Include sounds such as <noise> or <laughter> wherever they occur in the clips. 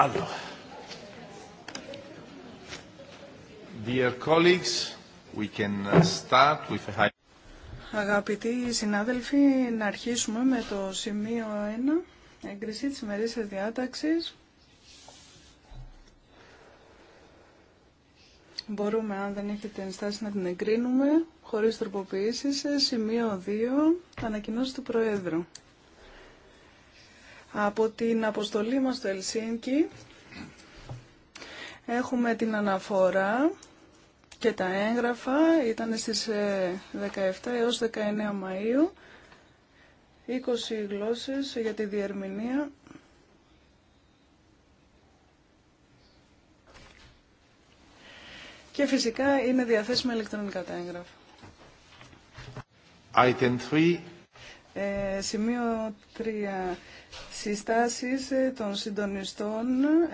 Allora. Dear colleagues, we can uh, start with a high... Αγαπητοί συνάδελφοι, να αρχίσουμε με το σημείο 1, έγκριση της ημερήσιας διάταξης. Μπορούμε, αν δεν έχετε ενστάσει, να την εγκρίνουμε, χωρίς τροποποιήσεις. Σημείο 2, ανακοινώσει του Προέδρου. Από την αποστολή μας στο Ελσίνκι έχουμε την αναφορά και τα έγγραφα. Ήταν στις 17 ε, έως 19 Μαΐου. 20 γλώσσες για τη διερμηνία. Και φυσικά είναι διαθέσιμα ηλεκτρονικά τα έγγραφα. Item ε, σημείο 3. Συστάσεις ε, των συντονιστών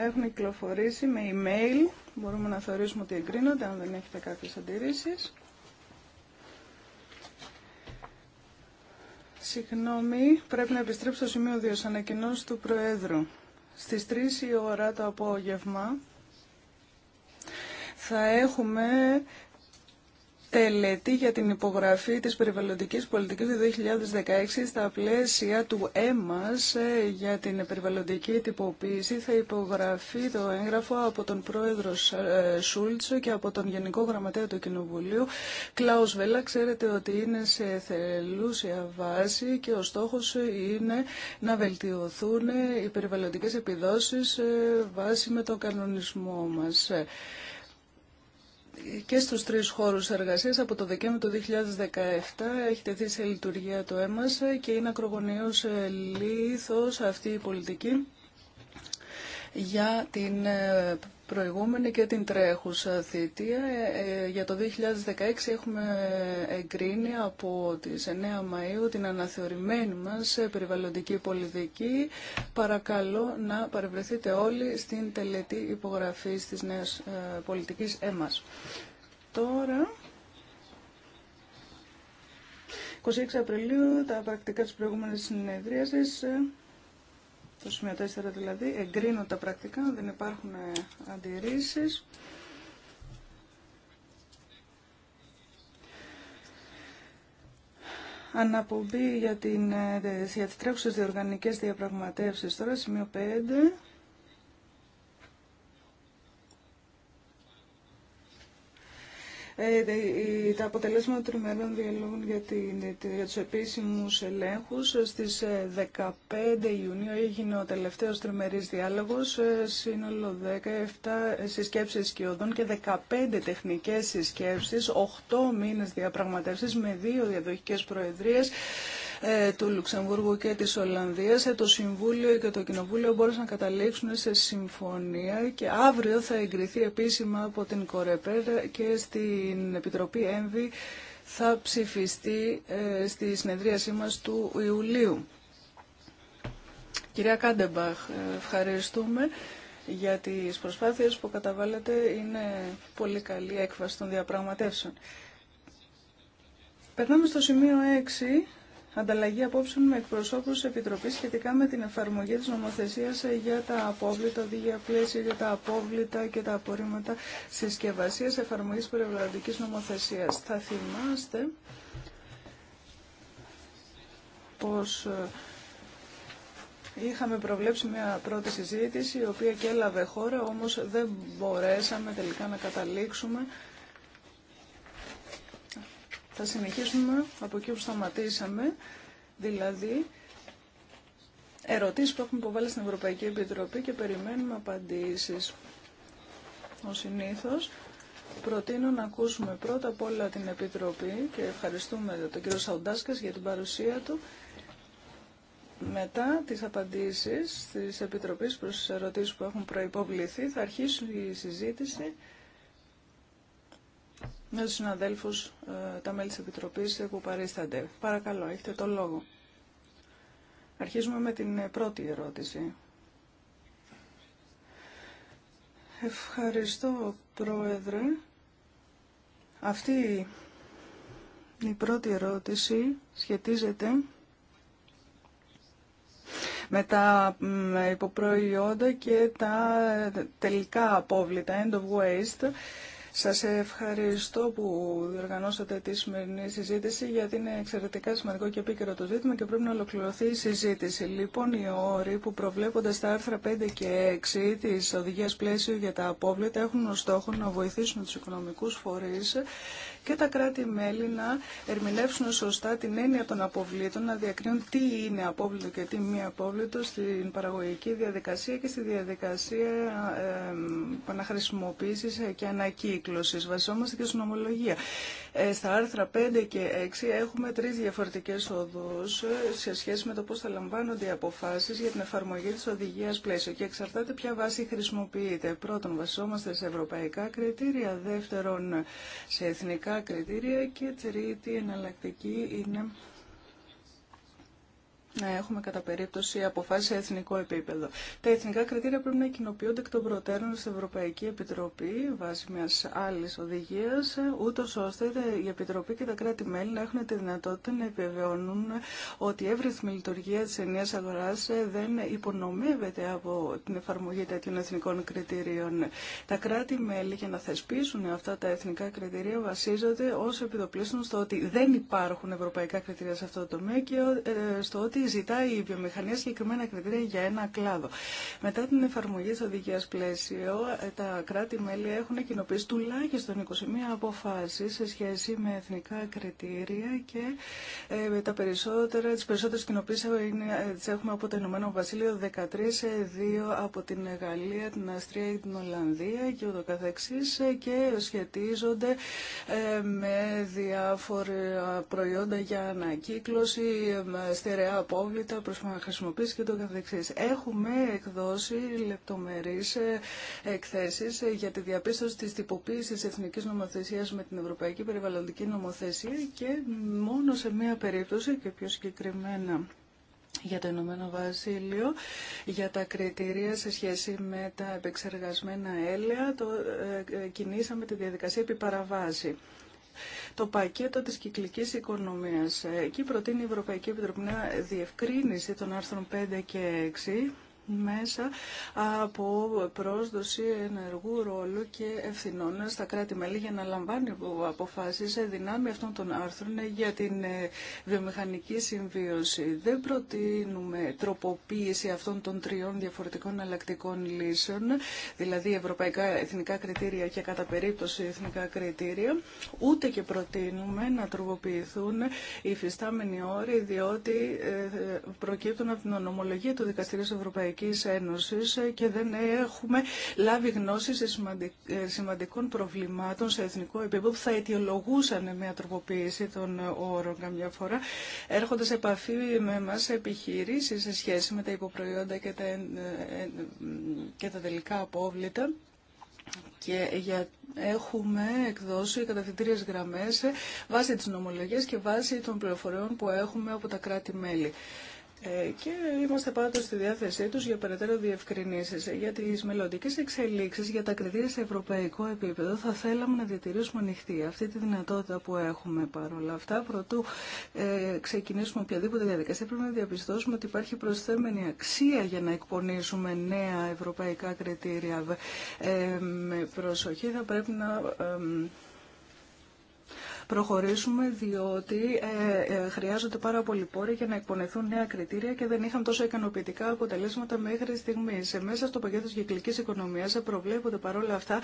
έχουν κυκλοφορήσει με email. Μπορούμε να θεωρήσουμε ότι εγκρίνονται αν δεν έχετε κάποιες αντιρρήσεις. Συγγνώμη, πρέπει να επιστρέψω στο σημείο 2, ανακοινώσει του Προέδρου. Στις 3 η ώρα το απόγευμα θα έχουμε Τελετή για την υπογραφή της περιβαλλοντικής πολιτικής του 2016 στα πλαίσια του ΕΜΑΣ για την περιβαλλοντική τυποποίηση θα υπογραφεί το έγγραφο από τον πρόεδρο ε, Σούλτσο και από τον Γενικό Γραμματέα του Κοινοβουλίου Κλάους Βέλα. Ξέρετε ότι είναι σε θελούσια βάση και ο στόχος είναι να βελτιωθούν οι περιβαλλοντικές επιδόσεις ε, βάσει με τον κανονισμό μας και στους τρεις χώρους εργασίας από το Δεκέμβριο του 2017 έχει τεθεί σε λειτουργία το ΕΜΑΣ και είναι ακρογωνίως ε, λίθος αυτή η πολιτική για την ε, προηγούμενη και την τρέχουσα θητεία. Ε, ε, για το 2016 έχουμε εγκρίνει από τις 9 Μαΐου την αναθεωρημένη μας περιβαλλοντική πολιτική. Παρακαλώ να παρευρεθείτε όλοι στην τελετή υπογραφής της νέας ε, πολιτικής ΕΜΑΣ. Τώρα... 26 Απριλίου, τα πρακτικά της προηγούμενης συνεδρίασης στο σημείο 4 δηλαδή, εγκρίνω τα πρακτικά, δεν υπάρχουν ε, αντιρρήσεις. Αναπομπή για, την, ε, για τις τρέχουσες διοργανικές διαπραγματεύσεις τώρα, σημείο 5. Ε, τα αποτελέσματα των τριμερών διαλόγων για, την, για τους επίσημους ελέγχους. Ε, στις 15 ε, Ιουνίου έγινε ο τελευταίος τριμερής διάλογος, σύνολο 17 συσκέψεις σκιωδών και 15 τεχνικές συσκέψεις, 8 μήνες διαπραγματεύσεις με δύο διαδοχικές προεδρίες. Ε, του Λουξεμβούργου και της Ολλανδίας. Ε, το Συμβούλιο και το Κοινοβούλιο μπόρεσαν να καταλήξουν σε συμφωνία και αύριο θα εγκριθεί επίσημα από την Κορεπέρ και στην Επιτροπή ΕΜΒΗ θα ψηφιστεί ε, στη συνεδρίασή μας του Ιουλίου. Κυρία Κάντεμπαχ, ευχαριστούμε για τις προσπάθειες που καταβάλλετε. Είναι πολύ καλή έκβαση των διαπραγματεύσεων. Περνάμε στο σημείο 6 ανταλλαγή απόψεων με εκπροσώπου τη Επιτροπή σχετικά με την εφαρμογή τη νομοθεσία για τα απόβλητα, οδηγία πλαίσια για τα απόβλητα και τα απορρίμματα συσκευασία εφαρμογή περιβαλλοντική νομοθεσία. Θα θυμάστε πως ε, Είχαμε προβλέψει μια πρώτη συζήτηση, η οποία και έλαβε χώρα, όμως δεν μπορέσαμε τελικά να καταλήξουμε θα συνεχίσουμε από εκεί που σταματήσαμε, δηλαδή ερωτήσεις που έχουμε υποβάλει στην Ευρωπαϊκή Επιτροπή και περιμένουμε απαντήσεις. Ο συνήθως προτείνω να ακούσουμε πρώτα απ' όλα την Επιτροπή και ευχαριστούμε τον κύριο Σαουντάσκας για την παρουσία του. Μετά τις απαντήσεις της Επιτροπής προς τις ερωτήσεις που έχουν προϋποβληθεί θα αρχίσει η συζήτηση με τους συναδέλφους, ε, τα μέλη της Επιτροπής που παρίστανται. Παρακαλώ, έχετε το λόγο. Αρχίζουμε με την ε, πρώτη ερώτηση. Ευχαριστώ, Πρόεδρε. Αυτή η πρώτη ερώτηση σχετίζεται με τα υποπροϊόντα και τα τελικά απόβλητα, end of waste, σας ευχαριστώ που διοργανώσατε τη σημερινή συζήτηση γιατί είναι εξαιρετικά σημαντικό και επίκαιρο το ζήτημα και πρέπει να ολοκληρωθεί η συζήτηση. Λοιπόν, οι όροι που προβλέπονται στα άρθρα 5 και 6 της οδηγίας πλαίσιο για τα απόβλητα έχουν ως στόχο να βοηθήσουν τους οικονομικούς φορείς και τα κράτη-μέλη να ερμηνεύσουν σωστά την έννοια των αποβλήτων, να διακρίνουν τι είναι απόβλητο και τι μη απόβλητο στην παραγωγική διαδικασία και στη διαδικασία επαναχρησιμοποίησης και ανακύκλωσης. Βασιζόμαστε και στην ομολογία. Ε, στα άρθρα 5 και 6 έχουμε τρεις διαφορετικές οδούς ε, σε σχέση με το πώς θα λαμβάνονται οι αποφάσεις για την εφαρμογή της οδηγίας πλαίσιο και εξαρτάται ποια βάση χρησιμοποιείται. Πρώτον, βασόμαστε σε ευρωπαϊκά κριτήρια. Δεύτερον, σε εθνικά κριτήρια και τρίτη εναλλακτική είναι να έχουμε κατά περίπτωση αποφάσεις σε εθνικό επίπεδο. Τα εθνικά κριτήρια πρέπει να κοινοποιούνται εκ των προτέρων στην Ευρωπαϊκή Επιτροπή βάσει μια άλλη οδηγία, ούτω ώστε η Επιτροπή και τα κράτη-μέλη να έχουν τη δυνατότητα να επιβεβαιώνουν ότι η εύρυθμη λειτουργία τη ενιαίας αγορά δεν υπονομεύεται από την εφαρμογή τέτοιων εθνικών κριτηρίων. Τα κράτη-μέλη για να θεσπίσουν αυτά τα εθνικά κριτήρια βασίζονται ω επιδοπλίστων στο ότι δεν υπάρχουν ευρωπαϊκά κριτήρια σε αυτό το τομέα και ε, στο ότι ότι ζητάει η βιομηχανία συγκεκριμένα κριτήρια για ένα κλάδο. Μετά την εφαρμογή τη οδηγία πλαίσιο, τα κράτη-μέλη έχουν κοινοποιήσει τουλάχιστον 21 αποφάσει σε σχέση με εθνικά κριτήρια και ε, τα περισσότερα, τις περισσότερες κοινοποίησεις ε, έχουμε από το Ηνωμένο Βασίλειο 13, 2 ε, από την Γαλλία, την Αστρία και την Ολλανδία και ούτω καθεξής ε, και σχετίζονται με διάφορα προϊόντα για ανακύκλωση, στερεά απόβλητα, να χρησιμοποιήσει και το καθεξής. Έχουμε εκδώσει λεπτομερείς ε, εκθέσεις ε, για τη διαπίστωση της τυποποίησης εθνικής νομοθεσίας με την Ευρωπαϊκή Περιβαλλοντική Νομοθεσία και μόνο σε μία περίπτωση και πιο συγκεκριμένα για το Ηνωμένο Βασίλειο, για τα κριτήρια σε σχέση με τα επεξεργασμένα έλαια, το, ε, κινήσαμε τη διαδικασία επί παραβάση το πακέτο της κυκλικής οικονομίας. Ε, εκεί προτείνει η Ευρωπαϊκή Επιτροπή να διευκρίνηση των άρθρων 5 και 6 μέσα από πρόσδοση ενεργού ρόλου και ευθυνών στα κράτη-μέλη για να λαμβάνει αποφάσεις σε δυνάμει αυτών των άρθρων για την ε, βιομηχανική συμβίωση. Δεν προτείνουμε τροποποίηση αυτών των τριών διαφορετικών αλλακτικών λύσεων, δηλαδή ευρωπαϊκά εθνικά κριτήρια και κατά περίπτωση εθνικά κριτήρια, ούτε και προτείνουμε να τροποποιηθούν οι φυστάμενοι όροι, διότι ε, ε, προκύπτουν από την ονομολογία του Δικαστηρίου Ευρωπαϊκή. Ευρωπαϊκής Ένωσης και δεν έχουμε λάβει γνώση ε, σημαντικών προβλημάτων σε εθνικό επίπεδο που θα αιτιολογούσαν μια τροποποίηση των όρων καμιά φορά. Έρχονται σε επαφή με μας επιχειρήσεις σε σχέση με τα υποπροϊόντα και τα, ε, και τα τελικά απόβλητα και για, έχουμε εκδώσει καταθετήριες γραμμές ε, βάσει της νομολογίας και βάσει των πληροφοριών που έχουμε από τα κράτη-μέλη. Ε, και είμαστε πάντως στη διάθεσή τους για περαιτέρω διευκρινήσεις. Για τις μελλοντικές εξελίξεις, για τα κριτήρια σε ευρωπαϊκό επίπεδο, θα θέλαμε να διατηρήσουμε ανοιχτή αυτή τη δυνατότητα που έχουμε παρόλα αυτά. Προτού ε, ξεκινήσουμε οποιαδήποτε διαδικασία, πρέπει να διαπιστώσουμε ότι υπάρχει προσθέμενη αξία για να εκπονήσουμε νέα ευρωπαϊκά κριτήρια. Ε, με προσοχή θα πρέπει να προχωρήσουμε διότι ε, ε, χρειάζονται πάρα πολλοί πόροι για να εκπονεθούν νέα κριτήρια και δεν είχαν τόσο ικανοποιητικά αποτελέσματα μέχρι στιγμή. Ε, μέσα στο πακέτο τη κυκλική οικονομία προβλέπονται παρόλα αυτά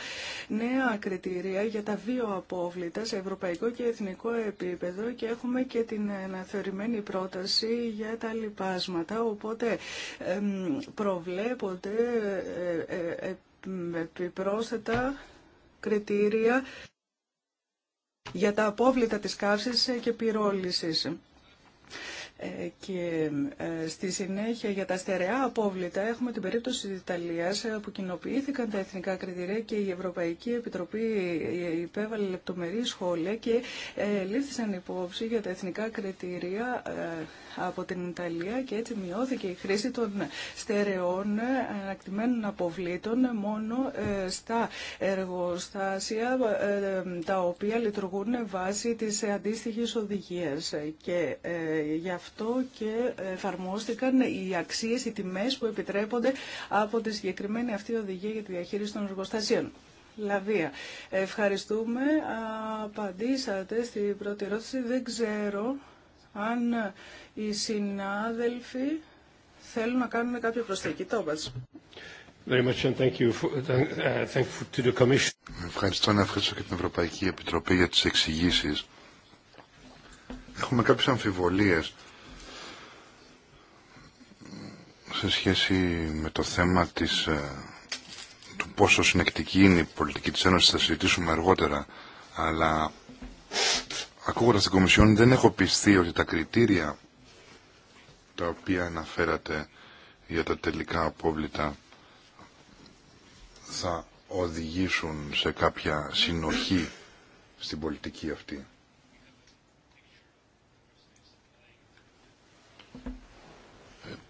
νέα κριτήρια για τα απόβλητα σε ευρωπαϊκό και εθνικό επίπεδο και έχουμε και την αναθεωρημένη πρόταση για τα λοιπάσματα. Οπότε προβλέπονται επιπρόσθετα κριτήρια για τα απόβλητα της καύσης και πυρόλησης. Ε, και ε, στη συνέχεια για τα στερεά απόβλητα έχουμε την περίπτωση της Ιταλίας ε, που κοινοποιήθηκαν τα εθνικά κριτηρία και η Ευρωπαϊκή Επιτροπή υπέβαλε λεπτομερή σχόλια και λήφθησαν υπόψη για τα εθνικά κριτηρία από την Ιταλία και έτσι μειώθηκε η χρήση των στερεών ανακτημένων αποβλήτων μόνο ε, στα εργοστάσια ε, τα οποία λειτουργούν βάσει της αντίστοιχης οδηγίας και ε, γι' αυτό και εφαρμόστηκαν οι αξίες, οι τιμές που επιτρέπονται από τη συγκεκριμένη αυτή οδηγία για τη διαχείριση των εργοστασίων. Λαβία. Ευχαριστούμε. Απαντήσατε στην πρώτη ερώτηση. Δεν ξέρω αν οι συνάδελφοι θέλουν να κάνουν κάποια προσθήκη. Τόμπας. Uh, ευχαριστώ να ευχαριστώ και την Ευρωπαϊκή Επιτροπή για τις εξηγήσει. Έχουμε κάποιες αμφιβολίες σε σχέση με το θέμα της, ε, του πόσο συνεκτική είναι η πολιτική της Ένωσης θα συζητήσουμε αργότερα αλλά ακούγοντα την Κομισιόν δεν έχω πιστεί ότι τα κριτήρια τα οποία αναφέρατε για τα τελικά απόβλητα θα οδηγήσουν σε κάποια συνοχή στην πολιτική αυτή.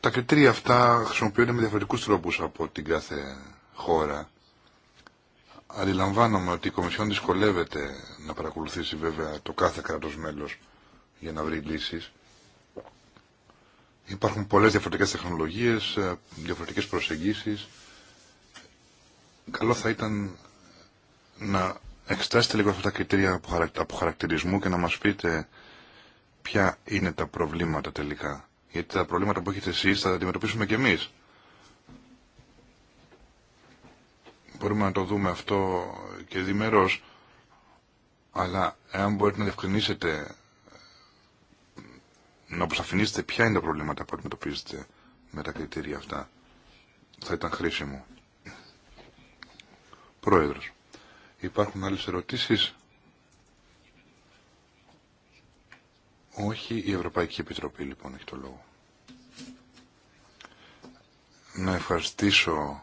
Τα κριτήρια αυτά χρησιμοποιούνται με διαφορετικούς τρόπους από την κάθε χώρα. Αντιλαμβάνομαι ότι η Κομισιόν δυσκολεύεται να παρακολουθήσει βέβαια το κάθε κράτος μέλος για να βρει λύσεις. Υπάρχουν πολλές διαφορετικές τεχνολογίες, ε, διαφορετικές προσεγγίσεις. Καλό θα ήταν να εξετάσετε λίγο αυτά τα κριτήρια από χαρακτηρισμού και να μας πείτε ποια είναι τα προβλήματα τελικά. Γιατί τα προβλήματα που έχετε εσείς θα τα αντιμετωπίσουμε και εμείς. μπορούμε να το δούμε αυτό και διμερός, αλλά εάν μπορείτε να διευκρινίσετε, να αποσαφηνίσετε ποια είναι τα προβλήματα που αντιμετωπίζετε με τα κριτήρια αυτά, θα ήταν χρήσιμο. Πρόεδρος, υπάρχουν άλλες ερωτήσεις. Όχι, η Ευρωπαϊκή Επιτροπή λοιπόν έχει το λόγο. Να ευχαριστήσω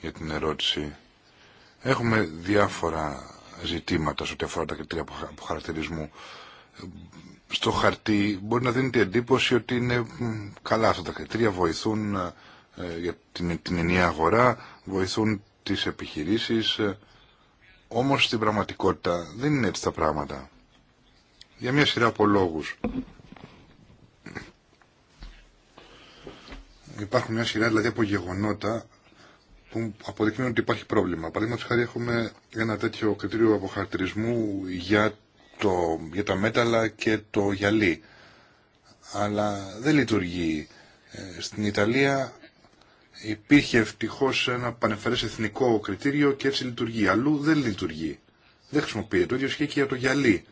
για την ερώτηση. Έχουμε διάφορα ζητήματα σε ό,τι αφορά τα κριτήρια χαρακτηρισμού. Στο χαρτί μπορεί να δίνεται εντύπωση ότι είναι καλά αυτά τα κριτήρια, βοηθούν ε, για την, την ενιαία αγορά, βοηθούν τις επιχειρήσεις, ε, όμως στην πραγματικότητα δεν είναι έτσι τα πράγματα. Για μια σειρά από λόγους. Υπάρχουν μια σειρά δηλαδή από γεγονότα που αποδεικνύουν ότι υπάρχει πρόβλημα. Παραδείγματο χάρη έχουμε ένα τέτοιο κριτήριο αποχαρτηρισμού για, το, για τα μέταλλα και το γυαλί. Αλλά δεν λειτουργεί. Ε, στην Ιταλία υπήρχε ευτυχώ ένα πανεφερές εθνικό κριτήριο και έτσι λειτουργεί. Αλλού δεν λειτουργεί. Δεν χρησιμοποιείται. Το ίδιο ισχύει και για το γυαλί.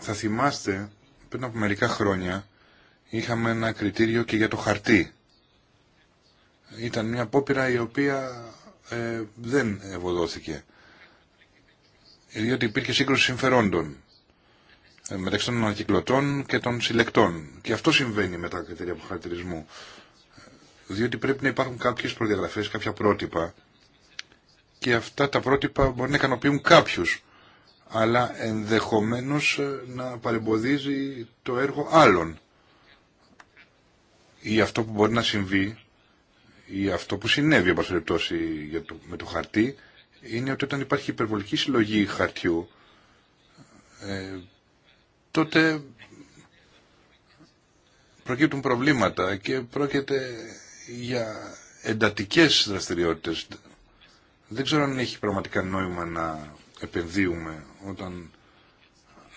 Θα θυμάστε πριν από μερικά χρόνια είχαμε ένα κριτήριο και για το χαρτί ήταν μια απόπειρα η οποία ε, δεν ευωδόθηκε. Διότι υπήρχε σύγκρουση συμφερόντων ε, μεταξύ των ανακυκλωτών και των συλλεκτών. Και αυτό συμβαίνει με τα κριτήρια χαρακτηρισμού. Διότι πρέπει να υπάρχουν κάποιες προδιαγραφές, κάποια πρότυπα και αυτά τα πρότυπα μπορεί να ικανοποιούν κάποιους αλλά ενδεχομένως ε, να παρεμποδίζει το έργο άλλων. Ή αυτό που μπορεί να συμβεί ή αυτό που συνέβη, με το χαρτί, είναι ότι όταν υπάρχει υπερβολική συλλογή χαρτιού, ε, τότε προκύπτουν προβλήματα και πρόκειται για εντατικές δραστηριότητες. Δεν ξέρω αν έχει πραγματικά νόημα να επενδύουμε όταν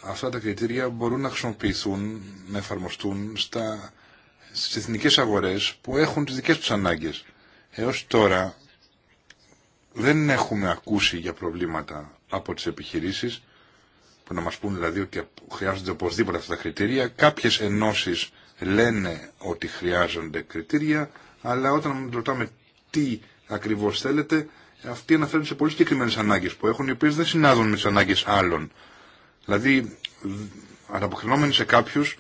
αυτά τα κριτήρια μπορούν να χρησιμοποιηθούν, να εφαρμοστούν στα στις εθνικές αγορές που έχουν τις δικές τους ανάγκες. Έως τώρα δεν έχουμε ακούσει για προβλήματα από τις επιχειρήσεις που να μας πούν δηλαδή ότι χρειάζονται οπωσδήποτε αυτά τα κριτήρια. Κάποιες ενώσεις λένε ότι χρειάζονται κριτήρια, αλλά όταν ρωτάμε τι ακριβώς θέλετε, αυτοί αναφέρουν σε πολύ συγκεκριμένε ανάγκες που έχουν, οι οποίες δεν συνάδουν με τις ανάγκες άλλων. Δηλαδή, αναποκρινόμενοι σε κάποιους,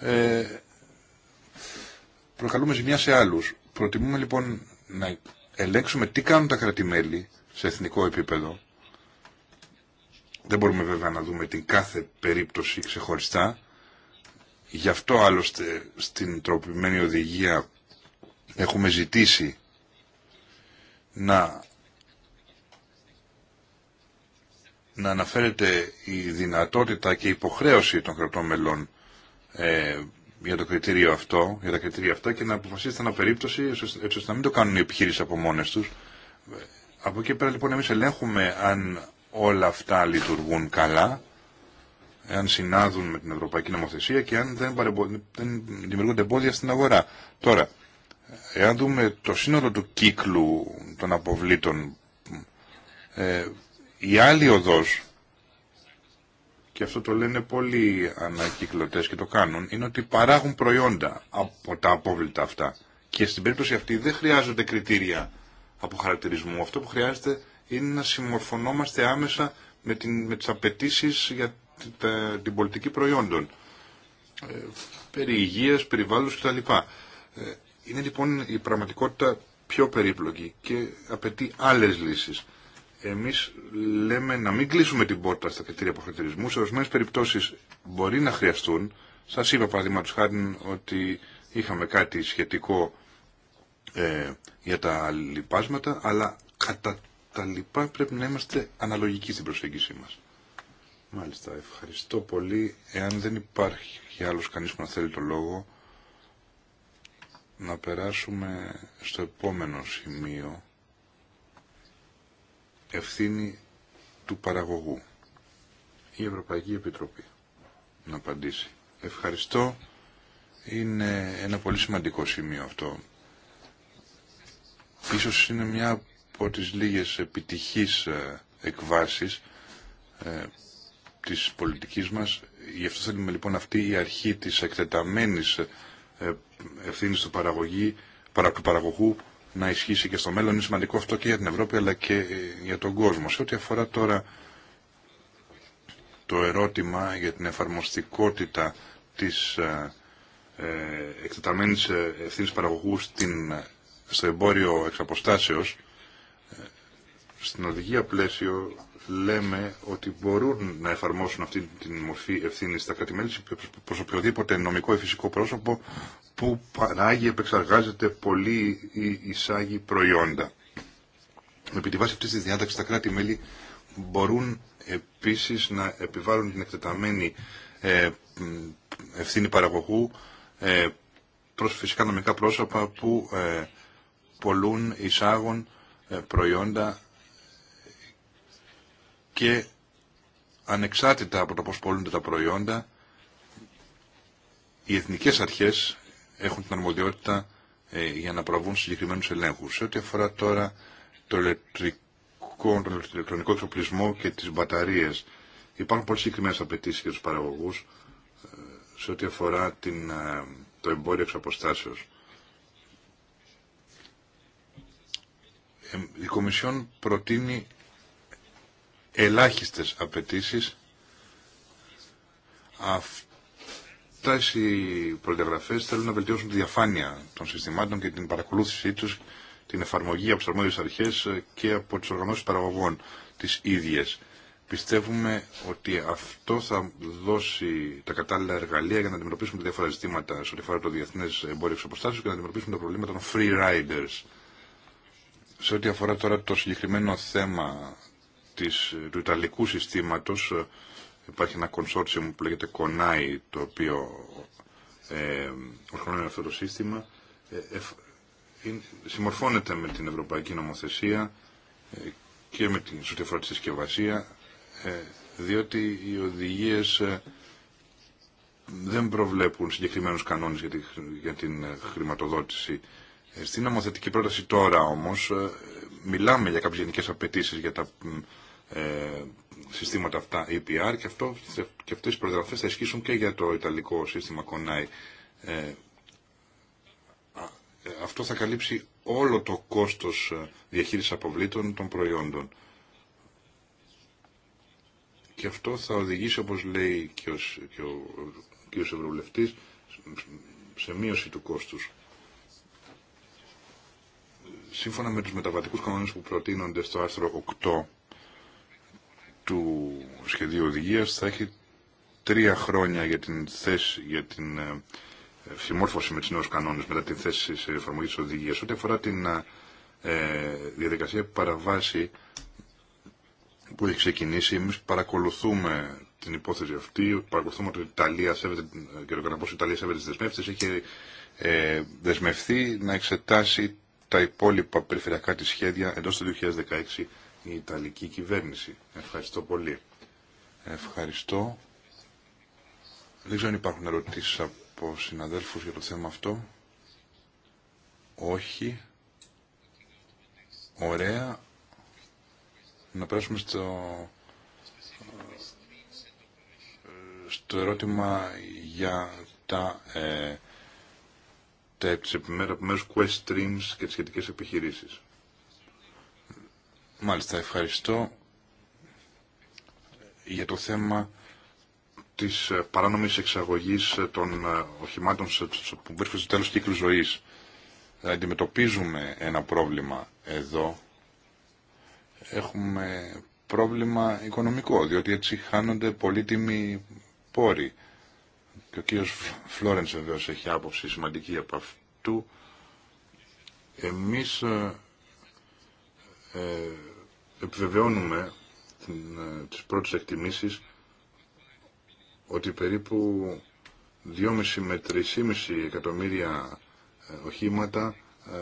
ε, προκαλούμε ζημιά σε άλλου. Προτιμούμε λοιπόν να ελέγξουμε τι κάνουν τα κρατημέλη σε εθνικό επίπεδο. Δεν μπορούμε βέβαια να δούμε την κάθε περίπτωση ξεχωριστά. Γι' αυτό άλλωστε στην τροπημένη οδηγία έχουμε ζητήσει να, να αναφέρεται η δυνατότητα και η υποχρέωση των κρατών μελών ε, για το κριτήριο αυτό, για τα κριτήρια αυτά και να αποφασίσετε ένα περίπτωση έτσι ώστε να μην το κάνουν οι επιχείρησει από μόνε τους. Από εκεί πέρα λοιπόν εμείς ελέγχουμε αν όλα αυτά λειτουργούν καλά, αν συνάδουν με την Ευρωπαϊκή Νομοθεσία και αν δεν, δεν δημιουργούνται εμπόδια στην αγορά. Τώρα, εάν δούμε το σύνολο του κύκλου των αποβλήτων, ε, η άλλη οδός και αυτό το λένε πολλοί ανακυκλωτές και το κάνουν, είναι ότι παράγουν προϊόντα από τα απόβλητα αυτά. Και στην περίπτωση αυτή δεν χρειάζονται κριτήρια από χαρακτηρισμού Αυτό που χρειάζεται είναι να συμμορφωνόμαστε άμεσα με, την, με τις απαιτήσει για την πολιτική προϊόντων. Ε, περί υγείας, περιβάλλοντος κτλ. Ε, είναι λοιπόν η πραγματικότητα πιο περίπλοκη και απαιτεί άλλες λύσεις. Εμείς λέμε να μην κλείσουμε την πόρτα στα κριτήρια αποχρητηρισμού. Σε ορισμένε περιπτώσεις μπορεί να χρειαστούν. Σας είπα παραδείγματος χάρη ότι είχαμε κάτι σχετικό ε, για τα λοιπάσματα, αλλά κατά τα λοιπά πρέπει να είμαστε αναλογικοί στην προσέγγιση μας. Μάλιστα, ευχαριστώ πολύ. Εάν δεν υπάρχει άλλο κανείς που να θέλει το λόγο, να περάσουμε στο επόμενο σημείο ευθύνη του παραγωγού. Η Ευρωπαϊκή Επιτροπή να απαντήσει. Ευχαριστώ. Είναι ένα πολύ σημαντικό σημείο αυτό. Ίσως είναι μια από τις λίγες επιτυχείς ε, εκβάσεις ε, της πολιτικής μας. Γι' αυτό θέλουμε λοιπόν αυτή η αρχή της εκτεταμένης ε, ευθύνης παραγωγή, του παραγωγού να ισχύσει και στο μέλλον. Είναι σημαντικό αυτό και για την Ευρώπη αλλά και για τον κόσμο. Σε ό,τι αφορά τώρα το ερώτημα για την εφαρμοστικότητα της ε, ε, εκτεταμένης ε, ευθύνης παραγωγού στην, στο εμπόριο εξ στην οδηγία πλαίσιο λέμε ότι μπορούν να εφαρμόσουν αυτή τη μορφή ευθύνη στα κρατημέλη προς οποιοδήποτε νομικό ή φυσικό πρόσωπο που παράγει, επεξεργάζεται πολύ ή εισάγει προϊόντα. Με τη βάση αυτής της διάταξης τα κράτη-μέλη μπορούν επίσης να επιβάλλουν την εκτεταμένη ε, ευθύνη παραγωγού ε, προς φυσικά νομικά πρόσωπα που ε, πολλούν, εισάγουν προϊόντα και ανεξάρτητα από το πώς πολλούνται τα προϊόντα οι εθνικές αρχές έχουν την αρμοδιότητα ε, για να προβούν συγκεκριμένους ελέγχους. Σε ό,τι αφορά τώρα το ηλεκτρικό, τον ηλεκτρονικό εξοπλισμό και τις μπαταρίες, υπάρχουν πολύ συγκεκριμένες απαιτήσει για τους παραγωγούς ε, σε ό,τι αφορά την, ε, το εμπόριο εξ αποστάσεως. Η Κομισιόν προτείνει ελάχιστες απαιτήσει. Αυτό τάση οι προδιαγραφές θέλουν να βελτιώσουν τη διαφάνεια των συστημάτων και την παρακολούθησή του, την εφαρμογή από τι αρμόδιε αρχέ και από τι οργανώσει παραγωγών τις ίδιες. Πιστεύουμε ότι αυτό θα δώσει τα κατάλληλα εργαλεία για να αντιμετωπίσουμε τα διάφορα ζητήματα σε ό,τι αφορά το διεθνέ εμπόριο εξαποστάσεω και να αντιμετωπίσουμε τα προβλήματα των free riders. Σε ό,τι αφορά τώρα το συγκεκριμένο θέμα της, του Ιταλικού συστήματος, Υπάρχει ένα μου που λέγεται κονάι το οποίο ε, οργανώνει αυτό το σύστημα. Ε, ε συμμορφώνεται με την Ευρωπαϊκή Νομοθεσία ε, και με την αφορά συσκευασία, ε, διότι οι οδηγίες δεν προβλέπουν συγκεκριμένους κανόνες για, τη, για την χρηματοδότηση. Στην νομοθετική πρόταση τώρα όμως μιλάμε για κάποιες γενικές απαιτήσεις για τα συστήματα αυτά EPR και, αυτό, και αυτές οι προδιαγραφές θα ισχύσουν και για το Ιταλικό σύστημα Κονάι. Ε, ε, αυτό θα καλύψει όλο το κόστος ε, διαχείρισης αποβλήτων των προϊόντων. Και αυτό θα οδηγήσει, όπως λέει και ο, και ο, και ο Ευρωβουλευτής, σε μείωση του κόστους. Σύμφωνα με τους μεταβατικούς κανόνες που προτείνονται στο άρθρο 8 του σχεδίου οδηγίας θα έχει τρία χρόνια για την, θέση, για την ε, συμμόρφωση με τις νέους κανόνες μετά την θέση σε εφαρμογή της οδηγίας. Ό,τι αφορά την ε, ε διαδικασία παραβάση που έχει ξεκινήσει, εμείς παρακολουθούμε την υπόθεση αυτή, παρακολουθούμε ότι η Ιταλία σέβεται, ε, και Ιταλία σέβεται τις δεσμεύσεις, έχει ε, δεσμευθεί να εξετάσει τα υπόλοιπα περιφερειακά της σχέδια εντός του 2016 η Ιταλική κυβέρνηση. Ευχαριστώ πολύ. Ευχαριστώ. Δεν ξέρω αν υπάρχουν ερωτήσεις από συναδέλφους για το θέμα αυτό. Όχι. Ωραία. Να περάσουμε στο, στο ερώτημα για τα, ε, τα, επιμέρους quest streams και τις σχετικές επιχειρήσεις. Μάλιστα, ευχαριστώ για το θέμα της ε, παράνομης εξαγωγής ε, των ε, οχημάτων που βρίσκονται στο τέλος κύκλου ζωής. Αντιμετωπίζουμε ένα πρόβλημα εδώ. Έχουμε πρόβλημα οικονομικό, διότι έτσι χάνονται πολύτιμοι πόροι. Και ο κύριος Φλόρενς βεβαίω έχει άποψη σημαντική από αυτού. Εμείς επιβεβαιώνουμε την, ε, τις πρώτες εκτιμήσεις ότι περίπου 2,5 με 3,5 εκατομμύρια ε, οχήματα ε,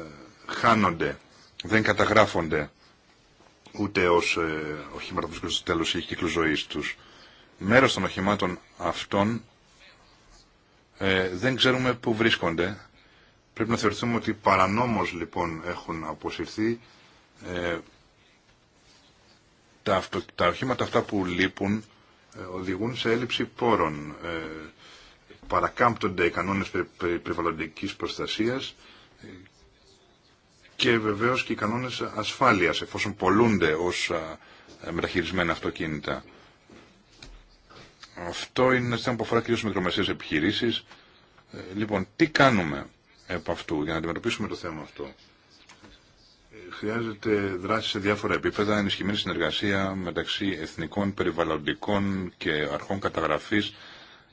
χάνονται, δεν καταγράφονται ούτε ως οχήματα που βρίσκονται στο τέλος ή κύκλου ζωής τους. Μέρος των οχημάτων αυτών δεν ξέρουμε πού βρίσκονται. Πρέπει να θεωρηθούμε ότι παρανόμως λοιπόν έχουν αποσυρθεί τα, αυτο, τα οχήματα αυτά που λείπουν ε, οδηγούν σε έλλειψη πόρων. Ε, παρακάμπτονται οι κανόνες περιβαλλοντικής προστασίας ε, και βεβαίως και οι κανόνες ασφάλειας εφόσον πολλούνται ως μεταχειρισμένα αυτοκίνητα. Αυτό είναι ένα θέμα που αφορά κυρίως μικρομεσαίες επιχειρήσεις. Λοιπόν, τι κάνουμε από αυτού για να αντιμετωπίσουμε το θέμα αυτό χρειάζεται δράση σε διάφορα επίπεδα, ενισχυμένη συνεργασία μεταξύ εθνικών, περιβαλλοντικών και αρχών καταγραφής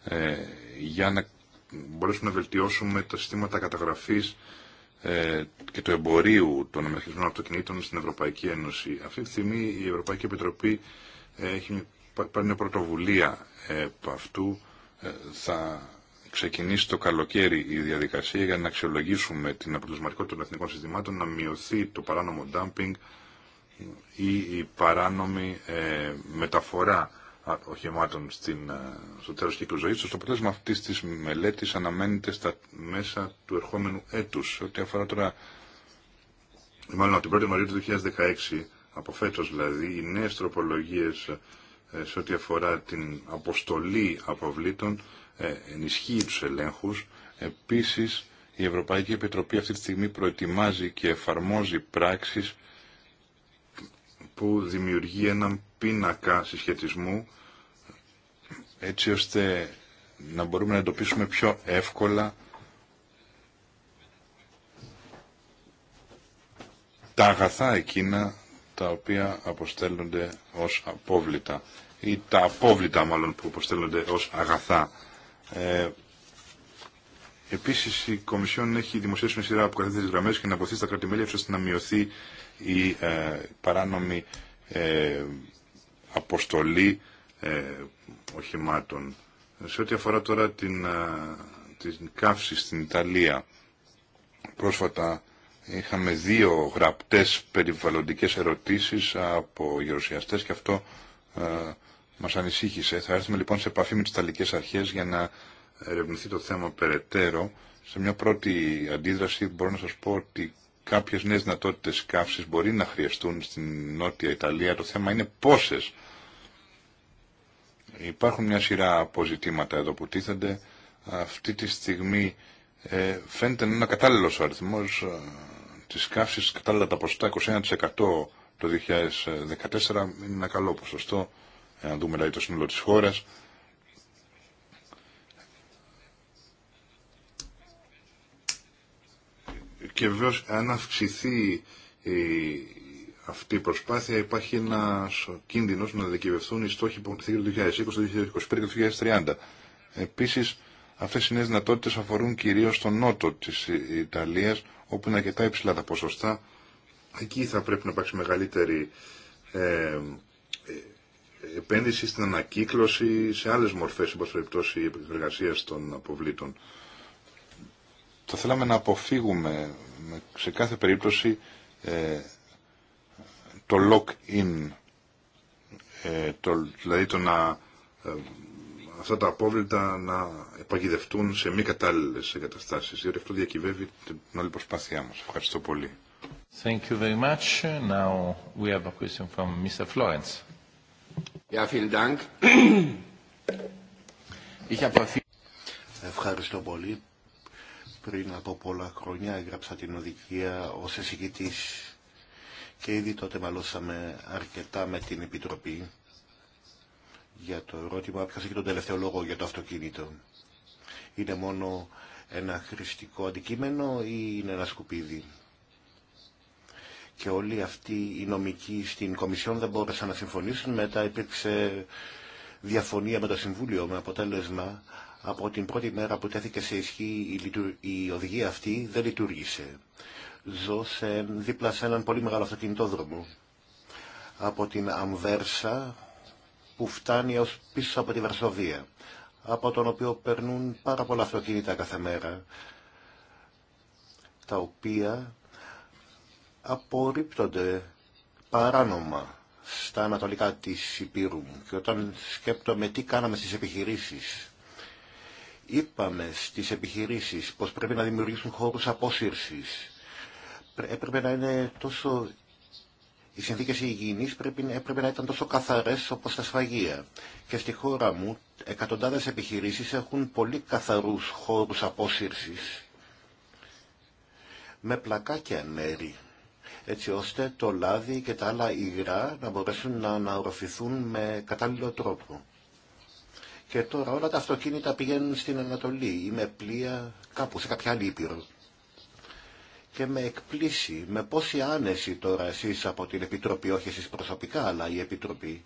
ε, για να μπορέσουμε να βελτιώσουμε τα συστήματα καταγραφής ε, και του εμπορίου των μεταχειρισμένων αυτοκινήτων στην Ευρωπαϊκή Ένωση. Αυτή τη στιγμή η Ευρωπαϊκή Επιτροπή ε, έχει πάρει μια πρωτοβουλία από αυτού. θα ξεκινήσει το καλοκαίρι η διαδικασία για να αξιολογήσουμε την αποτελεσματικότητα των εθνικών συστημάτων, να μειωθεί το παράνομο dumping ή η παράνομη ε, μεταφορά οχημάτων στην, ε, στο τέλος κύκλου ζωής. Το αποτέλεσμα αυτής της μελέτης αναμένεται στα μέσα του ερχόμενου έτους, ό,τι αφορά τώρα, μάλλον από την 1η Μαρίου του 2016, από φέτος δηλαδή, οι νέε τροπολογίε ε, σε ό,τι αφορά την αποστολή αποβλήτων, ε, ενισχύει τους ελέγχους. Επίσης, η Ευρωπαϊκή Επιτροπή αυτή τη στιγμή προετοιμάζει και εφαρμόζει πράξεις που δημιουργεί έναν πίνακα συσχετισμού έτσι ώστε να μπορούμε να εντοπίσουμε πιο εύκολα τα αγαθά εκείνα τα οποία αποστέλλονται ως απόβλητα ή τα απόβλητα μάλλον που αποστέλλονται ως αγαθά. Ε, Επίση, η Κομισιόν έχει δημοσιεύσει μια σειρά από καθένα γραμμέ και να βοηθήσει στα κρατημέλια ώστε να μειωθεί η ε, παράνομη ε, αποστολή ε, οχημάτων. Σε ό,τι αφορά τώρα την, την καύση στην Ιταλία, πρόσφατα είχαμε δύο γραπτές περιβαλλοντικές ερωτήσεις από γερουσιαστές και αυτό Μα ανησύχησε. Θα έρθουμε λοιπόν σε επαφή με τι Ιταλικές αρχέ για να ερευνηθεί το θέμα περαιτέρω. Σε μια πρώτη αντίδραση μπορώ να σα πω ότι κάποιε νέε δυνατότητε καύση μπορεί να χρειαστούν στην Νότια Ιταλία. Το θέμα είναι πόσε Υπάρχουν μια σειρά αποζητήματα εδώ που τίθενται. Αυτή τη στιγμή ε, φαίνεται ένα κατάλληλο αριθμό ε, της καύσης, κατάλληλα τα ποσοστά 21% το 2014 είναι ένα καλό ποσοστό αν δούμε δηλαδή το σύνολο της χώρας. Και βεβαίω αν αυξηθεί αυτή η προσπάθεια υπάρχει ένα κίνδυνο να δικαιωθούν οι στόχοι που έχουν το 2020, 2025 και το 2030. Επίσης, αυτές οι νέες δυνατότητε αφορούν κυρίως τον νότο της Ιταλίας, όπου είναι αρκετά υψηλά τα ποσοστά. Εκεί θα πρέπει να υπάρξει μεγαλύτερη ε, επένδυση στην ανακύκλωση, σε άλλες μορφές, όπως περιπτώσει, επεξεργασία των αποβλήτων. Θα θέλαμε να αποφύγουμε σε κάθε περίπτωση ε, το lock-in, ε, δηλαδή το να, ε, αυτά τα απόβλητα να επαγγιδευτούν σε μη κατάλληλες εγκαταστάσεις, διότι αυτό διακυβεύει την όλη προσπάθειά μας. Ευχαριστώ πολύ. Thank you very much. Now we have a question from Mr. Florence. Ευχαριστώ πολύ. Πριν από πολλά χρόνια έγραψα την οδικία ως εισηγητής και ήδη τότε μαλώσαμε αρκετά με την Επιτροπή για το ερώτημα ποιος έχει τον τελευταίο λόγο για το αυτοκίνητο. Είναι μόνο ένα χρηστικό αντικείμενο ή είναι ένα σκουπίδι και όλοι αυτοί οι νομικοί στην Κομισιόν δεν μπόρεσαν να συμφωνήσουν. Μετά υπήρξε διαφωνία με το Συμβούλιο με αποτέλεσμα από την πρώτη μέρα που τέθηκε σε ισχύ η οδηγία αυτή δεν λειτουργήσε. Ζω σε, δίπλα σε έναν πολύ μεγάλο αυτοκινητόδρομο από την Αμβέρσα που φτάνει ως πίσω από τη Βαρσοβία από τον οποίο περνούν πάρα πολλά αυτοκίνητα κάθε μέρα τα οποία απορρίπτονται παράνομα στα ανατολικά της Υπήρου μου και όταν σκέπτομαι τι κάναμε στις επιχειρήσεις είπαμε στις επιχειρήσεις πως πρέπει να δημιουργήσουν χώρους απόσυρσης έπρεπε να είναι τόσο οι συνθήκε πρέπει έπρεπε να ήταν τόσο καθαρέ όπω τα σφαγεία. Και στη χώρα μου εκατοντάδε επιχειρήσει έχουν πολύ καθαρού χώρου απόσυρση με πλακάκια εν μέρη έτσι ώστε το λάδι και τα άλλα υγρά να μπορέσουν να αναοροφηθούν με κατάλληλο τρόπο. Και τώρα όλα τα αυτοκίνητα πηγαίνουν στην Ανατολή ή με πλοία κάπου σε κάποια άλλη ήπειρο. Και με εκπλήσει, με πόση άνεση τώρα εσείς από την Επιτροπή, όχι εσείς προσωπικά αλλά η Επιτροπή,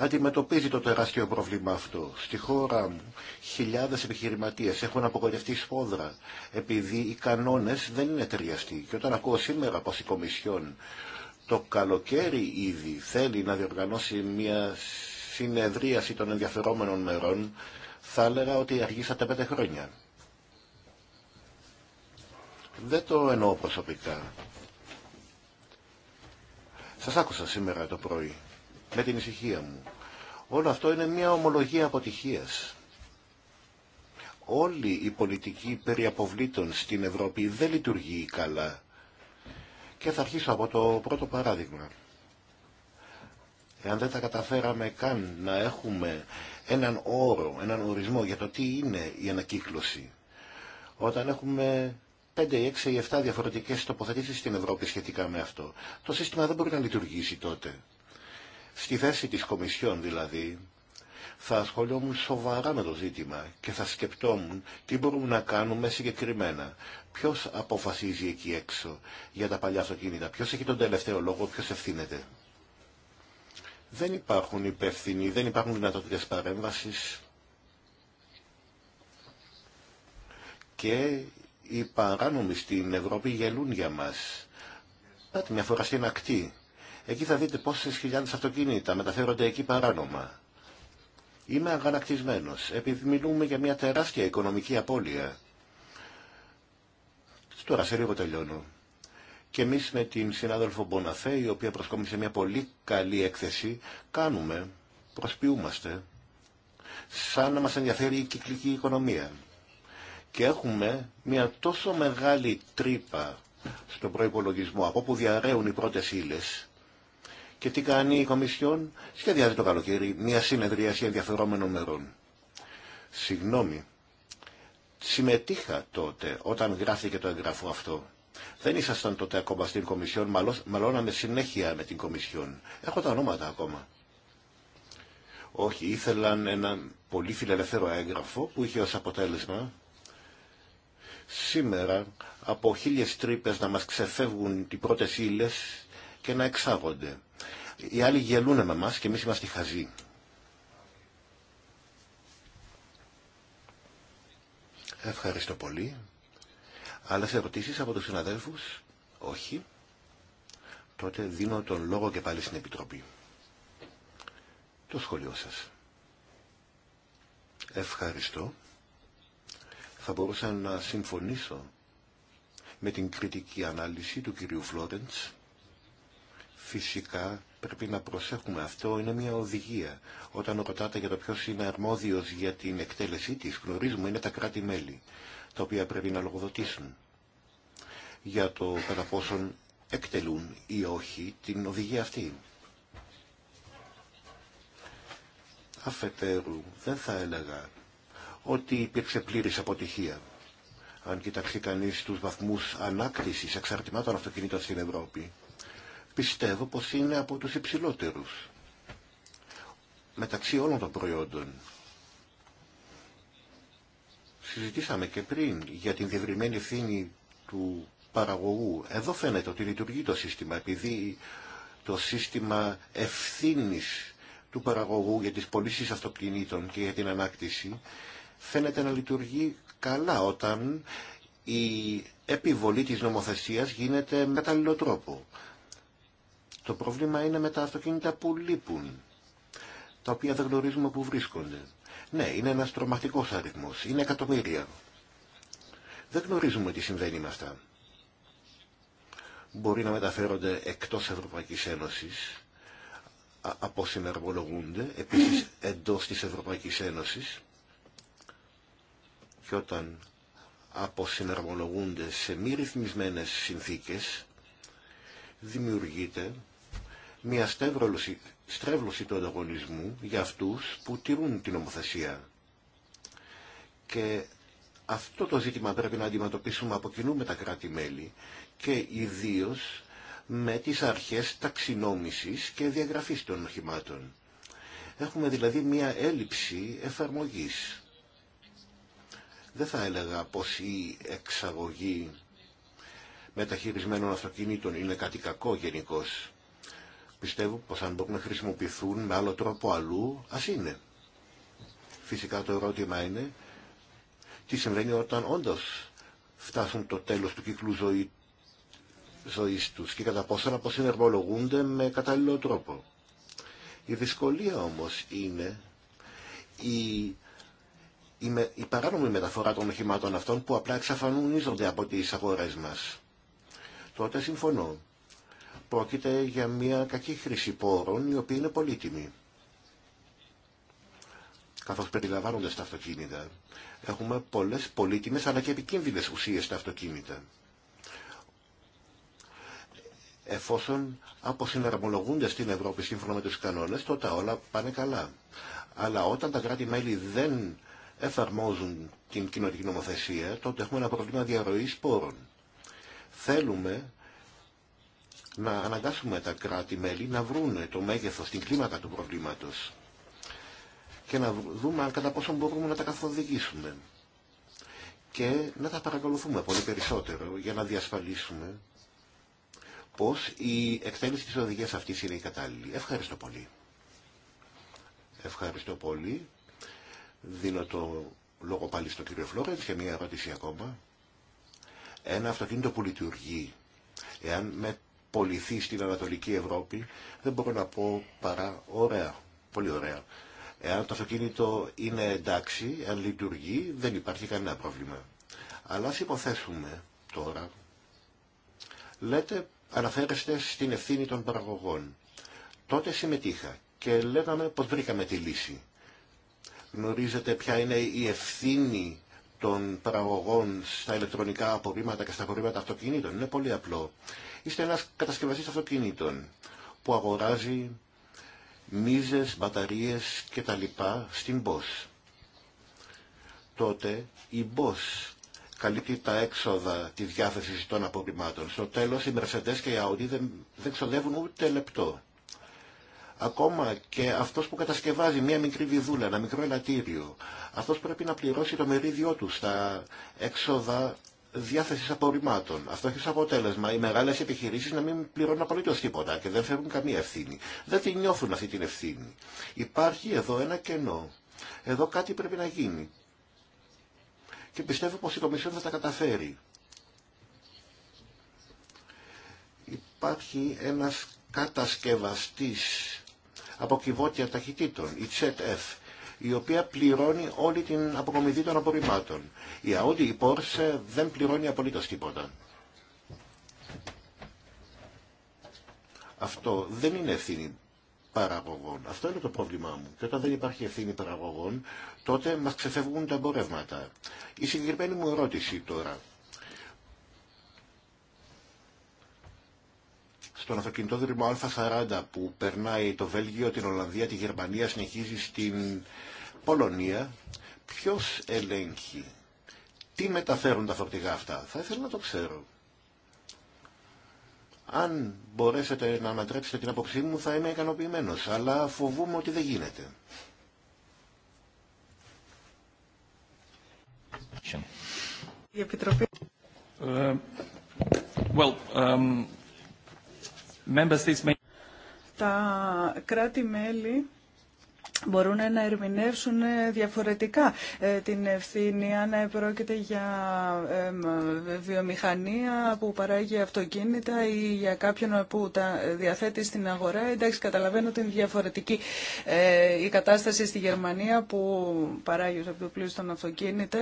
αντιμετωπίζει το τεράστιο πρόβλημα αυτό. Στη χώρα μου χιλιάδες επιχειρηματίες έχουν απογοητευτεί σπόδρα επειδή οι κανόνες δεν είναι ταιριαστοί. Και όταν ακούω σήμερα πως η Κομισιόν το καλοκαίρι ήδη θέλει να διοργανώσει μια συνεδρίαση των ενδιαφερόμενων μερών, θα έλεγα ότι αργήσατε πέντε χρόνια. Δεν το εννοώ προσωπικά. Σας άκουσα σήμερα το πρωί με την ησυχία μου. Όλο αυτό είναι μια ομολογία αποτυχίας. Όλη η πολιτική περί αποβλήτων στην Ευρώπη δεν λειτουργεί καλά. Και θα αρχίσω από το πρώτο παράδειγμα. Εάν δεν θα καταφέραμε καν να έχουμε έναν όρο, έναν ορισμό για το τι είναι η ανακύκλωση, όταν έχουμε 5 6 ή 7 διαφορετικές τοποθετήσεις στην Ευρώπη σχετικά με αυτό, το σύστημα δεν μπορεί να λειτουργήσει τότε. Στη θέση της Κομισιόν δηλαδή θα ασχολιόμουν σοβαρά με το ζήτημα και θα σκεπτόμουν τι μπορούμε να κάνουμε συγκεκριμένα. Ποιος αποφασίζει εκεί έξω για τα παλιά αυτοκίνητα, ποιος έχει τον τελευταίο λόγο, ποιος ευθύνεται. Δεν υπάρχουν υπεύθυνοι, δεν υπάρχουν δυνατότητες παρέμβασης και οι παράνομοι στην Ευρώπη γελούν για μας. Πάτε μια φορά στην ακτή Εκεί θα δείτε πόσες χιλιάδες αυτοκίνητα μεταφέρονται εκεί παράνομα. Είμαι αγανακτισμένος, επειδή μιλούμε για μια τεράστια οικονομική απώλεια. Τώρα σε λίγο τελειώνω. Και εμείς με την συνάδελφο Μποναφέ, η οποία προσκόμισε μια πολύ καλή έκθεση, κάνουμε, προσποιούμαστε, σαν να μας ενδιαφέρει η κυκλική οικονομία. Και έχουμε μια τόσο μεγάλη τρύπα στον προϋπολογισμό, από όπου διαραίουν οι πρώτες ύλες, και τι κάνει η Κομισιόν, σχεδιάζει το καλοκαίρι μια συνεδρίαση ενδιαφερόμενων μερών. Συγγνώμη, συμμετείχα τότε όταν γράφτηκε το εγγραφό αυτό. Δεν ήσασταν τότε ακόμα στην Κομισιόν, μαλώναμε συνέχεια με την Κομισιόν. Έχω τα ονόματα ακόμα. Όχι, ήθελαν ένα πολύ φιλελεύθερο έγγραφο που είχε ως αποτέλεσμα σήμερα από χίλιες τρύπες να μας ξεφεύγουν οι πρώτες ύλες και να εξάγονται. Οι άλλοι γελούν με μας και εμείς είμαστε χαζοί. Ευχαριστώ πολύ. Άλλε ερωτήσεις από τους συναδέλφους. Όχι. Τότε δίνω τον λόγο και πάλι στην Επιτροπή. Το σχολείο σας. Ευχαριστώ. Θα μπορούσα να συμφωνήσω με την κριτική ανάλυση του κυρίου Φλόρεντς Φυσικά πρέπει να προσέχουμε. Αυτό είναι μια οδηγία. Όταν ρωτάτε για το ποιο είναι αρμόδιος για την εκτέλεσή της, γνωρίζουμε είναι τα κράτη-μέλη, τα οποία πρέπει να λογοδοτήσουν για το κατά πόσον εκτελούν ή όχι την οδηγία αυτή. Αφετέρου, δεν θα έλεγα ότι υπήρξε πλήρης αποτυχία. Αν κοιτάξει κανείς τους βαθμούς ανάκτησης εξαρτημάτων αυτοκινήτων στην Ευρώπη, πιστεύω πως είναι από τους υψηλότερους μεταξύ όλων των προϊόντων. Συζητήσαμε και πριν για την διευρυμένη ευθύνη του παραγωγού. Εδώ φαίνεται ότι λειτουργεί το σύστημα, επειδή το σύστημα ευθύνης του παραγωγού για τις πωλήσει αυτοκινήτων και για την ανάκτηση φαίνεται να λειτουργεί καλά όταν η επιβολή της νομοθεσίας γίνεται με κατάλληλο τρόπο. Το πρόβλημα είναι με τα αυτοκίνητα που λείπουν, τα οποία δεν γνωρίζουμε που βρίσκονται. Ναι, είναι ένας τρομακτικός αριθμός, είναι εκατομμύρια. Δεν γνωρίζουμε τι συμβαίνει με αυτά. Μπορεί να μεταφέρονται εκτός Ευρωπαϊκής Ένωσης, από συναρμολογούνται, επίσης εντός της Ευρωπαϊκής Ένωσης και όταν αποσυναρμολογούνται σε μη ρυθμισμένες συνθήκες δημιουργείται μια στρέβλωση, του ανταγωνισμού για αυτούς που τηρούν την ομοθεσία. Και αυτό το ζήτημα πρέπει να αντιμετωπίσουμε από κοινού με τα κράτη-μέλη και ιδίω με τις αρχές ταξινόμησης και διαγραφής των οχημάτων. Έχουμε δηλαδή μία έλλειψη εφαρμογής. Δεν θα έλεγα πως η εξαγωγή μεταχειρισμένων αυτοκινήτων είναι κάτι κακό γενικώς πιστεύω πως αν μπορούν να χρησιμοποιηθούν με άλλο τρόπο αλλού, ας είναι. Φυσικά το ερώτημα είναι τι συμβαίνει όταν όντως φτάσουν το τέλος του κύκλου ζωή, ζωής τους και κατά πόσο να αποσυνεργολογούνται με κατάλληλο τρόπο. Η δυσκολία όμως είναι η, η, παράνομη μεταφορά των οχημάτων αυτών που απλά εξαφανίζονται από τις αγορές μας. Τότε συμφωνώ πρόκειται για μια κακή χρήση πόρων, η οποία είναι πολύτιμη. Καθώς περιλαμβάνονται στα αυτοκίνητα, έχουμε πολλές πολύτιμες αλλά και επικίνδυνες ουσίες στα αυτοκίνητα. Εφόσον αποσυναρμολογούνται στην Ευρώπη σύμφωνα με τους κανόνες, τότε όλα πάνε καλά. Αλλά όταν τα κράτη-μέλη δεν εφαρμόζουν την κοινωτική νομοθεσία, τότε έχουμε ένα πρόβλημα διαρροής πόρων. Θέλουμε να αναγκάσουμε τα κράτη-μέλη να βρουν το μέγεθος, την κλίμακα του προβλήματος και να δούμε αν κατά πόσο μπορούμε να τα καθοδηγήσουμε και να τα παρακολουθούμε πολύ περισσότερο για να διασφαλίσουμε πως η εκτέλεση της οδηγίας αυτής είναι η κατάλληλη. Ευχαριστώ πολύ. Ευχαριστώ πολύ. Δίνω το λόγο πάλι στον κύριο Φλόρεντς και μια ερώτηση ακόμα. Ένα αυτοκίνητο που λειτουργεί, εάν με πολιθεί στην Ανατολική Ευρώπη, δεν μπορώ να πω παρά ωραία, πολύ ωραία. Εάν το αυτοκίνητο είναι εντάξει, αν λειτουργεί, δεν υπάρχει κανένα πρόβλημα. Αλλά ας υποθέσουμε τώρα, λέτε, αναφέρεστε στην ευθύνη των παραγωγών. Τότε συμμετείχα και λέγαμε πως βρήκαμε τη λύση. Γνωρίζετε ποια είναι η ευθύνη των παραγωγών στα ηλεκτρονικά απορρίμματα και στα απορρίμματα αυτοκινήτων. Είναι πολύ απλό. Είστε ένας κατασκευαστής αυτοκινήτων που αγοράζει μίζες, μπαταρίες και τα λοιπά στην Bosch. Τότε η Bosch καλύπτει τα έξοδα τη διάθεση των απορριμμάτων. Στο τέλος οι Mercedes και οι Audi δεν, δεν ξοδεύουν ούτε λεπτό. Ακόμα και αυτός που κατασκευάζει μια μικρή βιδούλα, ένα μικρό ελαττήριο, αυτός πρέπει να πληρώσει το μερίδιό του στα έξοδα διάθεση απορριμμάτων. Αυτό έχει σαν αποτέλεσμα οι μεγάλε επιχειρήσει να μην πληρώνουν απολύτω τίποτα και δεν φέρουν καμία ευθύνη. Δεν την νιώθουν αυτή την ευθύνη. Υπάρχει εδώ ένα κενό. Εδώ κάτι πρέπει να γίνει. Και πιστεύω πω η Κομισιόν θα τα καταφέρει. Υπάρχει ένας κατασκευαστής από κυβότια ταχυτήτων, η ZF, η οποία πληρώνει όλη την αποκομιδή των απορριμμάτων. Η Audi, η Porsche δεν πληρώνει απολύτως τίποτα. Αυτό δεν είναι ευθύνη παραγωγών. Αυτό είναι το πρόβλημά μου. Και όταν δεν υπάρχει ευθύνη παραγωγών, τότε μας ξεφεύγουν τα εμπορεύματα. Η συγκεκριμένη μου ερώτηση τώρα. στον αυτοκινητοδρυμο α Α40 που περνάει το Βέλγιο, την Ολλανδία, τη Γερμανία, συνεχίζει στην Πολωνία, ποιος ελέγχει, τι μεταφέρουν τα φορτηγά αυτά. Θα ήθελα να το ξέρω. Αν μπορέσετε να ανατρέψετε την απόψή μου θα είμαι ικανοποιημένος, αλλά φοβούμαι ότι δεν γίνεται. Ε, um, τα κράτη-μέλη μπορούν να ερμηνεύσουν ε, διαφορετικά ε, την ευθύνη αν πρόκειται για βιομηχανία που παράγει αυτοκίνητα ή για κάποιον που τα διαθέτει στην αγορά. Εντάξει, καταλαβαίνω ότι είναι διαφορετική ε, η κατάσταση στη Γερμανία που παράγει από το των αυτοκίνητα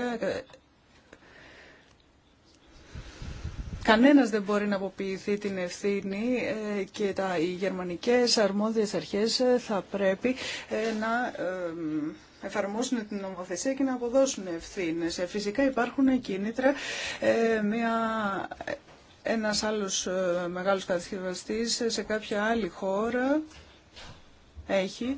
Κανένας δεν μπορεί να αποποιηθεί την ευθύνη ε, και τα, οι γερμανικές αρμόδιες αρχές ε, θα πρέπει ε, να εφαρμόσουν την νομοθεσία και να αποδώσουν ευθύνες. Φυσικά υπάρχουν κίνητρα, μια ένας άλλος μεγάλος κατασκευαστής σε κάποια άλλη χώρα έχει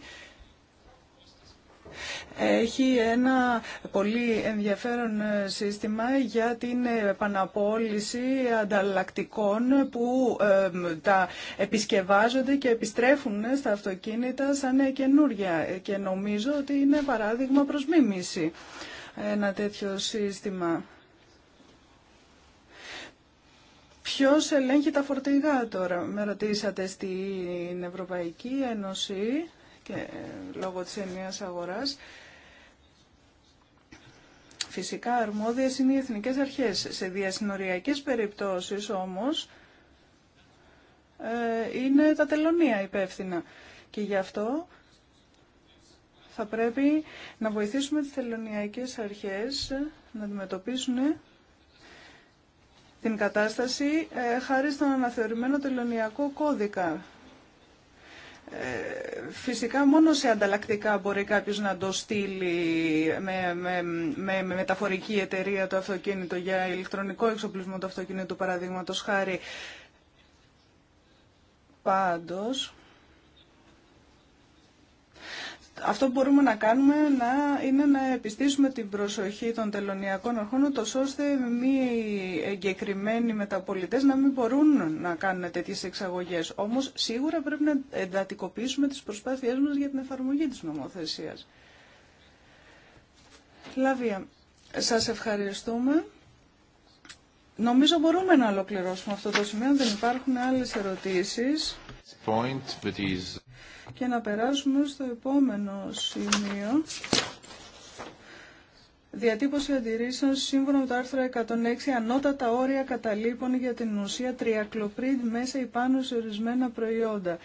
έχει ένα πολύ ενδιαφέρον ε, σύστημα για την επαναπόληση ανταλλακτικών που ε, τα επισκευάζονται και επιστρέφουν στα αυτοκίνητα σαν καινούρια και νομίζω ότι είναι παράδειγμα προς μίμηση ένα τέτοιο σύστημα. Ποιος ελέγχει τα φορτηγά τώρα, με ρωτήσατε στην Ευρωπαϊκή Ένωση και ε, λόγω της ενιαίας αγοράς. Φυσικά αρμόδιες είναι οι εθνικές αρχές. Σε διασυνοριακές περιπτώσεις όμως ε, είναι τα τελωνία υπεύθυνα. Και γι' αυτό θα πρέπει να βοηθήσουμε τις τελωνιακές αρχές να αντιμετωπίσουν την κατάσταση ε, χάρη στον αναθεωρημένο τελωνιακό κώδικα ε, φυσικά μόνο σε ανταλλακτικά μπορεί κάποιος να το στείλει με, με, με, μεταφορική εταιρεία το αυτοκίνητο για ηλεκτρονικό εξοπλισμό του αυτοκίνητο, παραδείγματος χάρη. Πάντως, αυτό που μπορούμε να κάνουμε να, είναι να επιστήσουμε την προσοχή των τελωνιακών αρχών, τόσο ώστε μη εγκεκριμένοι μεταπολιτές να μην μπορούν να κάνουν τέτοιες εξαγωγές. Όμως σίγουρα πρέπει να εντατικοποιήσουμε τις προσπάθειές μας για την εφαρμογή της νομοθεσίας. Λαβία, σας ευχαριστούμε. Νομίζω μπορούμε να ολοκληρώσουμε αυτό το σημείο, δεν υπάρχουν άλλες ερωτήσεις και να περάσουμε στο επόμενο σημείο. Διατύπωση αντιρρήσεων σύμφωνα με το άρθρο 106 ανώτατα όρια καταλήπων για την ουσία τριακλοπρίντ μέσα υπάνω σε ορισμένα προϊόντα.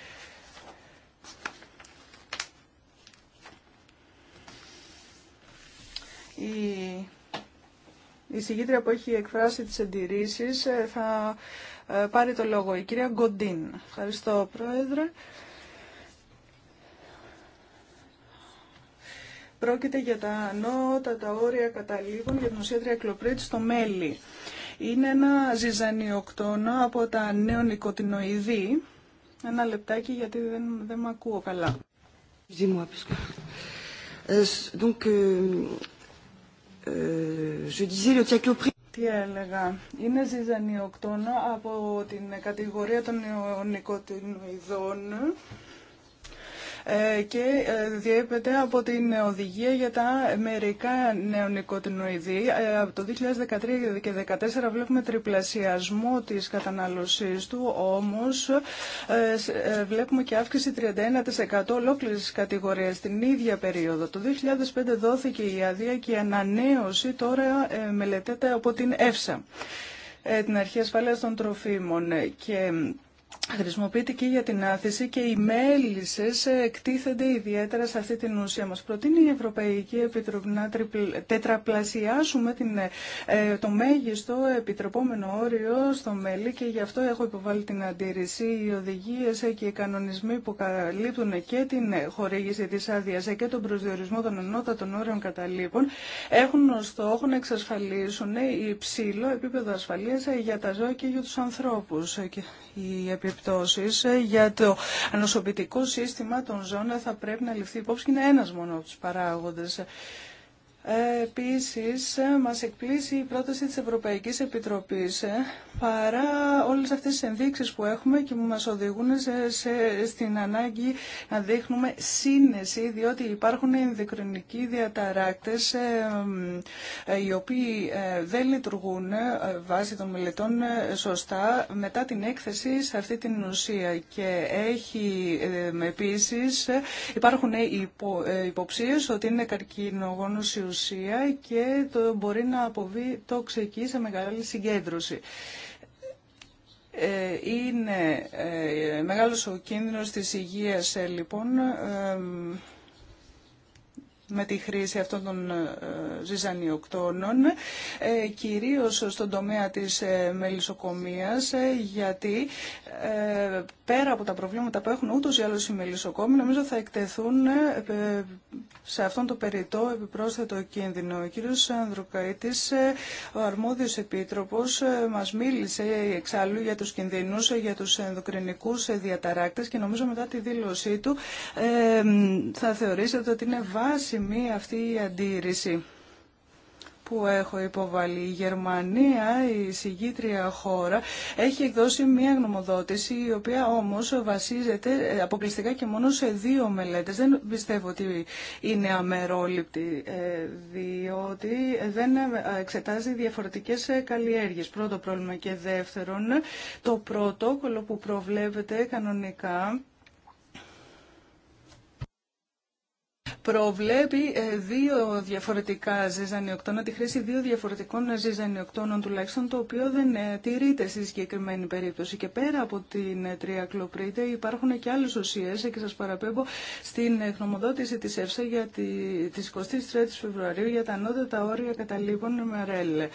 Η η που έχει εκφράσει τις εντηρήσεις ε, θα ε, πάρει το λόγο. Η κυρία Γκοντίν. Ευχαριστώ, Πρόεδρε. Πρόκειται για τα ανώτατα όρια καταλήγων για την ουσία τριακλοπρίτη στο μέλι. Είναι ένα ζυζανιοκτόνο από τα νέο νοικοτινοειδή. Ένα λεπτάκι γιατί δεν, δεν με ακούω καλά. Τι έλεγα. Είναι ζυζανιοκτώνα από την κατηγορία των νεονικοτινοειδών ε, και ε, διέπεται από την οδηγία για τα μερικά νεονικοτινοειδή. Ε, από το 2013 και 2014 βλέπουμε τριπλασιασμό της κατανάλωσής του, όμως βλέπουμε και αύξηση 31% ολόκληρης κατηγορίας την ίδια περίοδο. Το 2005 δόθηκε η άδεια και η ανανέωση τώρα μελετέται από την ΕΦΣΑ την Αρχή Ασφάλειας των Τροφίμων και Χρησιμοποιείται και για την άθεση και οι μέλισσες εκτίθενται ιδιαίτερα σε αυτή την ουσία μας. Προτείνει η Ευρωπαϊκή Επιτροπή να τετραπλασιάσουμε την, ε, το μέγιστο επιτρεπόμενο όριο στο μέλι και γι' αυτό έχω υποβάλει την αντίρρηση. Οι οδηγίες και οι κανονισμοί που καλύπτουν και την χορήγηση της άδεια και τον προσδιορισμό των ενότατων όριων καταλήπων έχουν ως στόχο να εξασφαλίσουν υψηλό επίπεδο ασφαλείας για τα ζώα και για τους ανθρώπους οι επιπτώσεις ε, για το ανοσοποιητικό σύστημα των ζώων θα πρέπει να ληφθεί υπόψη και είναι ένας μόνο από του παράγοντες. Επίσης, μας εκπλήσει η πρόταση της Ευρωπαϊκής Επιτροπής ε, παρά όλες αυτές τις ενδείξεις που έχουμε και που μας οδηγούν σε, στην ανάγκη να δείχνουμε σύνεση, διότι υπάρχουν ενδοκρινικοί διαταράκτες ε, ε, οι οποίοι δεν λειτουργούν βάσει των μελετών σωστά μετά την έκθεση σε αυτή την ουσία. Και έχει επίσης, υπάρχουν υποψίες ότι είναι καρκινογόνος και το μπορεί να αποβεί τοξική σε μεγάλη συγκέντρωση ε, είναι ε, μεγάλος ο κίνδυνος της υγείας ε, λοιπόν με τη χρήση αυτών των ε, ζυζανιοκτώνων, ε, κυρίως στον τομέα της ε, μελισσοκομείας, γιατί πέρα από τα προβλήματα που έχουν ούτως ή άλλως οι μελισσοκόμοι, νομίζω θα εκτεθούν σε αυτόν το περιττό επιπρόσθετο κίνδυνο. Ο κύριος Ανδρουκαίτης, ο αρμόδιος επίτροπος, μας μίλησε εξάλλου για τους κινδυνούς, για τους ενδοκρινικούς διαταράκτες και νομίζω μετά τη δήλωσή του θα θεωρήσετε ότι είναι βάση μία αυτή η αντίρρηση που έχω υποβάλει. Η Γερμανία, η συγκήτρια χώρα, έχει εκδώσει μία γνωμοδότηση, η οποία όμως βασίζεται ε, αποκλειστικά και μόνο σε δύο μελέτες. Δεν πιστεύω ότι είναι αμερόληπτη, ε, διότι δεν ε, εξετάζει διαφορετικές καλλιέργειες. Πρώτο πρόβλημα και δεύτερον, το πρωτόκολλο που προβλέπεται κανονικά προβλέπει ε, δύο διαφορετικά ζυζανιοκτώνα, τη χρήση δύο διαφορετικών ζυζανιοκτώνων τουλάχιστον, το οποίο δεν ε, τηρείται στη συγκεκριμένη περίπτωση. Και πέρα από την ε, τριακλοπρίτε υπάρχουν και άλλες ουσίες και σας παραπέμπω στην γνωμοδότηση της ΕΦΣΑ για τη, της 23 Φεβρουαρίου για τα ανώτατα όρια καταλήπων ΜΡΕΛ. Ε,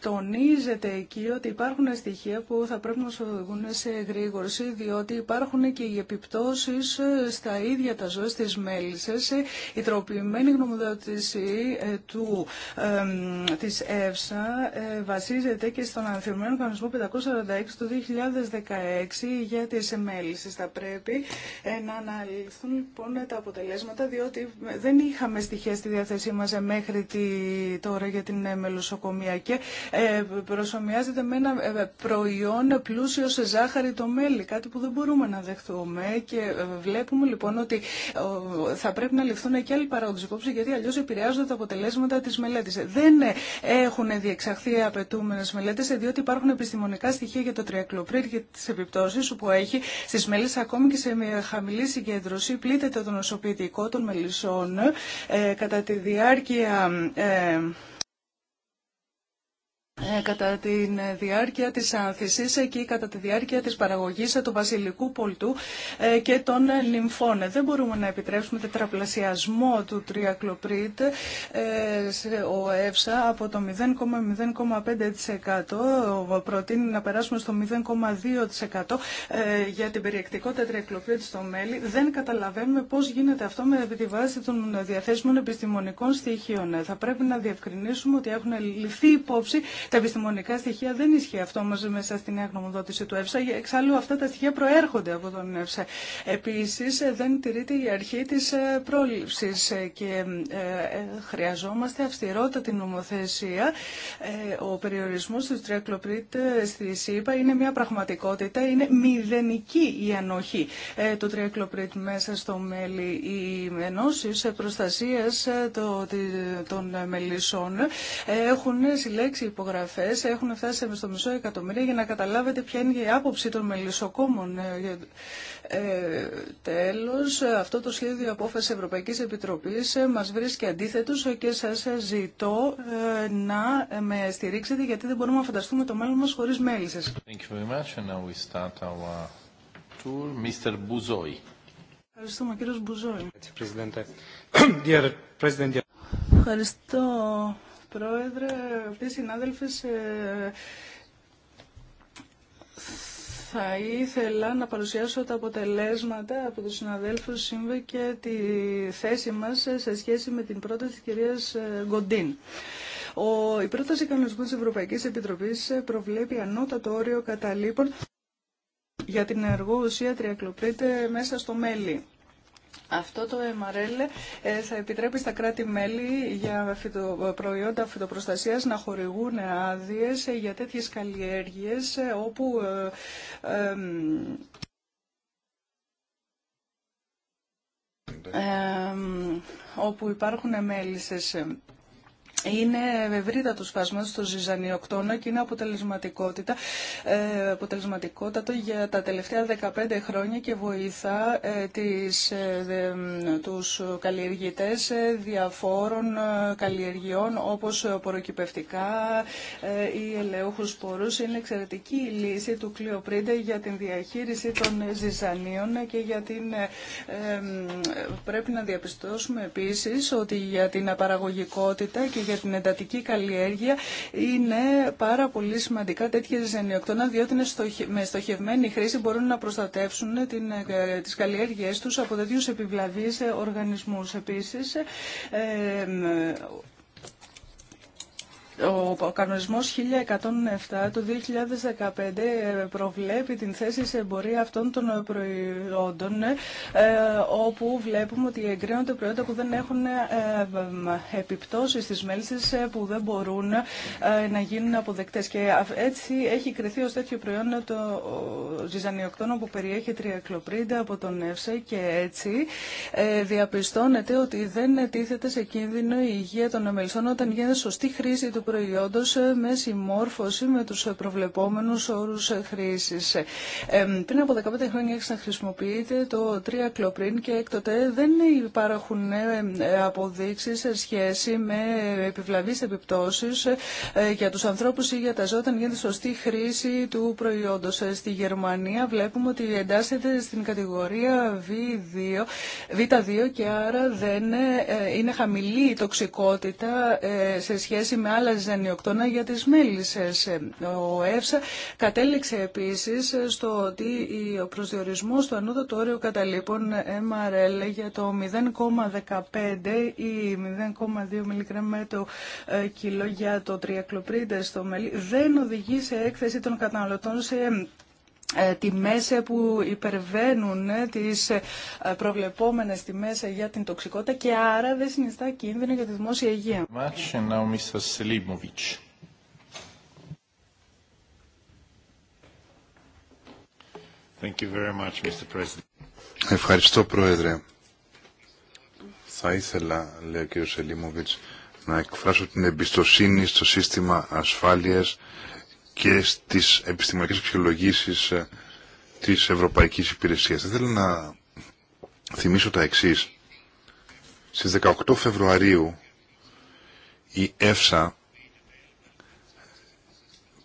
τονίζεται εκεί ότι υπάρχουν στοιχεία που θα πρέπει να σου οδηγούν σε γρήγορση... διότι υπάρχουν και οι επιπτώσεις στα ίδια τα ζώα στις μέλισσες η τροποποιημένη γνωμοδότηση ε, του, της ΕΦΣΑ ε, βασίζεται και στον αναθεωρημένο κανονισμό 546 του 2016 για τις εμέλησεις. Θα πρέπει ε, να αναλυθούν λοιπόν τα αποτελέσματα διότι δεν είχαμε στοιχεία στη διάθεσή μας μέχρι τη, τώρα για την μελοσοκομία και προσωμιάζεται με ένα προϊόν πλούσιο σε ζάχαρη το μέλι, κάτι που δεν μπορούμε να δεχθούμε και βλέπουμε λοιπόν ότι θα πρέπει να ληφθούν και άλλοι παράγοντε υπόψη, γιατί αλλιώ επηρεάζονται τα αποτελέσματα τη μελέτη. Δεν ε, έχουν διεξαχθεί απαιτούμενε μελέτε, διότι υπάρχουν επιστημονικά στοιχεία για το τριακλοπρίτ και τι επιπτώσει που έχει στι μελέτε, ακόμη και σε χαμηλή συγκέντρωση. Πλήττεται το νοσοποιητικό των μελισσών ε, κατά τη διάρκεια. Ε, ε, κατά τη διάρκεια της άνθησης και κατά τη διάρκεια της παραγωγής του βασιλικού πολτού ε, και των λιμφών. Δεν μπορούμε να επιτρέψουμε τετραπλασιασμό του τριακλοπρίτ ε, ο ΕΦΣΑ από το 0,05% προτείνει να περάσουμε στο 0,2% για την περιεκτικότητα τριακλοπρίτ στο μέλι. Δεν καταλαβαίνουμε πώς γίνεται αυτό με τη βάση των διαθέσιμων επιστημονικών στοιχείων. Θα πρέπει να διευκρινίσουμε ότι έχουν ληφθεί υπόψη τα επιστημονικά στοιχεία δεν ισχύει αυτό όμω μέσα στην νέα γνωμοδότηση του ΕΦΣΑ. Εξάλλου αυτά τα στοιχεία προέρχονται από τον ΕΦΣΑ. Επίση δεν τηρείται η αρχή τη ε, πρόληψη ε, και ε, χρειαζόμαστε αυστηρότατη νομοθεσία. Ο περιορισμό του τριακλοπρίτ στη ΣΥΠΑ είναι μια πραγματικότητα. Είναι μηδενική η ανοχή του τριακλοπρίτ μέσα στο μέλι. Οι ενώσει προστασία των μελισσών έχουν συλλέξει υπογραφή έχουν φτάσει στο μισό εκατομμύριο για να καταλάβετε ποια είναι η άποψη των μελισσοκόμων. Ε, ε τέλος, αυτό το σχέδιο απόφαση Ευρωπαϊκής Επιτροπής ε, μας βρίσκει αντίθετο ε, και σας ζητώ να με στηρίξετε γιατί δεν μπορούμε να φανταστούμε το μέλλον μα χωρί μέλισσες. Ευχαριστούμε, κύριο Μπουζόη. <coughs> Ευχαριστώ, Πρόεδρε, αυτοί οι συνάδελφες, θα ήθελα να παρουσιάσω τα αποτελέσματα από τους συναδέλφους ΣΥΜΒΕ και τη θέση μας σε σχέση με την πρόταση της κυρίας ε, Γκοντίν. Ο, η πρόταση κανονισμού της Ευρωπαϊκής Επιτροπής ε, προβλέπει ανώτατο όριο καταλήπων για την εργό ουσία τριακλοπρίτε μέσα στο μέλι. Αυτό το MRL ε, θα επιτρέπει στα κράτη-μέλη για προϊόντα φυτοπροστασίας να χορηγούν άδειες για τέτοιες καλλιέργειες όπου ε, ναι. όπου υπάρχουν μέλισσες είναι ευρύτατο του στο ζυζανιοκτόνο και είναι αποτελεσματικότητα, ε, αποτελεσματικότατο για τα τελευταία 15 χρόνια και βοηθά ε, τις, ε, τους καλλιεργητές ε, διαφόρων ε, καλλιεργειών όπως ποροκυπευτικά ή ελαιούχους σπορούς. Είναι εξαιρετική η λύση του κλειοπρίντε για την διαχείριση των ζυζανίων και για την, πρέπει να διαπιστώσουμε επίσης ότι για την παραγωγικότητα για την εντατική καλλιέργεια είναι πάρα πολύ σημαντικά τέτοια ζενιοκτώνα, διότι με στοχευμένη χρήση μπορούν να προστατεύσουν την... Ε, τι καλλιέργειέ του από τέτοιου επιβλαβεί ε, οργανισμού. Επίση, ε, ο κανονισμός 1107 του 2015 προβλέπει την θέση σε εμπορία αυτών των προϊόντων ε, όπου βλέπουμε ότι εγκρίνονται προϊόντα που δεν έχουν ε, ε, επιπτώσεις στις μέλησες που δεν μπορούν να γίνουν αποδεκτές. Και έτσι έχει κρυθεί ως τέτοιο προϊόν το ζυζανιοκτόνο που περιέχει τριακλοπρίντα από τον ΕΦΣΕ και έτσι διαπιστώνεται ότι δεν τίθεται σε κίνδυνο η υγεία των μελισσών όταν γίνεται σωστή χρήση του προϊόντος ε, με συμμόρφωση με τους ε, προβλεπόμενους όρους ε, χρήσης. Πριν από 15 χρόνια έχει να χρησιμοποιείται το 3 κλοπρίν και έκτοτε δεν υπάρχουν αποδείξεις σε σχέση με επιβλαβείς επιπτώσεις για τους ανθρώπους ή για τα ζώα όταν γίνεται σωστή χρήση του προϊόντος. Στη Γερμανία βλέπουμε ότι εντάσσεται στην κατηγορία V2, V2 και άρα δεν είναι χαμηλή η τοξικότητα σε σχέση με άλλα ζενιοκτώνα για τις μέλισσες. Ο ΕΦΣΑ κατέληξε επίσης στο ότι ο προσδιορισμός του ανώτατου όριου καταλήπων MRL για το 0,15 ή 0,2 μιλικρά το ε, κιλό για το τριακλοπρίντε στο μέλι δεν οδηγεί σε έκθεση των καταναλωτών σε ε, τιμές ε, που υπερβαίνουν ε, τις προβλεπόμενες τιμές για την τοξικότητα και άρα δεν συνιστά κίνδυνο για τη δημόσια υγεία. Ευχαριστώ, Πρόεδρε. Θα ήθελα, λέει ο κ. Σελίμωβιτς, να εκφράσω την εμπιστοσύνη στο σύστημα ασφάλειας και στις επιστημονικές αξιολογήσεις ε, της Ευρωπαϊκής Υπηρεσίας. Θέλω να θυμίσω τα εξής. Στις 18 Φεβρουαρίου η ΕΦΣΑ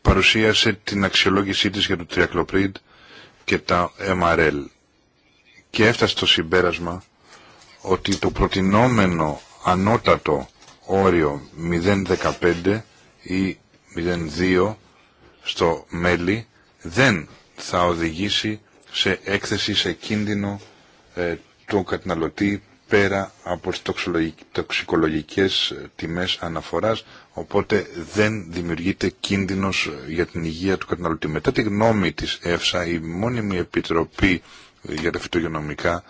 παρουσίασε την αξιολόγησή της για το τριακλοπρίντ και τα MRL και έφτασε στο συμπέρασμα ότι το προτινόμενο ανώτατο όριο 0,15 ή 0,2 στο μέλη, δεν θα οδηγήσει σε έκθεση σε κίνδυνο ε, του καταναλωτή πέρα από τις τοξικολογικές ε, τιμές αναφοράς, οπότε δεν δημιουργείται κίνδυνος ε, για την υγεία του καταναλωτή. Μετά τη γνώμη της ΕΦΣΑ, η μόνιμη επιτροπή για τα φυτογενομικά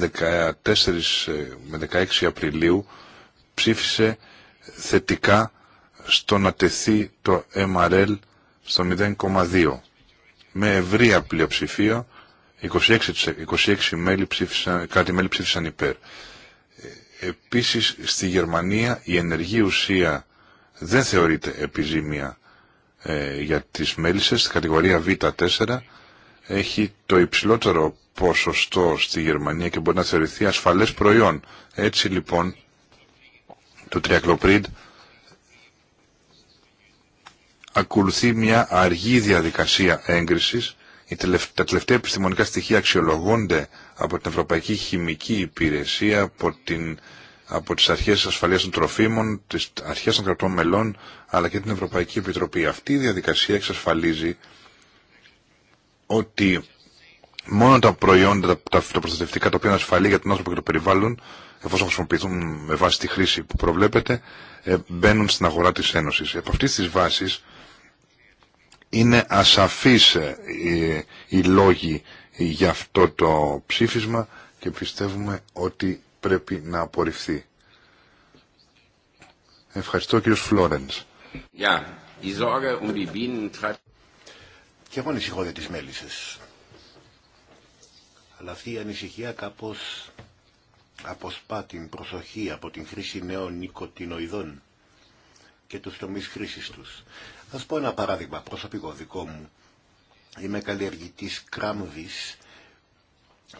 14 ε, με 16 Απριλίου ψήφισε θετικά στο να τεθεί το MRL στο 0,2 με ευρία πλειοψηφία 26, 26 μέλη ψήφισαν, κάτι μέλη ψήφισαν υπέρ. Ε, επίσης στη Γερμανία η ενεργή ουσία δεν θεωρείται επιζήμια ε, για τις μέλισσες. Στη κατηγορία Β4 έχει το υψηλότερο ποσοστό στη Γερμανία και μπορεί να θεωρηθεί ασφαλές προϊόν. Έτσι λοιπόν το τριακλοπρίντ ακολουθεί μια αργή διαδικασία έγκρισης. Τα τελευταία επιστημονικά στοιχεία αξιολογούνται από την Ευρωπαϊκή Χημική Υπηρεσία, από, την, από τις αρχές ασφαλείας των τροφίμων, τις αρχές των κρατών μελών, αλλά και την Ευρωπαϊκή Επιτροπή. Αυτή η διαδικασία εξασφαλίζει ότι μόνο τα προϊόντα, τα, φυτοπροστατευτικά, τα οποία είναι ασφαλή για τον άνθρωπο και το περιβάλλον, εφόσον χρησιμοποιηθούν με βάση τη χρήση που προβλέπεται, ε, μπαίνουν στην αγορά της Ένωσης. Από αυτής της βάσης, είναι ασαφείς ε, οι, λόγοι για αυτό το ψήφισμα και πιστεύουμε ότι πρέπει να απορριφθεί. Ευχαριστώ κύριος Φλόρενς. Um και εγώ ανησυχώ για τις μέλισσες. Αλλά αυτή η ανησυχία κάπως αποσπά την προσοχή από την χρήση νέων νοικοτινοειδών και τους τομείς χρήσης τους. Ας πω ένα παράδειγμα προσωπικό δικό μου. Είμαι καλλιεργητής κράμβης.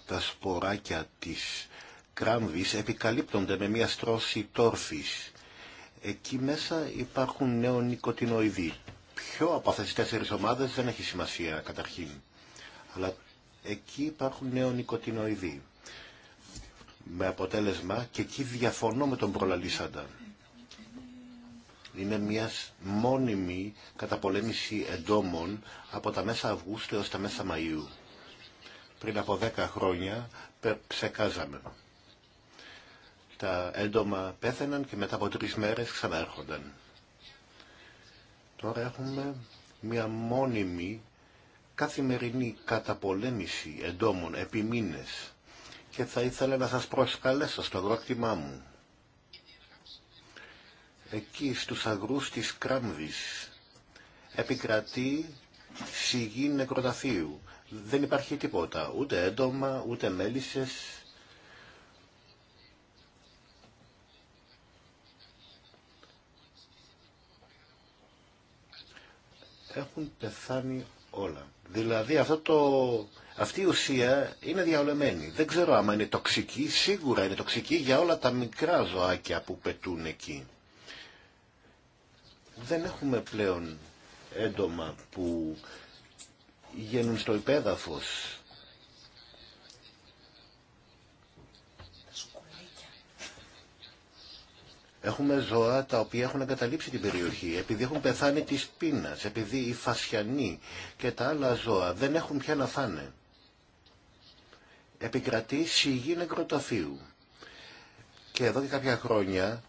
Τα σποράκια της κράμβης επικαλύπτονται με μια στρώση τόρφης. Εκεί μέσα υπάρχουν νοικοτινοειδή. Ποιο από αυτές τις τέσσερις ομάδες δεν έχει σημασία καταρχήν. Αλλά εκεί υπάρχουν νοικοτινοειδή. Με αποτέλεσμα και εκεί διαφωνώ με τον προλαλήσαντα είναι μια μόνιμη καταπολέμηση εντόμων από τα μέσα Αυγούστου έως τα μέσα Μαΐου. Πριν από δέκα χρόνια ψεκάζαμε. Τα έντομα πέθαιναν και μετά από τρεις μέρες ξαναέρχονταν. Τώρα έχουμε μια μόνιμη καθημερινή καταπολέμηση εντόμων επί μήνες και θα ήθελα να σας προσκαλέσω στο δρόκτημά μου Εκεί στους αγρούς της Κράμβης επικρατεί σιγή νεκροταφείου. Δεν υπάρχει τίποτα, ούτε έντομα, ούτε μέλισσες. Έχουν πεθάνει όλα. Δηλαδή αυτό το, αυτή η ουσία είναι διαολεμένη. Δεν ξέρω άμα είναι τοξική, σίγουρα είναι τοξική για όλα τα μικρά ζωάκια που πετούν εκεί δεν έχουμε πλέον έντομα που γίνουν στο υπέδαφος. Έχουμε ζώα τα οποία έχουν εγκαταλείψει την περιοχή, επειδή έχουν πεθάνει της πείνας, επειδή οι φασιανοί και τα άλλα ζώα δεν έχουν πια να φάνε. Επικρατεί σιγή νεκροταφείου. Και εδώ και κάποια χρόνια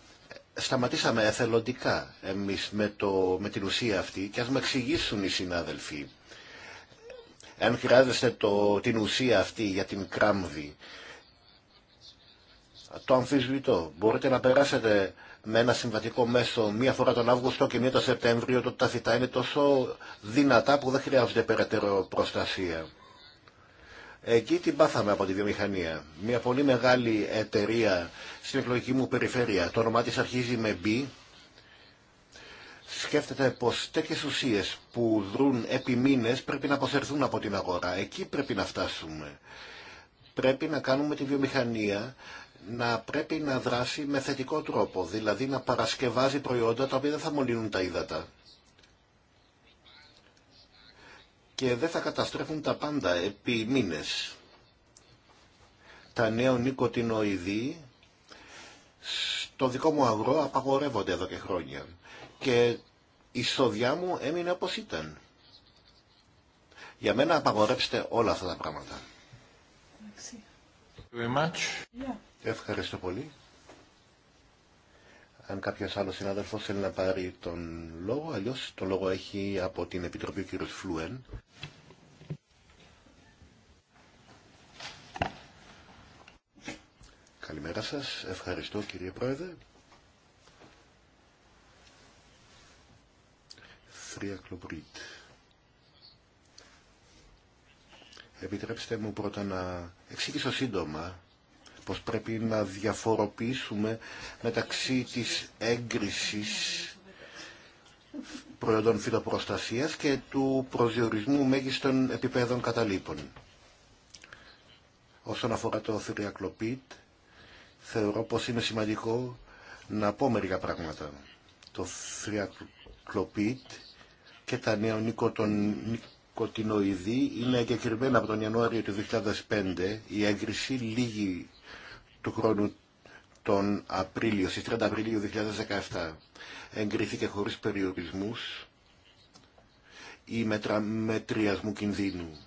σταματήσαμε εθελοντικά εμείς με, το, με την ουσία αυτή και ας με εξηγήσουν οι συνάδελφοι. Εάν χρειάζεστε το, την ουσία αυτή για την κράμβη, το αμφισβητώ. Μπορείτε να περάσετε με ένα συμβατικό μέσο μία φορά τον Αύγουστο και μία τον Σεπτέμβριο, το τα φυτά είναι τόσο δυνατά που δεν χρειάζονται περαιτέρω προστασία. Εκεί την πάθαμε από τη βιομηχανία. Μια πολύ μεγάλη εταιρεία στην εκλογική μου περιφέρεια, το όνομά της αρχίζει με B, σκέφτεται πως τέτοιες ουσίες που δρούν επί μήνες πρέπει να αποσυρθούν από την αγορά. Εκεί πρέπει να φτάσουμε. Πρέπει να κάνουμε τη βιομηχανία να πρέπει να δράσει με θετικό τρόπο, δηλαδή να παρασκευάζει προϊόντα τα οποία δεν θα μολύνουν τα ύδατα. και δεν θα καταστρέφουν τα πάντα επί μήνες. Τα νέα νοικοτινοειδή στο δικό μου αγρό απαγορεύονται εδώ και χρόνια και η σοδιά μου έμεινε όπως ήταν. Για μένα απαγορέψτε όλα αυτά τα πράγματα. Ευχαριστώ πολύ αν κάποιος άλλος συνάδελφος θέλει να πάρει τον λόγο, αλλιώς τον λόγο έχει από την Επιτροπή ο κύριος Φλούεν. Καλημέρα σας. Ευχαριστώ κύριε Πρόεδρε. Επιτρέψτε μου πρώτα να εξηγήσω σύντομα πως πρέπει να διαφοροποιήσουμε μεταξύ της έγκρισης προϊόντων φυτοπροστασίας και του προσδιορισμού μέγιστων επιπέδων καταλήπων. Όσον αφορά το θηριακλοπίτ, θεωρώ πως είναι σημαντικό να πω μερικά πράγματα. Το θηριακλοπίτ και τα νέα νοικοτινοειδή είναι εγκεκριμένα από τον Ιανουάριο του 2005. Η έγκριση λίγη του χρόνου τον Απρίλιο, στις 30 Απριλίου 2017 εγκρίθηκε χωρίς περιορισμούς η μέτρα μετριασμού κινδύνου.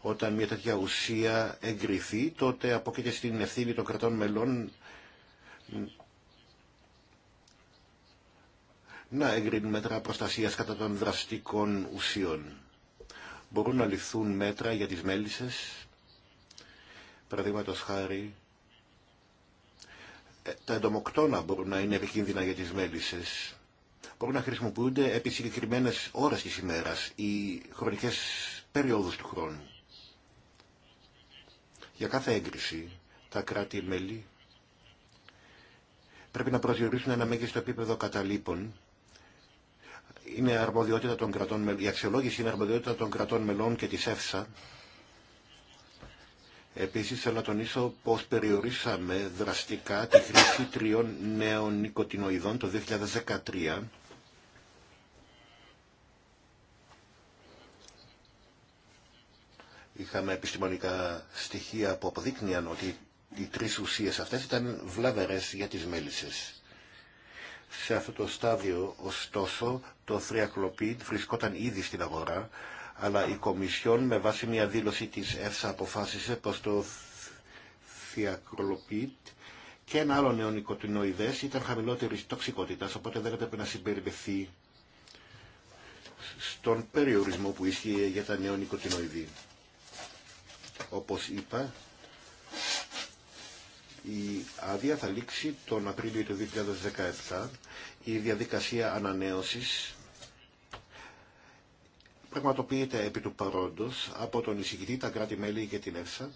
Όταν μια τέτοια ουσία εγκριθεί, τότε απόκειται στην ευθύνη των κρατών μελών να εγκρίνουν μέτρα προστασίας κατά των δραστικών ουσιών. Μπορούν να ληφθούν μέτρα για τις μέλισσες, παραδείγματο χάρη ε, τα εντομοκτώνα μπορούν να είναι επικίνδυνα για τις μέλισσες. Μπορούν να χρησιμοποιούνται επί συγκεκριμένε ώρες της ημέρας ή χρονικές περιόδους του χρόνου. Για κάθε έγκριση, τα κράτη-μέλη πρέπει να προσδιορίσουν ένα μέγιστο επίπεδο καταλήπων. Είναι αρμοδιότητα των κρατών, η αξιολόγηση είναι αρμοδιότητα των κρατών μελών και της ΕΦΣΑ Επίσης θέλω να τονίσω πως περιορίσαμε δραστικά τη χρήση τριών νέων νοικοτινοειδών το 2013 Είχαμε επιστημονικά στοιχεία που αποδείκνυαν ότι οι τρεις ουσίες αυτές ήταν βλαβερές για τις μέλισσες. Σε αυτό το στάδιο, ωστόσο, το θριακλοπίτ βρισκόταν ήδη στην αγορά αλλά η Κομισιόν με βάση μια δήλωση της ΕΦΣΑ αποφάσισε πως το θιακρολοπίτ και ένα άλλο νέο ήταν χαμηλότερης τοξικότητας, οπότε δεν έπρεπε να συμπεριμπεθεί στον περιορισμό που ίσχυε για τα νέο νοικοτινοειδή. Όπως είπα, η άδεια θα λήξει τον Απρίλιο του 2017. Η διαδικασία ανανέωσης πραγματοποιείται επί του παρόντος από τον εισηγητή, τα κράτη-μέλη και την ΕΦΣΑ.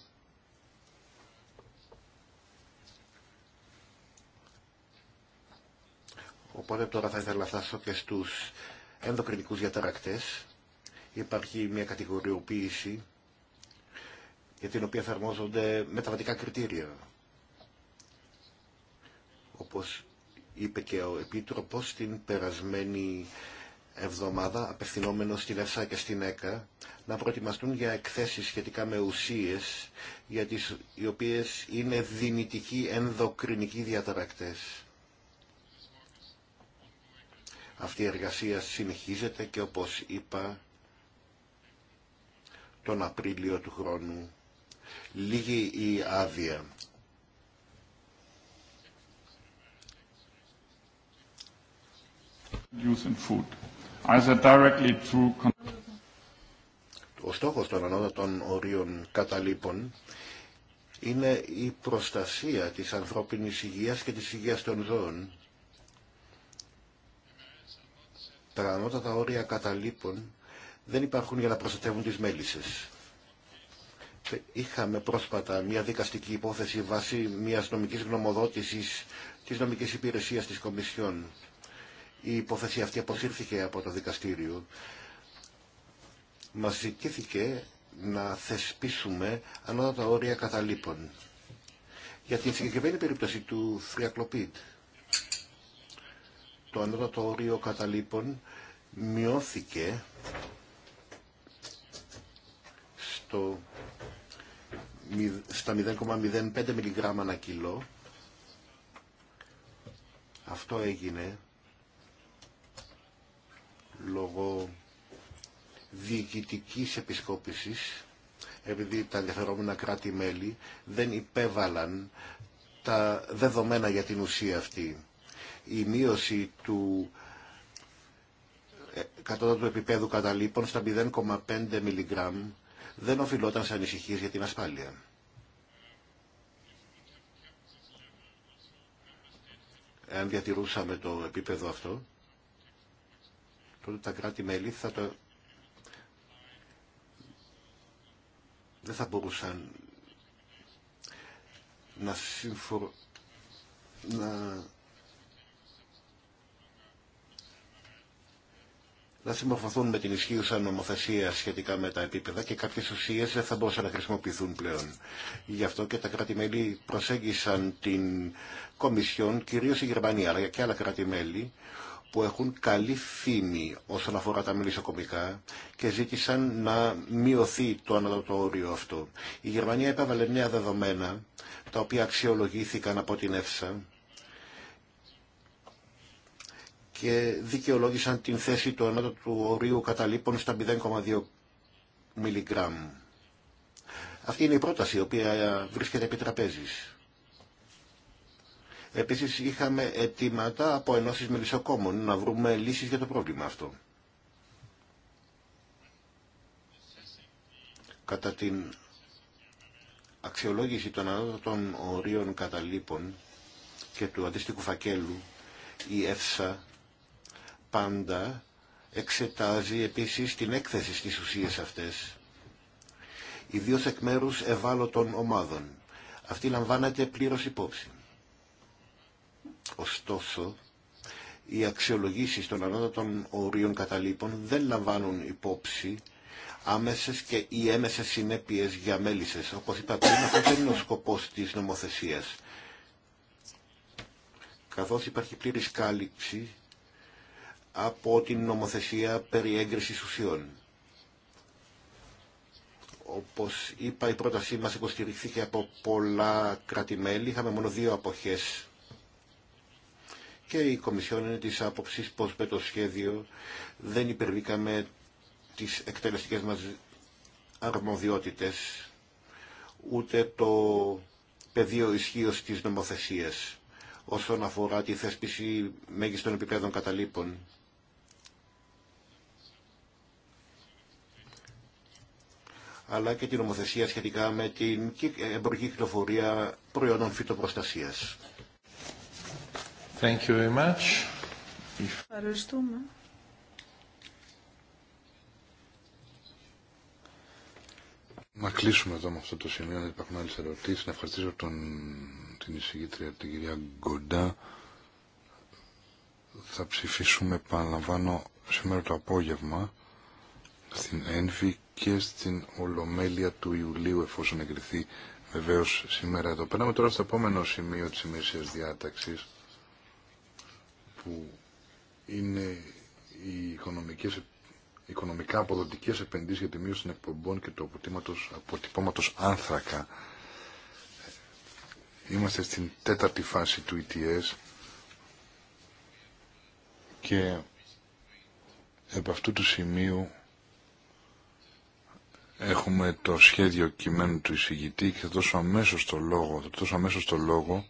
Οπότε τώρα θα ήθελα να φτάσω και στους ενδοκρινικούς διαταρακτές. Υπάρχει μια κατηγοριοποίηση για την οποία εφαρμόζονται μεταβατικά κριτήρια. Όπως είπε και ο Επίτροπος στην περασμένη εβδομάδα απευθυνόμενο στην ΕΦΣΑ και στην ΕΚΑ να προετοιμαστούν για εκθέσεις σχετικά με ουσίες για τις, οι οποίες είναι δυνητικοί ενδοκρινικοί διαταρακτές. Αυτή η εργασία συνεχίζεται και όπως είπα τον Απρίλιο του χρόνου λίγη η άδεια. food. Ο στόχος των ανώτατων ορίων καταλήπων είναι η προστασία της ανθρώπινης υγείας και της υγείας των ζώων. Τα ανώτατα όρια καταλήπων δεν υπάρχουν για να προστατεύουν τις μέλισσες. Είχαμε πρόσφατα μια δικαστική υπόθεση βάσει μιας νομικής γνωμοδότησης της νομικής υπηρεσίας της Κομισιόν η υπόθεση αυτή αποσύρθηκε από το δικαστήριο. Μας ζητήθηκε να θεσπίσουμε ανώτατα όρια καταλήπων. Για την συγκεκριμένη περίπτωση του Φριακλοπίτ, το ανώτατο όριο καταλήπων μειώθηκε στο, στα 0,05 μιλιγκράμμα ανά κιλό. Αυτό έγινε λόγω διοικητικής επισκόπησης επειδή τα ενδιαφερόμενα κράτη-μέλη δεν υπέβαλαν τα δεδομένα για την ουσία αυτή. Η μείωση του ε, κατώτατου επίπεδου καταλήπων στα 0,5 μιλιγκράμμ δεν οφειλόταν σε ανησυχίες για την ασφάλεια. Εάν διατηρούσαμε το επίπεδο αυτό, τότε τα κράτη-μέλη θα το... δεν θα μπορούσαν να συμφω... συμμορφωθούν με την ισχύουσα νομοθεσία σχετικά με τα επίπεδα και κάποιες ουσίες δεν θα μπορούσαν να χρησιμοποιηθούν πλέον. Γι' αυτό και τα κράτη-μέλη προσέγγισαν την Κομισιόν, κυρίως η Γερμανία, αλλά και άλλα κράτη-μέλη, που έχουν καλή φήμη όσον αφορά τα μελισσοκομικά και ζήτησαν να μειωθεί το ανώτατο αυτό. Η Γερμανία επέβαλε νέα δεδομένα τα οποία αξιολογήθηκαν από την ΕΦΣΑ και δικαιολόγησαν την θέση του ανάδοτου ορίου καταλήπων στα 0,2 μιλιγκράμμ. Αυτή είναι η πρόταση η οποία βρίσκεται επί τραπέζης. Επίσης είχαμε αιτήματα από ενώσεις μελισσοκόμων να βρούμε λύσεις για το πρόβλημα αυτό. Κατά την αξιολόγηση των ανώτατων ορίων καταλήπων και του αντίστοιχου φακέλου, η ΕΦΣΑ πάντα εξετάζει επίσης την έκθεση στις ουσίες αυτές, ιδίως εκ μέρους ευάλωτων ομάδων. Αυτή λαμβάνεται πλήρως υπόψη. Ωστόσο, οι αξιολογήσεις των ανώτατων ορίων καταλήπων δεν λαμβάνουν υπόψη άμεσες και οι έμεσε συνέπειες για μέλησες. Όπως είπα πριν, αυτό δεν είναι ο σκοπός της νομοθεσίας. Καθώς υπάρχει πλήρης κάλυψη από την νομοθεσία περί ουσιών. Όπως είπα, η πρότασή μας υποστηριχθήκε από πολλά κράτη-μέλη. Είχαμε μόνο δύο αποχές και η Κομισιόν είναι της άποψης πως με το σχέδιο δεν υπερβήκαμε τις εκτελεστικές μας αρμοδιότητες ούτε το πεδίο ισχύω της νομοθεσίας όσον αφορά τη θέσπιση μέγιστων επιπέδων καταλήπων. αλλά και την νομοθεσία σχετικά με την εμπορική κυκλοφορία προϊόντων φυτοπροστασίας. Ευχαριστούμε. Να κλείσουμε εδώ με αυτό το σημείο, να υπάρχουν άλλες ερωτήσεις. Να ευχαριστήσω τον, την εισηγήτρια, την κυρία Γκοντά. Θα ψηφίσουμε, παραλαμβάνω, σήμερα το απόγευμα στην ΕΝΒΗ και στην Ολομέλεια του Ιουλίου, εφόσον εγκριθεί βεβαίως σήμερα εδώ. Περνάμε τώρα στο επόμενο σημείο της ημερησίας διάταξης που είναι οι οικονομικά αποδοτικές επενδύσεις για τη μείωση των εκπομπών και του αποτυπώματος άνθρακα. Είμαστε στην τέταρτη φάση του ETS και επ' αυτού του σημείου έχουμε το σχέδιο κειμένου του εισηγητή και θα δώσω αμέσως το λόγο, θα δώσω αμέσως το λόγο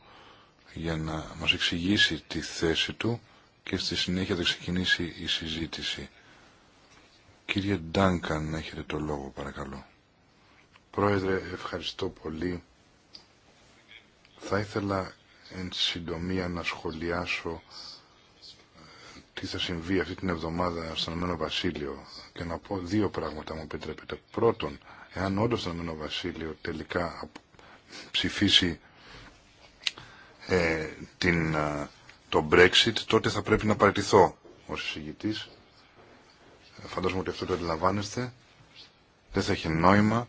για να μας εξηγήσει τη θέση του και στη συνέχεια θα ξεκινήσει η συζήτηση. Κύριε Ντάνκαν, έχετε το λόγο παρακαλώ. Πρόεδρε, ευχαριστώ πολύ. Θα ήθελα εν συντομία να σχολιάσω ε, τι θα συμβεί αυτή την εβδομάδα στον Ηνωμένο Βασίλειο και να πω δύο πράγματα μου επιτρέπετε. Πρώτον, εάν όντως το Ανωμένο Βασίλειο τελικά ψηφίσει ε, ε, το Brexit, τότε θα πρέπει να παραιτηθώ ως εισηγητής. Ε, φαντάζομαι ότι αυτό το αντιλαμβάνεστε. Δεν θα έχει νόημα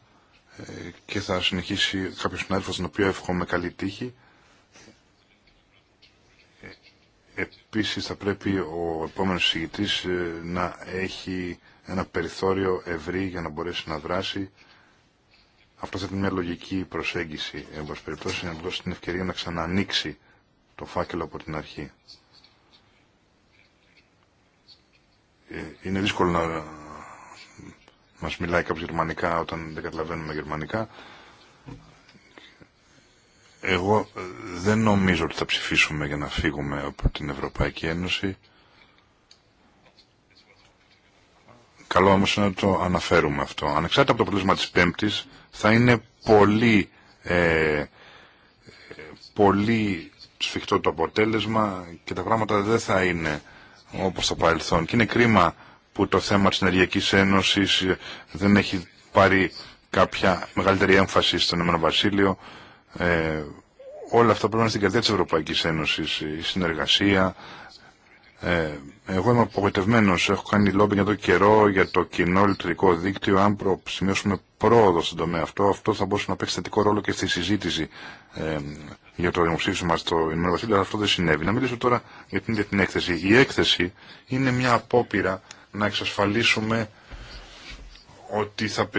ε, και θα συνεχίσει κάποιος συνάδελφος τον οποίο εύχομαι καλή τύχη. επίσης θα πρέπει ο επόμενος συγητής να έχει ένα περιθώριο ευρύ για να μπορέσει να δράσει είναι μια λογική προσέγγιση, εν πάση περιπτώσει, να δώσει την ευκαιρία να ξανανοίξει το φάκελο από την αρχή. Ε, είναι δύσκολο να μας μιλάει κάποιος γερμανικά όταν δεν καταλαβαίνουμε γερμανικά. Εγώ ε, δεν νομίζω ότι θα ψηφίσουμε για να φύγουμε από την Ευρωπαϊκή Ένωση. Καλό όμως είναι να το αναφέρουμε αυτό. Ανεξάρτητα από το αποτέλεσμα της Πέμπτης, θα είναι πολύ, ε, πολύ σφιχτό το αποτέλεσμα και τα πράγματα δεν θα είναι όπως το παρελθόν. Και είναι κρίμα που το θέμα της Ενεργειακής Ένωσης δεν έχει πάρει κάποια μεγαλύτερη έμφαση στον Ηνωμένο Βασίλειο. Ε, όλα αυτά πρέπει να είναι στην καρδιά της Ευρωπαϊκής Ένωσης. Η συνεργασία, ε, εγώ είμαι απογοητευμένο. Έχω κάνει λόμπινγκ εδώ καιρό για το κοινό ηλεκτρικό δίκτυο. Αν σημειώσουμε πρόοδο στον τομέα αυτό, αυτό θα μπορούσε να παίξει θετικό ρόλο και στη συζήτηση ε, για το δημοψήφισμα στο Ηνωμένο Βασίλειο, αλλά αυτό δεν συνέβη. Να μιλήσω τώρα για την, για την έκθεση. Η έκθεση είναι μια απόπειρα να εξασφαλίσουμε ότι θα,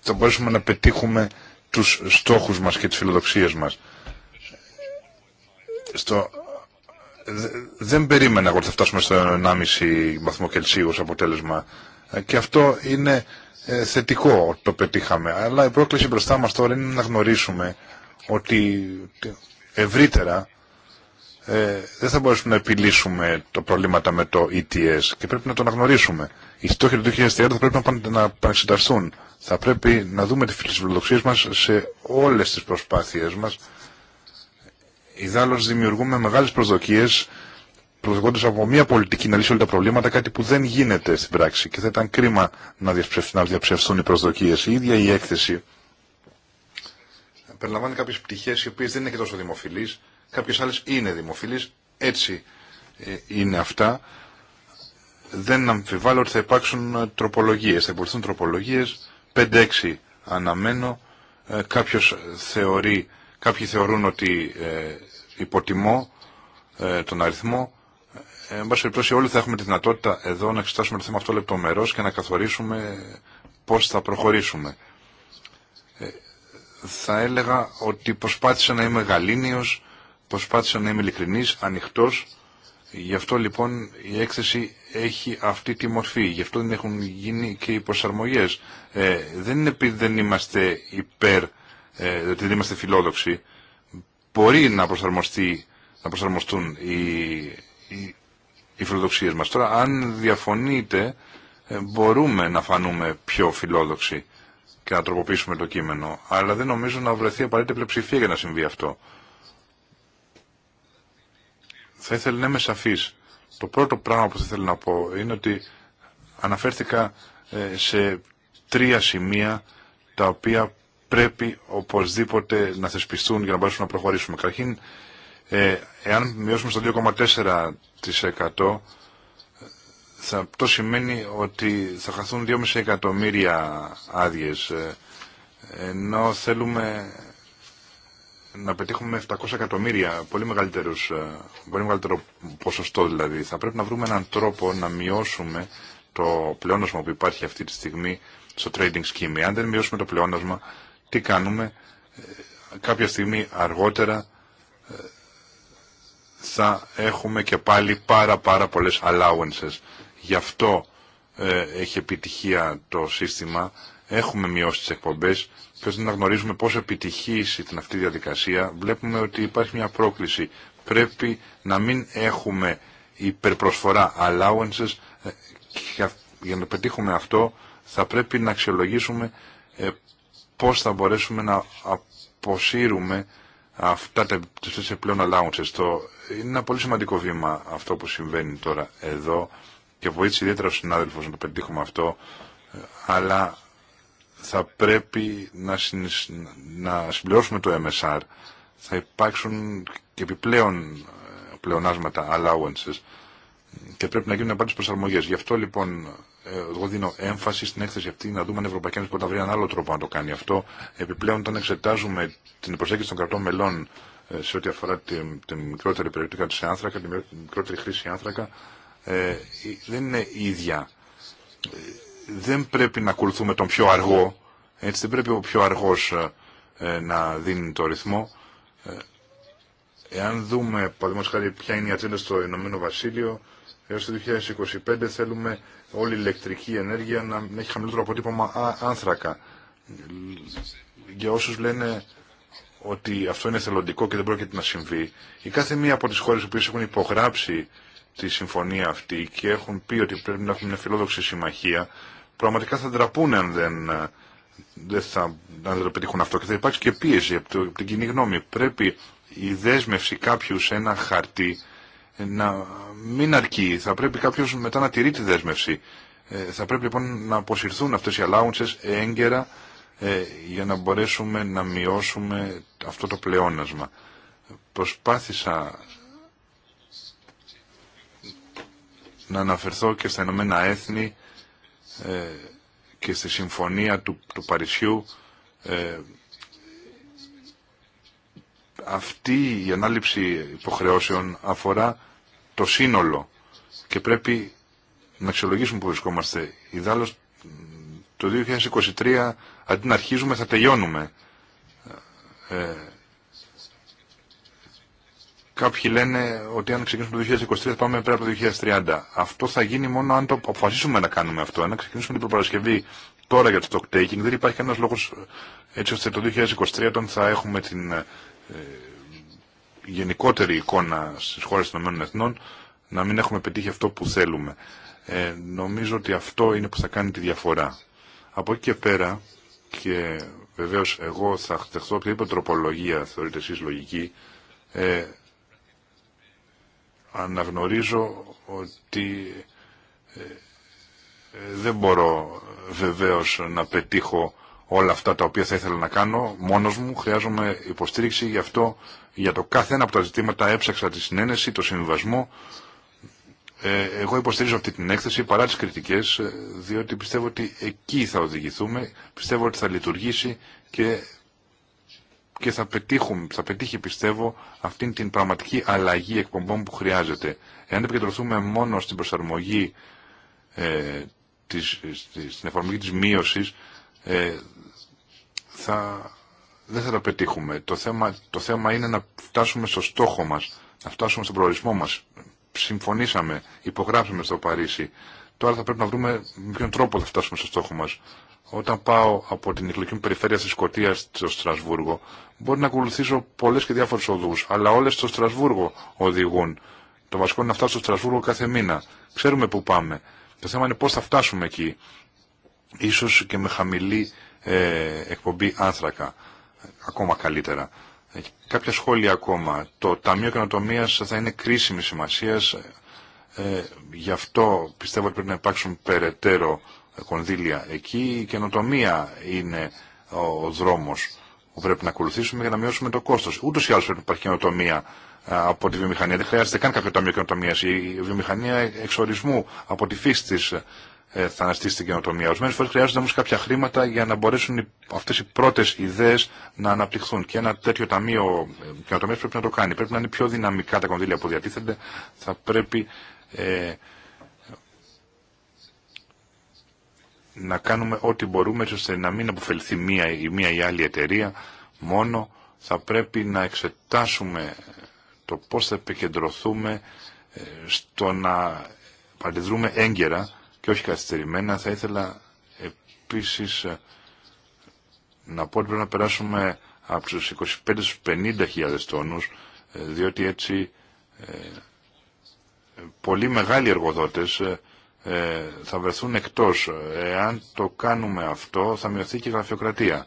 θα μπορέσουμε να πετύχουμε τους στόχους μας και τις φιλοδοξίες μας. Στο δεν περίμενα εγώ ότι θα φτάσουμε στο 1,5 βαθμό Κελσίου ως αποτέλεσμα. Ε, και αυτό είναι ε, θετικό ότι το πετύχαμε. Αλλά η πρόκληση μπροστά μας τώρα είναι να γνωρίσουμε ότι ευρύτερα ε, δεν θα μπορέσουμε να επιλύσουμε το προβλήματα με το ETS και πρέπει να το αναγνωρίσουμε. Οι στόχοι του 2030 θα πρέπει να, να Θα πρέπει να δούμε τις φιλοδοξίες μας σε όλες τις προσπάθειες μας Ιδάλλως δημιουργούμε μεγάλε προσδοκίε προσδοκώντα από μια πολιτική να λύσει όλα τα προβλήματα, κάτι που δεν γίνεται στην πράξη και θα ήταν κρίμα να, διαψευθούν οι προσδοκίε ή ήδη Η ίδια η έκθεση περιλαμβάνει καποιε πτυχέ οι οποίε δεν είναι και τόσο δημοφιλεί, Κάποιε άλλε είναι δημοφιλεί, έτσι ε, είναι αυτά. Δεν αμφιβάλλω ότι θα υπάρξουν ε, τροπολογίες, θα υπορθουν τροπολογιε τροπολογίες, 5-6 αναμένω, ε, κάποιο θεωρεί Κάποιοι θεωρούν ότι ε, υποτιμώ ε, τον αριθμό. Ε, εν πάση περιπτώσει όλοι θα έχουμε τη δυνατότητα εδώ να εξετάσουμε το θέμα αυτό λεπτομερώς και να καθορίσουμε πώς θα προχωρήσουμε. Ε, θα έλεγα ότι προσπάθησα να είμαι γαλήνιος, προσπάθησα να είμαι ειλικρινής, ανοιχτός. Γι' αυτό λοιπόν η έκθεση έχει αυτή τη μορφή. Γι' αυτό δεν έχουν γίνει και οι προσαρμογές. Ε, δεν είναι επειδή δεν είμαστε υπέρ ε, ότι δεν είμαστε φιλόδοξοι, μπορεί να, προσαρμοστεί, να προσαρμοστούν οι, οι, οι μας. Τώρα, αν διαφωνείτε, ε, μπορούμε να φανούμε πιο φιλόδοξοι και να τροποποιήσουμε το κείμενο, αλλά δεν νομίζω να βρεθεί απαραίτητη πλειοψηφία για να συμβεί αυτό. Θα ήθελα να είμαι σαφής. Το πρώτο πράγμα που θα ήθελα να πω είναι ότι αναφέρθηκα ε, σε τρία σημεία τα οποία πρέπει οπωσδήποτε να θεσπιστούν για να μπορέσουμε να προχωρήσουμε. Καταρχήν, ε, εάν μειώσουμε στο 2,4% αυτό σημαίνει ότι θα χαθούν 2,5 εκατομμύρια άδειε. Ε, ενώ θέλουμε να πετύχουμε 700 εκατομμύρια, πολύ, μεγαλύτερους, ε, πολύ μεγαλύτερο ποσοστό δηλαδή. Θα πρέπει να βρούμε έναν τρόπο να μειώσουμε το πλεόνασμα που υπάρχει αυτή τη στιγμή στο trading scheme. Αν δεν μειώσουμε το πλεόνασμα, τι κάνουμε. Ε, κάποια στιγμή αργότερα ε, θα έχουμε και πάλι πάρα πάρα πολλές allowances. Γι' αυτό ε, έχει επιτυχία το σύστημα. Έχουμε μειώσει τις εκπομπές και όταν γνωρίζουμε πόσο επιτυχής την αυτή η διαδικασία βλέπουμε ότι υπάρχει μια πρόκληση. Πρέπει να μην έχουμε υπερπροσφορά allowances και για να πετύχουμε αυτό θα πρέπει να αξιολογήσουμε πώς θα μπορέσουμε να αποσύρουμε αυτά τα επιπλέον allowances. Το, είναι ένα πολύ σημαντικό βήμα αυτό που συμβαίνει τώρα εδώ και βοήθησε ιδιαίτερα ο συνάδελφο να το πετύχουμε αυτό, αλλά θα πρέπει να, συμπληρώσουμε το MSR. Θα υπάρξουν και επιπλέον ε, πλεονάσματα, allowances, και πρέπει να γίνουν απάντητες προσαρμογές. Γι' αυτό λοιπόν ε, εγώ δίνω έμφαση στην έκθεση αυτή να δούμε αν η Ευρωπαϊκή Ένωση μπορεί να βρει έναν άλλο τρόπο να το κάνει αυτό. Επιπλέον, όταν εξετάζουμε την προσέγγιση των κρατών μελών ε, σε ό,τι αφορά την, την μικρότερη περιοχή τη άνθρακα, την μικρότερη χρήση άνθρακα, ε, δεν είναι ίδια. Ε, δεν πρέπει να ακολουθούμε τον πιο αργό, έτσι δεν πρέπει ο πιο αργό να δίνει το ρυθμό. Ε, εάν δούμε, παραδείγματο χάρη, ποια είναι η ατζέντα στο Ηνωμένο Βασίλειο, Έω το 2025 θέλουμε όλη η ηλεκτρική ενέργεια να έχει χαμηλότερο αποτύπωμα άνθρακα. Για όσου λένε ότι αυτό είναι θελοντικό και δεν πρόκειται να συμβεί, η κάθε μία από τις χώρες που έχουν υπογράψει τη συμφωνία αυτή και έχουν πει ότι πρέπει να έχουν μια φιλόδοξη συμμαχία, πραγματικά θα ντραπούν αν δεν, ε, δεν, θα, αν δεν το πετύχουν αυτό και θα υπάρξει και πίεση από, την κοινή γνώμη. Πρέπει η δέσμευση κάποιου σε ένα χαρτί να μην αρκεί. Θα πρέπει κάποιος μετά να τηρεί τη δέσμευση. Ε, θα πρέπει λοιπόν να αποσυρθούν αυτές οι allowances έγκαιρα ε, για να μπορέσουμε να μειώσουμε αυτό το πλεόνασμα. Προσπάθησα να αναφερθώ και στα Ηνωμένα Έθνη ε, και στη Συμφωνία του, του Παρισιού αυτή η ανάληψη υποχρεώσεων αφορά το σύνολο και πρέπει να αξιολογήσουμε που βρισκόμαστε. Ιδάλλως το 2023 αντί να αρχίζουμε θα τελειώνουμε. Ε, κάποιοι λένε ότι αν ξεκινήσουμε το 2023 θα πάμε πέρα από το 2030. Αυτό θα γίνει μόνο αν το αποφασίσουμε να κάνουμε αυτό. Αν ξεκινήσουμε την προπαρασκευή τώρα για το stock taking δεν υπάρχει κανένας λόγος ε, έτσι ώστε το 2023 θα έχουμε την ε, ε, γενικότερη εικόνα στις χώρες των ΗΠΑ να μην έχουμε πετύχει αυτό που θέλουμε. Ε, νομίζω ότι αυτό είναι που θα κάνει τη διαφορά. Από εκεί και πέρα, και βεβαίως εγώ θα χτεχθώ οποιαδήποτε τροπολογία θεωρείτε εσείς λογική, ε, αναγνωρίζω ότι ε, ε δεν μπορώ βεβαίως να πετύχω όλα αυτά τα οποία θα ήθελα να κάνω μόνος μου. Χρειάζομαι υποστήριξη γι' αυτό, για το κάθε ένα από τα ζητήματα έψαξα τη συνένεση, το συμβιβασμό. Ε, εγώ υποστηρίζω αυτή την έκθεση παρά τις κριτικές, ε, διότι πιστεύω ότι εκεί θα οδηγηθούμε, πιστεύω ότι θα λειτουργήσει και, και θα, πετύχουμε, θα πετύχει πιστεύω αυτήν την πραγματική αλλαγή εκπομπών που χρειάζεται. Εάν επικεντρωθούμε μόνο στην προσαρμογή ε, ε στην εφαρμογή της μείωσης ε, θα, δεν θα τα πετύχουμε. Το θέμα, το θέμα είναι να φτάσουμε στο στόχο μας, να φτάσουμε στον προορισμό μας. Συμφωνήσαμε, υπογράψαμε στο Παρίσι. Τώρα θα πρέπει να βρούμε με ποιον τρόπο θα φτάσουμε στο στόχο μας. Όταν πάω από την εκλογική περιφέρεια της Σκωτία στο Στρασβούργο, μπορεί να ακολουθήσω πολλές και διάφορες οδού, αλλά όλες στο Στρασβούργο οδηγούν. Το βασικό είναι να φτάσω στο Στρασβούργο κάθε μήνα. Ξέρουμε πού πάμε. Το θέμα είναι πως θα φτάσουμε εκεί ίσως και με χαμηλή ε, εκπομπή άνθρακα, ακόμα καλύτερα. Κάποια σχόλια ακόμα. Το Ταμείο Καινοτομία θα είναι κρίσιμη σημασία. Ε, ε, γι' αυτό πιστεύω ότι πρέπει να υπάρξουν περαιτέρω κονδύλια εκεί. Η καινοτομία είναι ο δρόμο που πρέπει να ακολουθήσουμε για να μειώσουμε το κόστος. Ούτως ή άλλως πρέπει να υπάρχει καινοτομία ε, από τη βιομηχανία. Δεν χρειάζεται καν κάποιο ταμείο καινοτομία. Η βιομηχανία εξορισμού από τη φύση τη ε, θα αναστήσει την καινοτομία. Ορισμένε φορέ χρειάζονται όμω κάποια χρήματα για να μπορέσουν αυτέ οι πρώτε ιδέε να αναπτυχθούν. Και ένα τέτοιο ταμείο ε, καινοτομία πρέπει να το κάνει. Πρέπει να είναι πιο δυναμικά τα κονδύλια που διατίθενται. Θα πρέπει ε, να κάνουμε ό,τι μπορούμε ώστε να μην αποφελθεί μία ή μία ή άλλη εταιρεία. Μόνο θα πρέπει να εξετάσουμε το πώς θα επικεντρωθούμε στο να παρατηρούμε έγκαιρα και όχι καθυστερημένα. Θα ήθελα επίσης ε, να πω ότι πρέπει να περάσουμε από τους 25 στους 50.000 τόνους, ε, διότι έτσι ε, πολύ μεγάλοι εργοδότες θα βρεθούν εκτός. Εάν το κάνουμε αυτό θα μειωθεί και η γραφειοκρατία.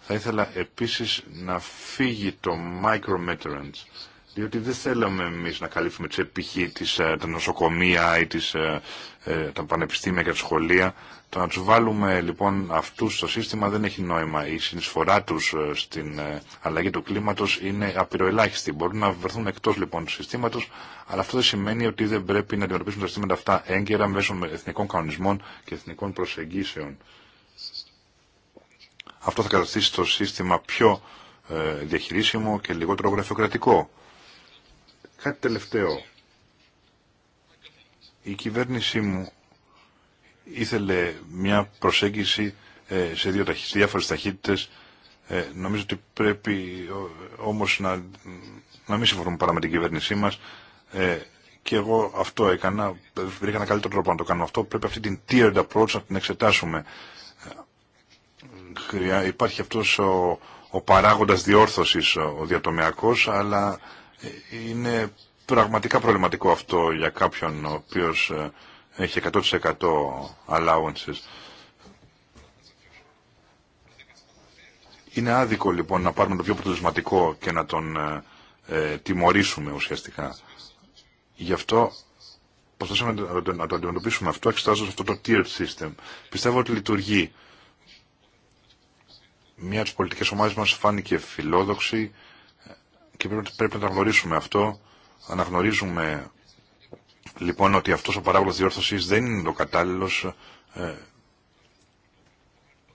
Θα ήθελα επίσης να φύγει το micromeasurements διότι δεν θέλαμε εμεί να καλύψουμε τι επιχεί, τη ε, τα νοσοκομεία ή τις, ε, ε, τα πανεπιστήμια και τα σχολεία. Το να του βάλουμε λοιπόν αυτού στο σύστημα δεν έχει νόημα. Η συνεισφορά του στην αλλαγή του κλίματο είναι απειροελάχιστη. Μπορούν να βρεθούν εκτό λοιπόν του συστήματο, αλλά αυτό δεν σημαίνει ότι δεν πρέπει να αντιμετωπίσουν τα συστήματα αυτά έγκαιρα μέσω εθνικών κανονισμών και εθνικών προσεγγίσεων. Αυτό θα καταστήσει το σύστημα πιο διαχειρίσιμο και λιγότερο γραφειοκρατικό. Κάτι τελευταίο. Η κυβέρνησή μου ήθελε μια προσέγγιση ε, σε δύο ταχύτητες, διάφορες ταχύτητες. Ε, νομίζω ότι πρέπει όμως να, να μην συμφωνούμε παρά με την κυβέρνησή μας. Ε, και εγώ αυτό έκανα, βρήκα ένα καλύτερο τρόπο να το κάνω αυτό. Πρέπει αυτή την tiered approach να την εξετάσουμε. Υπάρχει αυτός ο, ο παράγοντας διόρθωσης, ο διατομιακός, αλλά είναι πραγματικά προβληματικό αυτό για κάποιον ο οποίος ε, έχει 100% allowances. Είναι άδικο λοιπόν να πάρουμε το πιο αποτελεσματικό και να τον ε, ε, τιμωρήσουμε ουσιαστικά. Γι' αυτό προσπαθήσαμε να το, αντιμετωπίσουμε αυτό εξετάζοντας αυτό το tiered system. Πιστεύω ότι λειτουργεί. Μία από τις πολιτικές ομάδες μας φάνηκε φιλόδοξη και πρέπει να το γνωρίσουμε αυτό. Αναγνωρίζουμε λοιπόν ότι αυτός ο παράγοντας διόρθωσης δεν είναι το κατάλληλος. Ε,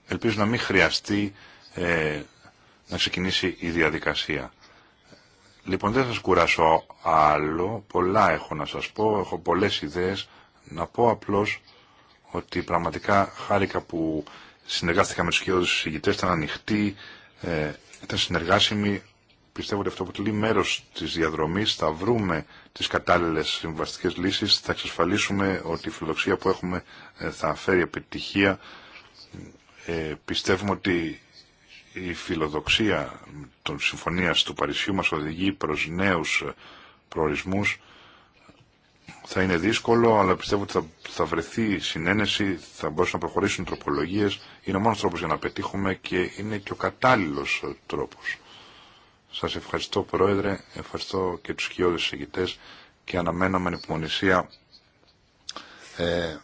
ελπίζω να μην χρειαστεί ε, να ξεκινήσει η διαδικασία. Λοιπόν, δεν σας κουράσω άλλο. Πολλά έχω να σας πω. Έχω πολλές ιδέες. Να πω απλώς ότι πραγματικά χάρηκα που συνεργάστηκα με τους κοινότητες, συζητητές. Ήταν ανοιχτή, ε, ήταν συνεργάσιμη πιστεύω ότι αυτό αποτελεί μέρο τη διαδρομή. Θα βρούμε τι κατάλληλε συμβαστικέ λύσει, θα εξασφαλίσουμε ότι η φιλοδοξία που έχουμε ε, θα φέρει επιτυχία. Ε, πιστεύουμε ότι η φιλοδοξία των συμφωνία του Παρισιού μας οδηγεί προς νέους προορισμούς. Θα είναι δύσκολο, αλλά πιστεύω ότι θα, θα βρεθεί συνένεση, θα μπορέσουν να προχωρήσουν τροπολογίες. Είναι ο μόνος τρόπος για να πετύχουμε και είναι και ο κατάλληλος τρόπος. Σας ευχαριστώ Πρόεδρε, ευχαριστώ και τους κοιόδες συγκητές και αναμένω με ανυπομονησία ε,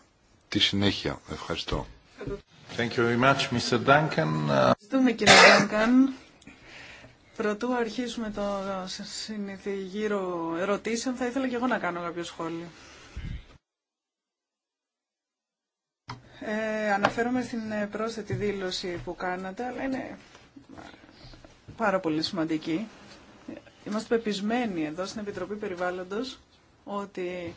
τη συνέχεια. Ευχαριστώ. Thank you very much, Mr. Duncan. Ευχαριστούμε κύριε Duncan. Πρωτού αρχίσουμε το συνηθι γύρω ερωτήσεων, θα ήθελα και εγώ να κάνω κάποιο σχόλιο. Ε, αναφέρομαι στην πρόσθετη δήλωση που κάνατε, αλλά είναι πάρα πολύ σημαντική. Είμαστε πεπισμένοι εδώ στην Επιτροπή Περιβάλλοντος ότι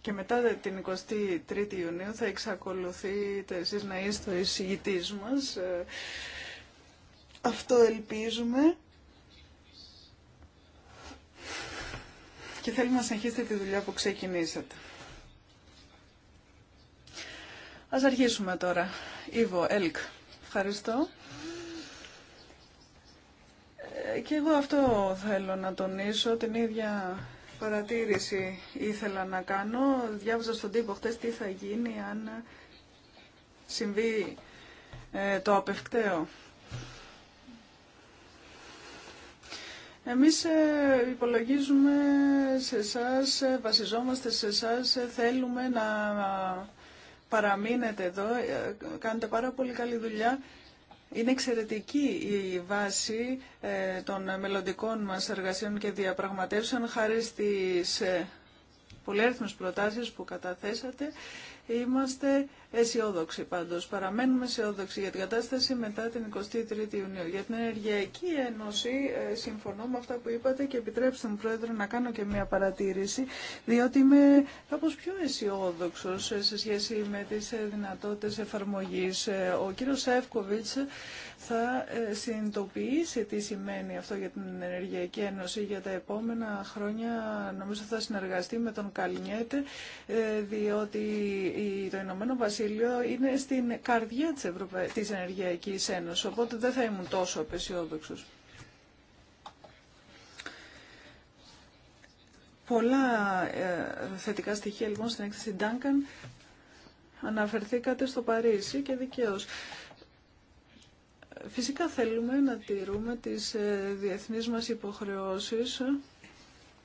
και μετά την 23η Ιουνίου θα εξακολουθείτε εσείς να είστε ο εισηγητής μας. Αυτό ελπίζουμε. Και θέλουμε να συνεχίσετε τη δουλειά που ξεκινήσατε. Ας αρχίσουμε τώρα. Ήβο, Ελκ. Ευχαριστώ. Και εγώ αυτό θέλω να τονίσω, την ίδια παρατήρηση ήθελα να κάνω. Διάβαζα στον τύπο χτες τι θα γίνει αν συμβεί ε, το απευκταίο. Εμείς ε, υπολογίζουμε σε εσά, ε, βασιζόμαστε σε εσά, θέλουμε να παραμείνετε εδώ, κάνετε πάρα πολύ καλή δουλειά. Είναι εξαιρετική η βάση ε, των μελλοντικών μας εργασιών και διαπραγματεύσεων χάρη στις ε, πολυέρθμες προτάσεις που καταθέσατε. Είμαστε αισιόδοξοι πάντως. Παραμένουμε αισιόδοξοι για την κατάσταση μετά την 23η Ιουνίου. Για την Ενεργειακή Ένωση ε, συμφωνώ με αυτά που είπατε και επιτρέψτε μου Πρόεδρε να κάνω και μια παρατήρηση διότι είμαι κάπως πιο αισιόδοξο ε, σε σχέση με τις ε, δυνατότητες εφαρμογής. Ο κύριος Σεύκοβιτς θα συνειδητοποιήσει τι σημαίνει αυτό για την Ενεργειακή Ένωση για τα επόμενα χρόνια. Νομίζω θα συνεργαστεί με τον διότι το Ηνωμένο είναι στην καρδιά της, Ευρωπα... της Ενεργειακής Ένωσης, οπότε δεν θα ήμουν τόσο απεσιόδοξος. Πολλά ε, θετικά στοιχεία λοιπόν στην έκθεση Duncan αναφερθήκατε στο Παρίσι και δικαίως. Φυσικά θέλουμε να τηρούμε τις ε, διεθνείς μας υποχρεώσεις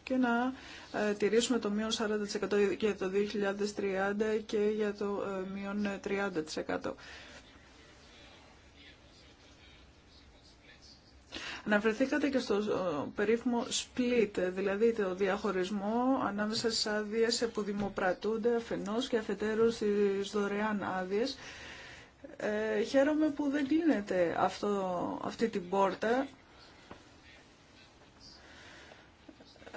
και να ε, τηρήσουμε το μείον 40% για το 2030 και για το ε, μείον 30%. Ε, Αναφερθήκατε και στο περίφημο split, δηλαδή το διαχωρισμό ανάμεσα στις άδειε που δημοπρατούνται αφενός και αφετέρου στις δωρεάν άδειες. Ε, χαίρομαι που δεν κλείνεται αυτό, αυτή την πόρτα.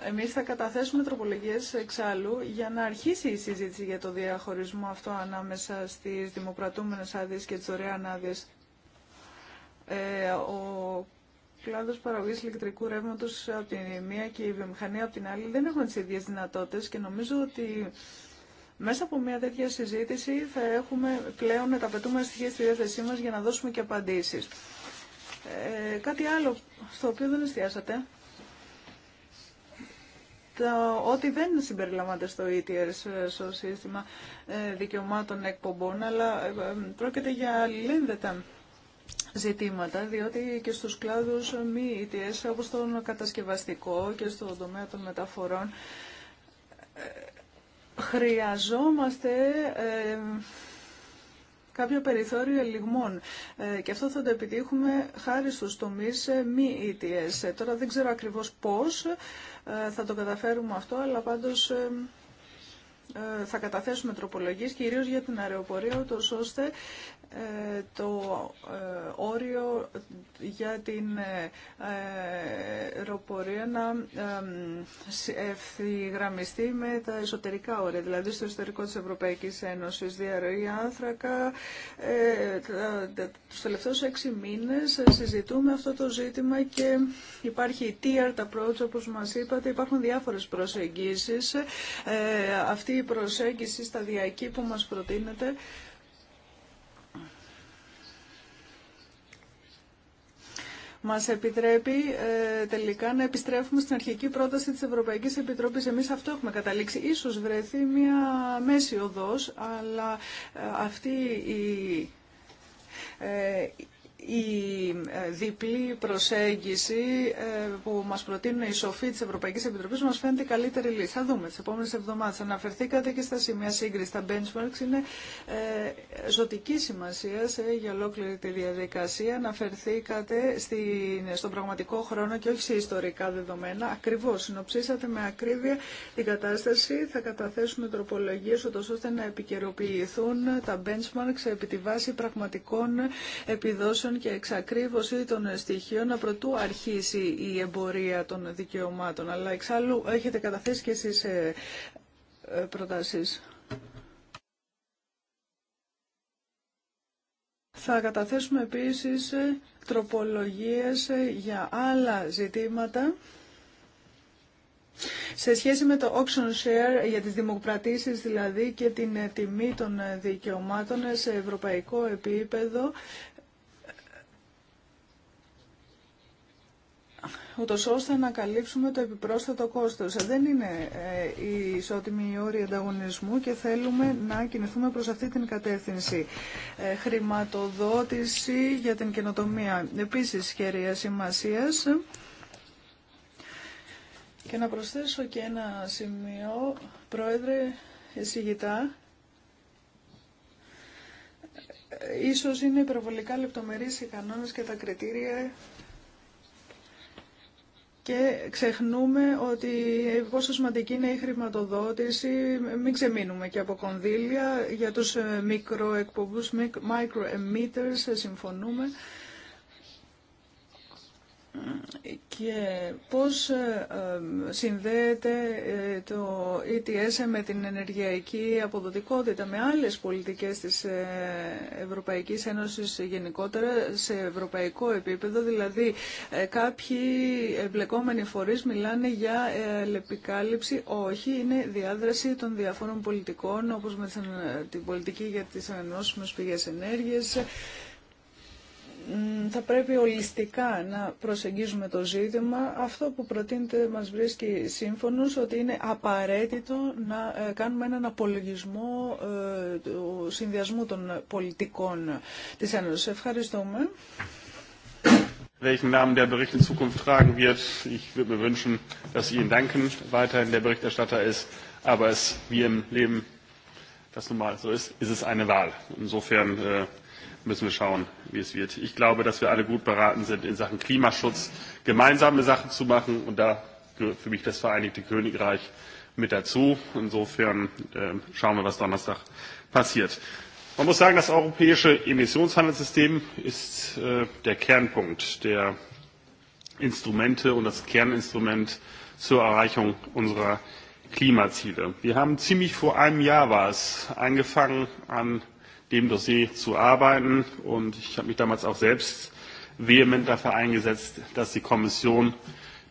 Εμείς θα καταθέσουμε τροπολογίες εξάλλου για να αρχίσει η συζήτηση για το διαχωρισμό αυτό ανάμεσα στις δημοκρατούμενες άδειες και τις δωρεάν άδειες. Ε, ο κλάδος παραγωγής ηλεκτρικού ρεύματος από την μία και η βιομηχανία από την άλλη δεν έχουν τις ίδιες δυνατότητες και νομίζω ότι μέσα από μια τέτοια συζήτηση θα έχουμε πλέον τα πετούμενα στοιχεία στη διάθεσή μας για να δώσουμε και απαντήσεις. Ε, κάτι άλλο στο οποίο δεν εστιάσατε ότι δεν συμπεριλαμβάνεται στο ETS, ε, στο σύστημα ε, δικαιωμάτων εκπομπών, αλλά ε, πρόκειται για αλληλένδετα ζητήματα, διότι και στους κλάδους μη ETS, όπως τον κατασκευαστικό και στον τομέα των μεταφορών, χρειαζόμαστε κάποιο περιθώριο ελιγμών. Ε, και αυτό θα το επιτύχουμε χάρη στους τομείς ε, μη ETS. Ε, τώρα δεν ξέρω ακριβώς πώς θα το καταφέρουμε αυτό, αλλά πάντως θα καταθέσουμε τροπολογίες, κυρίως για την αεροπορία, ώστε το ε, όριο για την αεροπορία ε, να ε, ευθυγραμμιστεί με τα εσωτερικά όρια, δηλαδή στο εσωτερικό της Ευρωπαϊκής Ένωσης, διαρροή άνθρακα. Τους τελευταίους έξι μήνες συζητούμε αυτό το ζήτημα και υπάρχει η tiered approach, όπως μας είπατε, υπάρχουν διάφορες προσεγγίσεις. Αυτή η προσέγγιση σταδιακή που μας προτείνεται μας επιτρέπει ε, τελικά να επιστρέφουμε στην αρχική πρόταση της Ευρωπαϊκής Επιτροπής. Εμείς αυτό έχουμε καταλήξει. Ίσως βρεθεί μια μέση οδός, αλλά ε, αυτή η ε, η ε, διπλή προσέγγιση ε, που μας προτείνουν οι σοφοί της Ευρωπαϊκής Επιτροπής μας φαίνεται η καλύτερη λύση. Θα δούμε τις επόμενες εβδομάδες. Αναφερθήκατε και στα σημεία σύγκριση. Τα benchmarks είναι ε, ζωτική σημασία για ολόκληρη τη διαδικασία. Αναφερθήκατε στον πραγματικό χρόνο και όχι σε ιστορικά δεδομένα. Ακριβώς συνοψίσατε με ακρίβεια την κατάσταση. Θα καταθέσουμε τροπολογίες ώστε να επικαιροποιηθούν τα benchmarks επί τη βάση πραγματικών επιδόσεων και εξακρίβωση των στοιχείων να προτού αρχίσει η εμπορία των δικαιωμάτων. Αλλά εξάλλου έχετε καταθέσει και εσείς ε, ε, προτάσεις. Θα καταθέσουμε επίσης ε, τροπολογίες για άλλα ζητήματα. Σε σχέση με το auction share για τις δημοκρατήσεις δηλαδή και την τιμή των δικαιωμάτων σε ευρωπαϊκό επίπεδο ούτως ώστε να καλύψουμε το επιπρόσθετο κόστος. Ε, δεν είναι η ε, ισότιμη η όρη ανταγωνισμού και θέλουμε να κινηθούμε προς αυτή την κατεύθυνση. Ε, χρηματοδότηση για την καινοτομία. Επίσης, χέρια σημασίας. Και να προσθέσω και ένα σημείο, Πρόεδρε, εισηγητά, ίσως είναι υπερβολικά λεπτομερείς οι κανόνες και τα κριτήρια και ξεχνούμε ότι πόσο σημαντική είναι η χρηματοδότηση, μην ξεμείνουμε και από κονδύλια για τους μικροεκπομπούς, micro emitters, συμφωνούμε και πώς ε, ε, συνδέεται ε, το ETS με την ενεργειακή αποδοτικότητα, με άλλες πολιτικές της Ευρωπαϊκής Ένωσης γενικότερα σε ευρωπαϊκό επίπεδο. Δηλαδή κάποιοι εμπλεκόμενοι φορείς μιλάνε για λεπικάλυψη. Όχι, είναι διάδραση των διαφόρων πολιτικών όπως με την πολιτική για τις ανανεώσιμες πηγές ενέργειας, θα πρέπει ολιστικά να προσεγγίζουμε το ζήτημα. Αυτό που προτείνεται μας βρίσκει σύμφωνος ότι είναι απαραίτητο να ε, κάνουμε έναν απολογισμό ε, του συνδυασμού των πολιτικών της Ένωσης. Ευχαριστούμε. Welchen Namen der Bericht in Zukunft tragen wird, ich würde mir wünschen, dass Sie Ihnen danken, weiterhin der Berichterstatter ist, aber es wie im Leben das normal so ist, ist es eine Wahl. Insofern äh, müssen wir schauen, wie es wird. Ich glaube, dass wir alle gut beraten sind, in Sachen Klimaschutz gemeinsame Sachen zu machen. Und da gehört für mich das Vereinigte Königreich mit dazu. Insofern schauen wir, was Donnerstag passiert. Man muss sagen, das europäische Emissionshandelssystem ist der Kernpunkt der Instrumente und das Kerninstrument zur Erreichung unserer Klimaziele. Wir haben ziemlich vor einem Jahr war es angefangen, an dem Dossier zu arbeiten. Und ich habe mich damals auch selbst vehement dafür eingesetzt, dass die Kommission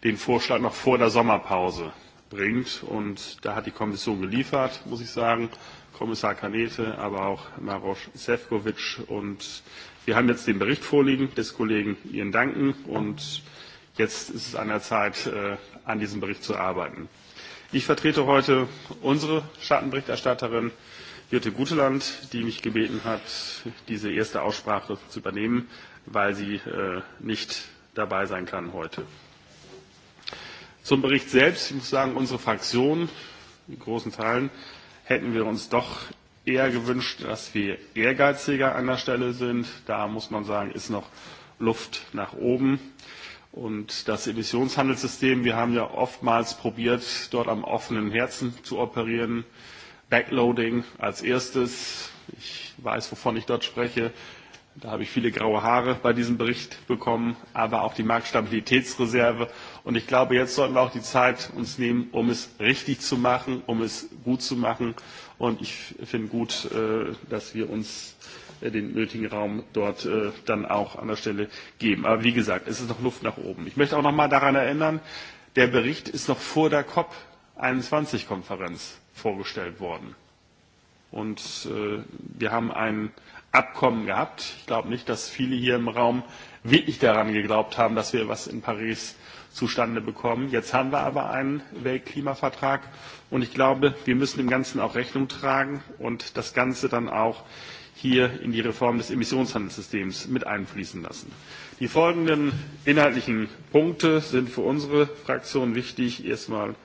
den Vorschlag noch vor der Sommerpause bringt. Und da hat die Kommission geliefert, muss ich sagen. Kommissar Kanete, aber auch Maroš Sefcovic. Und wir haben jetzt den Bericht vorliegen des Kollegen Ihren Danken. Und jetzt ist es an der Zeit, an diesem Bericht zu arbeiten. Ich vertrete heute unsere Schattenberichterstatterin Jutte Guteland, die mich gebeten hat, diese erste Aussprache zu übernehmen, weil sie nicht dabei sein kann heute. Zum Bericht selbst, ich muss sagen, unsere Fraktion, in großen Teilen, hätten wir uns doch eher gewünscht, dass wir ehrgeiziger an der Stelle sind. Da muss man sagen, ist noch Luft nach oben. Und das Emissionshandelssystem, wir haben ja oftmals probiert, dort am offenen Herzen zu operieren. Backloading als erstes. Ich weiß, wovon ich dort spreche. Da habe ich viele graue Haare bei diesem Bericht bekommen, aber auch die Marktstabilitätsreserve. Und ich glaube, jetzt sollten wir auch die Zeit uns nehmen, um es richtig zu machen, um es gut zu machen. Und ich finde gut, dass wir uns den nötigen Raum dort dann auch an der Stelle geben. Aber wie gesagt, es ist noch Luft nach oben. Ich möchte auch noch mal daran erinnern, der Bericht ist noch vor der COP21-Konferenz vorgestellt worden. Und wir haben ein Abkommen gehabt. Ich glaube nicht, dass viele hier im Raum wirklich daran geglaubt haben, dass wir was in Paris zustande bekommen. Jetzt haben wir aber einen Weltklimavertrag und ich glaube, wir müssen dem Ganzen auch Rechnung tragen und das Ganze dann auch hier in die Reform des Emissionshandelssystems mit einfließen lassen. Die folgenden inhaltlichen Punkte sind für unsere Fraktion wichtig. Erstmal,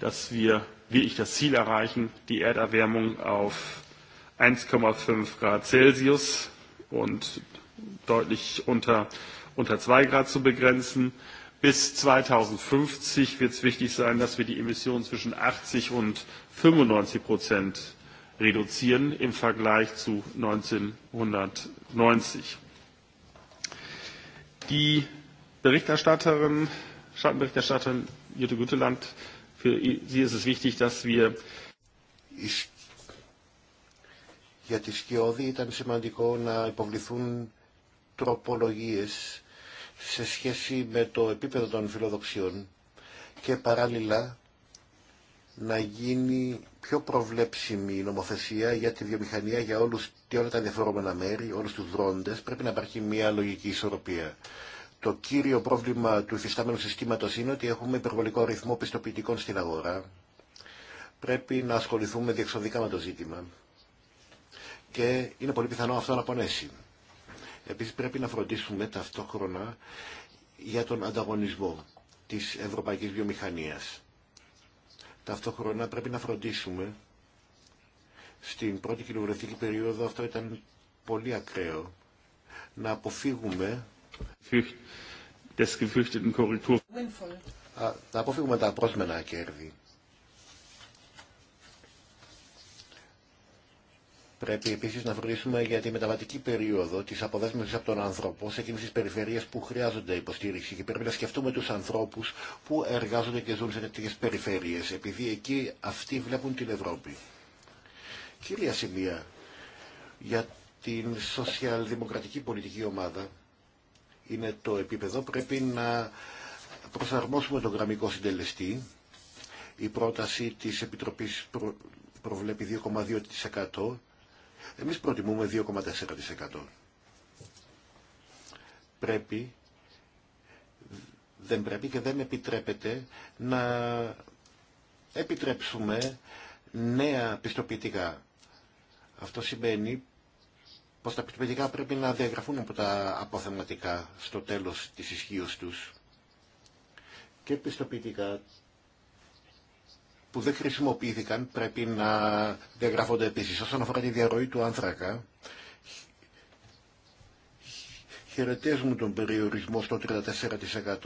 dass wir will ich das Ziel erreichen, die Erderwärmung auf 1,5 Grad Celsius und deutlich unter, unter 2 Grad zu begrenzen. Bis 2050 wird es wichtig sein, dass wir die Emissionen zwischen 80 und 95 Prozent reduzieren im Vergleich zu 1990. Die Berichterstatterin, Schattenberichterstatterin Jutta Güteland Für Sie ist es για τη Σκιώδη ήταν σημαντικό να υποβληθούν τροπολογίες σε σχέση με το επίπεδο των φιλοδοξιών και παράλληλα να γίνει πιο προβλέψιμη η νομοθεσία για τη βιομηχανία για όλους όλα τα ενδιαφερόμενα μέρη, όλους τους δρόντες. Πρέπει να υπάρχει μια λογική ισορροπία. Το κύριο πρόβλημα του υφιστάμενου συστήματος είναι ότι έχουμε υπερβολικό ρυθμό πιστοποιητικών στην αγορά. Πρέπει να ασχοληθούμε διεξοδικά με το ζήτημα και είναι πολύ πιθανό αυτό να πονέσει. Επίσης πρέπει να φροντίσουμε ταυτόχρονα για τον ανταγωνισμό της ευρωπαϊκής βιομηχανίας. Ταυτόχρονα πρέπει να φροντίσουμε στην πρώτη κοινοβουλευτική περίοδο αυτό ήταν πολύ ακραίο να αποφύγουμε Α, αποφύγουμε τα πρόσμενα κέρδη. Πρέπει επίση να βρίσουμε για τη μεταβατική περίοδο τη αποδέσμευση από τον άνθρωπο σε εκείνε τι περιφερειέ που χρειάζονται υποστήριξη και πρέπει να σκεφτούμε του ανθρώπου που εργάζονται και ζουν σε τέτοιε περιφερειέ, επειδή εκεί αυτοί βλέπουν την Ευρώπη. Κύρια σημεία για την σοσιαλδημοκρατική πολιτική ομάδα είναι το επίπεδο. Πρέπει να προσαρμόσουμε τον γραμμικό συντελεστή. Η πρόταση της Επιτροπής προβλέπει 2,2%. Εμείς προτιμούμε 2,4%. Πρέπει, δεν πρέπει και δεν επιτρέπεται να επιτρέψουμε νέα πιστοποιητικά. Αυτό σημαίνει πως τα πιστοποιητικά πρέπει να διαγραφούν από τα αποθεματικά στο τέλος της ισχύω τους και πιστοποιητικά που δεν χρησιμοποιήθηκαν πρέπει να διαγραφούνται επίσης. Όσον αφορά τη διαρροή του άνθρακα, χαιρετίζουμε τον περιορισμό στο 34%.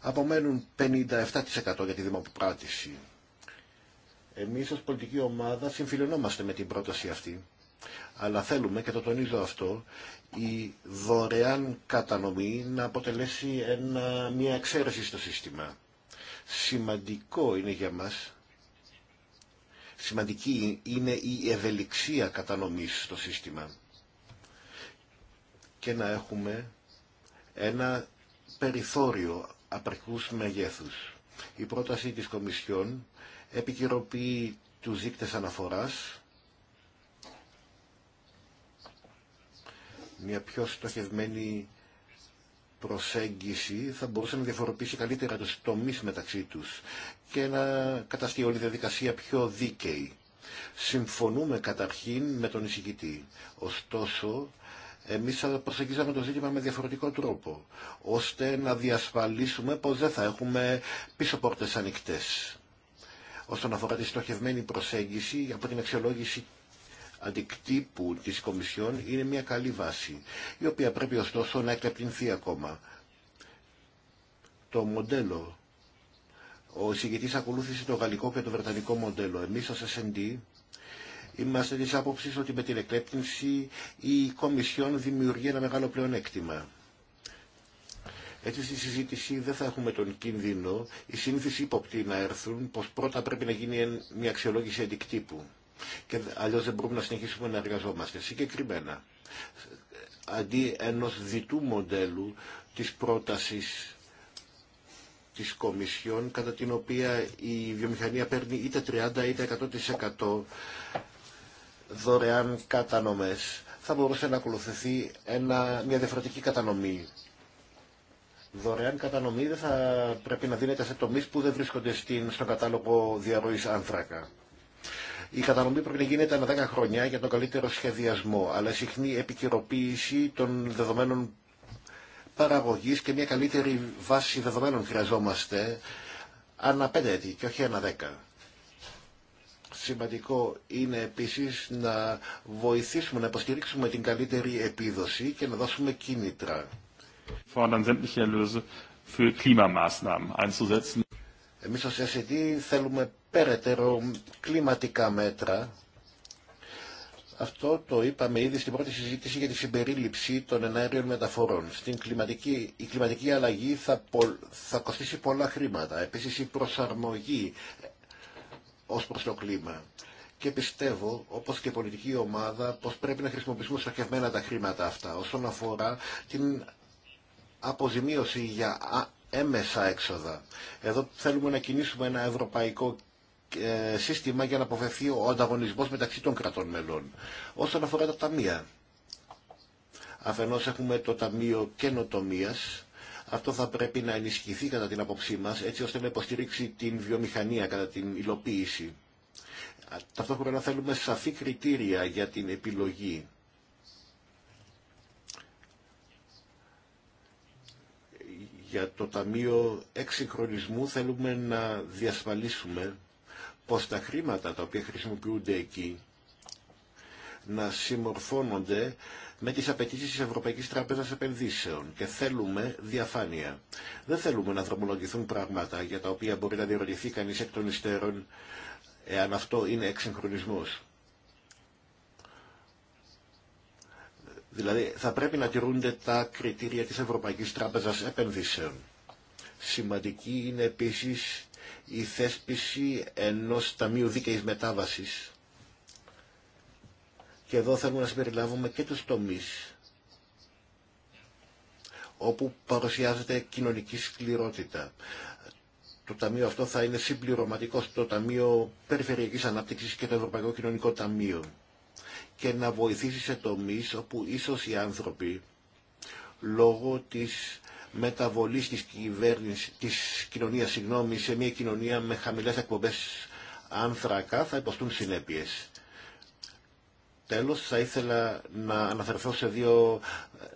Απομένουν 57% για τη δημοπράτηση. Εμείς ως πολιτική ομάδα συμφιλωνόμαστε με την πρόταση αυτή αλλά θέλουμε και το τονίζω αυτό η δωρεάν κατανομή να αποτελέσει μια εξαίρεση στο σύστημα. Σημαντικό είναι για μας σημαντική είναι η ευελιξία κατανομής στο σύστημα και να έχουμε ένα περιθώριο απρικούς μεγέθους. Η πρόταση της Κομισιόν επικυρωποιεί τους δείκτες αναφοράς μια πιο στοχευμένη προσέγγιση θα μπορούσε να διαφοροποιήσει καλύτερα τους τομείς μεταξύ τους και να καταστεί όλη η διαδικασία πιο δίκαιη. Συμφωνούμε καταρχήν με τον εισηγητή. Ωστόσο, εμείς θα προσεγγίζαμε το ζήτημα με διαφορετικό τρόπο, ώστε να διασφαλίσουμε πως δεν θα έχουμε πίσω πόρτες ανοιχτές. Όσον αφορά τη στοχευμένη προσέγγιση από την αξιολόγηση αντικτύπου της Κομισιόν είναι μια καλή βάση, η οποία πρέπει ωστόσο να εκτεπτυνθεί ακόμα. Το μοντέλο, ο εισηγητής ακολούθησε το γαλλικό και το βρετανικό μοντέλο. Εμείς ως S&D είμαστε της άποψης ότι με την εκτέπτυνση η Κομισιόν δημιουργεί ένα μεγάλο πλεονέκτημα. Έτσι στη συζήτηση δεν θα έχουμε τον κίνδυνο, οι συνήθεις ύποπτοι να έρθουν, πως πρώτα πρέπει να γίνει μια αξιολόγηση αντικτύπου και αλλιώς δεν μπορούμε να συνεχίσουμε να εργαζόμαστε. Συγκεκριμένα, αντί ενός διτού μοντέλου της πρότασης της Κομισιόν, κατά την οποία η βιομηχανία παίρνει είτε 30 είτε 100% δωρεάν κατανομές, θα μπορούσε να ακολουθηθεί ένα, μια διαφορετική κατανομή. Δωρεάν κατανομή δεν θα πρέπει να δίνεται σε τομείς που δεν βρίσκονται στην, στον κατάλογο διαρροής άνθρακα. Η κατανομή πρέπει να γίνεται ανά 10 χρόνια για τον καλύτερο σχεδιασμό, αλλά συχνή επικαιροποίηση των δεδομένων παραγωγή και μια καλύτερη βάση δεδομένων χρειαζόμαστε ανά 5 έτη και όχι ανά 10. Σημαντικό είναι επίσης να βοηθήσουμε, να υποστηρίξουμε την καλύτερη επίδοση και να δώσουμε κίνητρα. Εμείς ως SED θέλουμε περαιτέρω κλιματικά μέτρα. Αυτό το είπαμε ήδη στην πρώτη συζήτηση για τη συμπερίληψη των εναέριων μεταφορών. Στην κλιματική, η κλιματική αλλαγή θα, θα κοστίσει πολλά χρήματα. Επίσης η προσαρμογή ως προς το κλίμα. Και πιστεύω, όπως και η πολιτική ομάδα, πως πρέπει να χρησιμοποιήσουμε στοχευμένα τα χρήματα αυτά όσον αφορά την αποζημίωση για έμεσα έξοδα. Εδώ θέλουμε να κινήσουμε ένα ευρωπαϊκό ε, σύστημα για να αποφευθεί ο ανταγωνισμός μεταξύ των κρατών μελών. Όσον αφορά τα ταμεία, αφενός έχουμε το Ταμείο Καινοτομίας, αυτό θα πρέπει να ενισχυθεί κατά την απόψή μας, έτσι ώστε να υποστηρίξει την βιομηχανία κατά την υλοποίηση. Ταυτόχρονα θέλουμε σαφή κριτήρια για την επιλογή. Για το Ταμείο Εξυγχρονισμού θέλουμε να διασφαλίσουμε πως τα χρήματα τα οποία χρησιμοποιούνται εκεί να συμμορφώνονται με τις απαιτήσεις της Ευρωπαϊκής Τράπεζας Επενδύσεων και θέλουμε διαφάνεια. Δεν θέλουμε να δρομολογηθούν πράγματα για τα οποία μπορεί να διερωτηθεί κανείς εκ των υστέρων εάν αυτό είναι εξυγχρονισμός. Δηλαδή θα πρέπει να τηρούνται τα κριτήρια της Ευρωπαϊκής Τράπεζας Επενδύσεων. Σημαντική είναι επίσης η θέσπιση ενός Ταμείου Δίκαιης Μετάβασης και εδώ θέλουμε να συμπεριλάβουμε και τους τομείς όπου παρουσιάζεται κοινωνική σκληρότητα. Το Ταμείο αυτό θα είναι συμπληρωματικό στο Ταμείο Περιφερειακής Ανάπτυξης και το Ευρωπαϊκό Κοινωνικό Ταμείο και να βοηθήσει σε τομείς όπου ίσως οι άνθρωποι λόγω της μεταβολής της, της κοινωνίας συγγνώμη, σε μια κοινωνία με χαμηλές εκπομπές άνθρακα θα υποστούν συνέπειες. Τέλος, θα ήθελα να αναφερθώ σε δύο ε,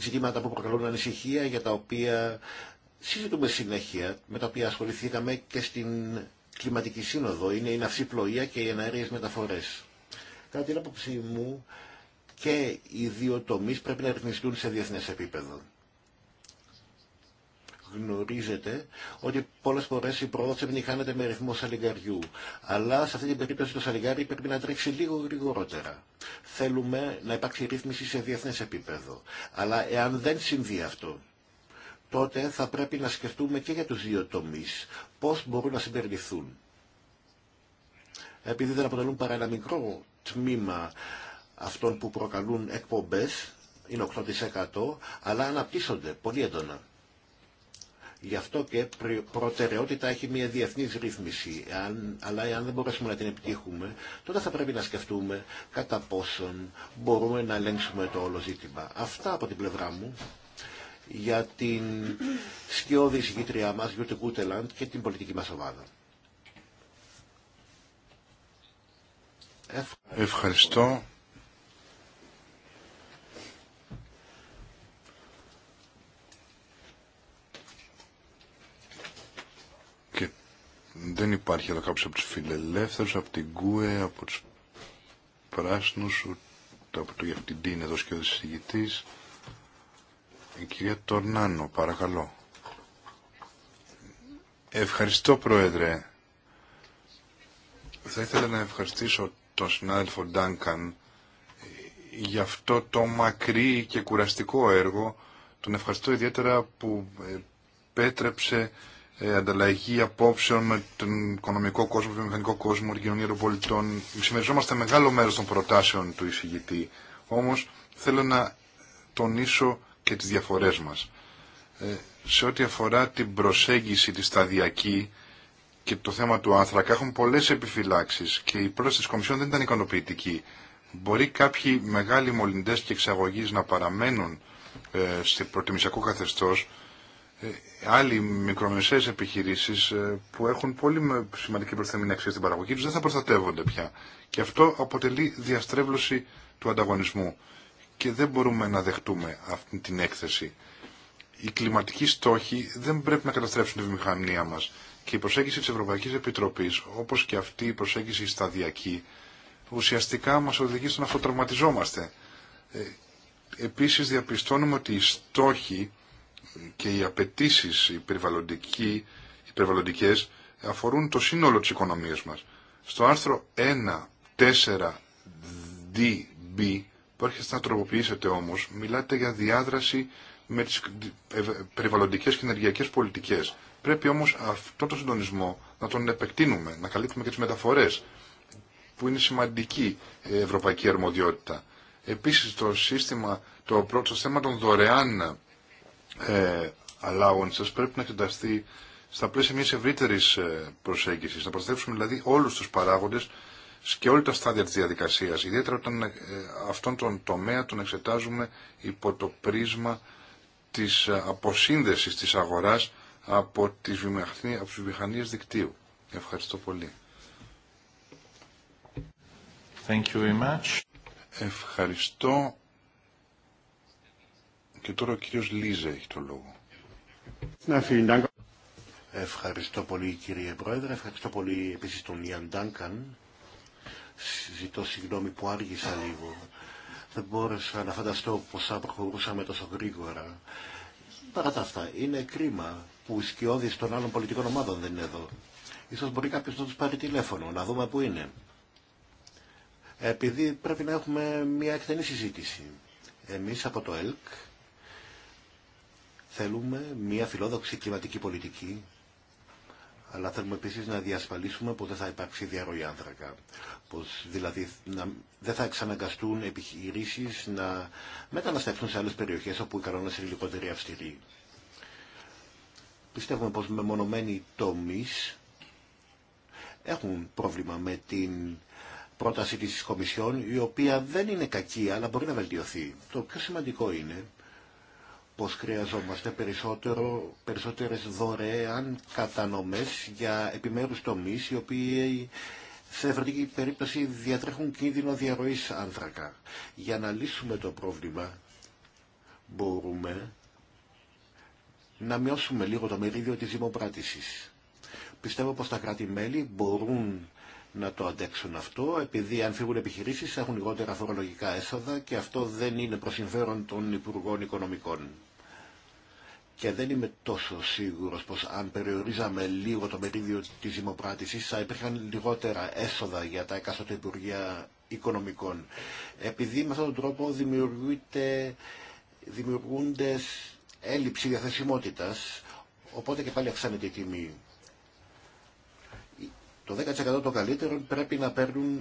ζητήματα που προκαλούν ανησυχία για τα οποία συζητούμε συνέχεια, με τα οποία ασχοληθήκαμε και στην κλιματική σύνοδο. Είναι η πλοία και οι εναέριες μεταφορές. Κατά την άποψή μου και οι δύο τομείς πρέπει να ρυθμιστούν σε διεθνές επίπεδο γνωρίζετε ότι πολλές φορές η πρόοδος επιτυχάνεται με ρυθμό σαλιγκαριού. Αλλά σε αυτή την περίπτωση το σαλιγκάρι πρέπει να τρέξει λίγο γρηγορότερα. Θέλουμε να υπάρξει ρύθμιση σε διεθνές επίπεδο. Αλλά εάν δεν συμβεί αυτό, τότε θα πρέπει να σκεφτούμε και για τους δύο τομείς πώς μπορούν να συμπεριληφθούν. Επειδή δεν αποτελούν παρά ένα μικρό τμήμα αυτών που προκαλούν εκπομπές, είναι 8%, αλλά αναπτύσσονται πολύ έντονα. Γι' αυτό και προτεραιότητα έχει μια διεθνή ρύθμιση. Αν, αλλά αν δεν μπορέσουμε να την επιτύχουμε, τότε θα πρέπει να σκεφτούμε κατά πόσον μπορούμε να ελέγξουμε το όλο ζήτημα. Αυτά από την πλευρά μου για την σκιώδη συγκήτρια μας, Γιούτε Κούτελαντ και την πολιτική μας ομάδα. Ευχαριστώ. Δεν υπάρχει εδώ κάποιο από του φιλελεύθερους, από την ΚΟΕ, από τους πράσινους, από το Γεφτιντή είναι εδώ και ο συζητητής. Η κυρία Τορνάνο, παρακαλώ. Ευχαριστώ, Πρόεδρε. Θα ήθελα να ευχαριστήσω τον συνάδελφο Ντάνκαν για αυτό το μακρύ και κουραστικό έργο. Τον ευχαριστώ ιδιαίτερα που πέτρεψε ε, ανταλλαγή απόψεων με τον οικονομικό κόσμο, τον μηχανικό κόσμο, την κοινωνία των πολιτών. Συμμεριζόμαστε μεγάλο μέρο των προτάσεων του εισηγητή. Όμω, θέλω να τονίσω και τι διαφορέ μα. Ε, σε ό,τι αφορά την προσέγγιση τη σταδιακή και το θέμα του άνθρακα έχουν πολλέ επιφυλάξει και η πρόταση τη Κομισιόν δεν ήταν ικανοποιητική. Μπορεί κάποιοι μεγάλοι μολυντέ και εξαγωγείς να παραμένουν ε, σε προτιμησιακό καθεστώς ε, άλλοι μικρομεσαίες επιχειρήσεις ε, που έχουν πολύ σημαντική προσθέμενη αξία στην παραγωγή τους δεν θα προστατεύονται πια. Και αυτό αποτελεί διαστρέβλωση του ανταγωνισμού. Και δεν μπορούμε να δεχτούμε αυτή την έκθεση. Οι κλιματικοί στόχοι δεν πρέπει να καταστρέψουν τη βιομηχανία μας. Και η προσέγγιση της Ευρωπαϊκής Επιτροπής, όπως και αυτή η προσέγγιση σταδιακή, ουσιαστικά μας οδηγεί στο να αυτοτραυματιζόμαστε. Ε, επίσης διαπιστώνουμε ότι οι στόχοι και οι απαιτήσει οι, περιβαλλοντικοί, αφορούν το σύνολο τη οικονομία μα. Στο άρθρο 1, 4, DB, που έρχεστε να τροποποιήσετε όμω, μιλάτε για διάδραση με τι περιβαλλοντικέ και ενεργειακέ πολιτικέ. Πρέπει όμω αυτό το συντονισμό να τον επεκτείνουμε, να καλύπτουμε και τι μεταφορέ που είναι σημαντική ε, ευρωπαϊκή αρμοδιότητα. Επίση, το σύστημα, το πρώτο θέμα των δωρεάν ε, allowances πρέπει να εξεταστεί στα πλαίσια μια ευρύτερη ε, προσέγγιση. να προστατεύσουμε δηλαδή όλου του παράγοντε και όλα τα στάδια τη διαδικασία, ιδιαίτερα όταν ε, αυτόν τον τομέα τον εξετάζουμε υπό το πρίσμα τη ε, αποσύνδεση τη αγορά από τις, βιομηχανίε δικτύου. Ευχαριστώ πολύ. Ευχαριστώ. Και τώρα ο κύριος Λίζε έχει το λόγο. Ναι, ευχαριστώ πολύ κύριε Πρόεδρε, ευχαριστώ πολύ επίσης τον Ιαν Ντάνκαν. Ζητώ συγγνώμη που άργησα λίγο. Δεν μπόρεσα να φανταστώ ποσά προχωρούσαμε τόσο γρήγορα. Παρά τα αυτά, είναι κρίμα που οι σκιώδεις των άλλων πολιτικών ομάδων δεν είναι εδώ. Ίσως μπορεί κάποιος να τους πάρει τηλέφωνο, να δούμε που είναι. Επειδή πρέπει να έχουμε μια εκτενή συζήτηση. Εμείς από το ΕΛΚ Θέλουμε μια φιλόδοξη κλιματική πολιτική, αλλά θέλουμε επίσης να διασφαλίσουμε πως δεν θα υπάρξει διαρροή άνθρακα. Πως δηλαδή δεν θα εξαναγκαστούν επιχειρήσεις να μεταναστεύσουν σε άλλες περιοχές όπου οι κανόνες είναι λιγότεροι αυστηροί. Πιστεύουμε πως με μονομένοι τομείς έχουν πρόβλημα με την πρόταση της Κομισιόν, η οποία δεν είναι κακή, αλλά μπορεί να βελτιωθεί. Το πιο σημαντικό είναι πως χρειαζόμαστε περισσότερο, περισσότερες δωρεάν κατανομές για επιμέρους τομείς οι οποίοι σε ευρωτική περίπτωση διατρέχουν κίνδυνο διαρροής άνθρακα. Για να λύσουμε το πρόβλημα μπορούμε να μειώσουμε λίγο το μερίδιο της δημοπράτησης. Πιστεύω πως τα κράτη-μέλη μπορούν να το αντέξουν αυτό, επειδή αν φύγουν επιχειρήσεις έχουν λιγότερα φορολογικά έσοδα και αυτό δεν είναι προς συμφέρον των Υπουργών Οικονομικών και δεν είμαι τόσο σίγουρος πως αν περιορίζαμε λίγο το μερίδιο της δημοπράτησης θα υπήρχαν λιγότερα έσοδα για τα εκάστοτε Υπουργεία Οικονομικών. Επειδή με αυτόν τον τρόπο δημιουργούνται έλλειψη διαθεσιμότητας, οπότε και πάλι αυξάνεται η τιμή. Το 10% των καλύτερων πρέπει να παίρνουν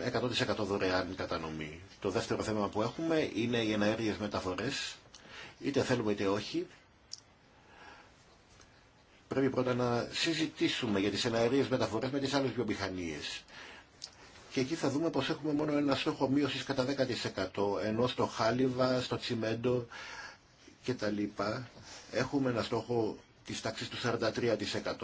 100% δωρεάν κατανομή. Το δεύτερο θέμα που έχουμε είναι οι εναέριε μεταφορές, είτε θέλουμε είτε όχι, πρέπει πρώτα να συζητήσουμε για τις εναερίες μεταφορές με τις άλλες βιομηχανίες. Και εκεί θα δούμε πως έχουμε μόνο ένα στόχο μείωσης κατά 10% ενώ στο χάλιβα, στο τσιμέντο κτλ. Έχουμε ένα στόχο Τη τάξη του 43%.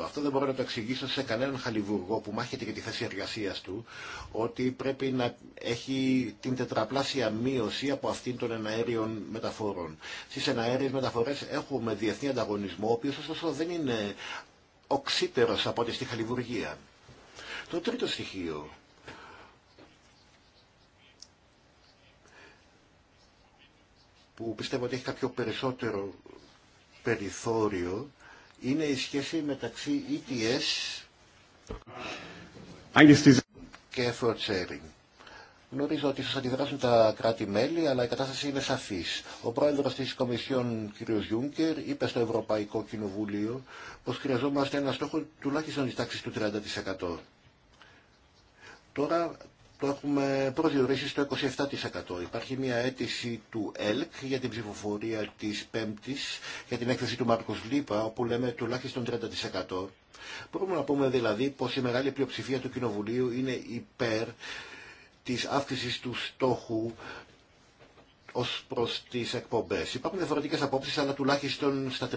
Αυτό δεν μπορώ να το εξηγήσω σε κανέναν χαλιβουργό που μάχεται για τη θέση εργασία του, ότι πρέπει να έχει την τετραπλάσια μείωση από αυτήν των εναέριων μεταφορών. Στι εναέριε μεταφορέ έχουμε διεθνή ανταγωνισμό, ο οποίο ωστόσο δεν είναι οξύτερο από ό,τι στη χαλιβουργία. Το τρίτο στοιχείο που πιστεύω ότι έχει κάποιο περισσότερο περιθώριο είναι η σχέση μεταξύ ETS και effort sharing. Γνωρίζω ότι σας αντιδράσουν τα κράτη-μέλη, αλλά η κατάσταση είναι σαφής. Ο πρόεδρος της Κομισιόν, κ. Γιούγκερ, είπε στο Ευρωπαϊκό Κοινοβούλιο πως χρειαζόμαστε ένα στόχο τουλάχιστον της τάξης του 30%. Τώρα το έχουμε προσδιορίσει στο 27%. Υπάρχει μια αίτηση του ΕΛΚ για την ψηφοφορία της Πέμπτης, για την έκθεση του Μάρκος Λίπα, όπου λέμε τουλάχιστον 30%. Μπορούμε να πούμε δηλαδή πως η μεγάλη πλειοψηφία του Κοινοβουλίου είναι υπέρ της αύξησης του στόχου ως προς τις εκπομπές. Υπάρχουν διαφορετικές απόψεις, αλλά τουλάχιστον στα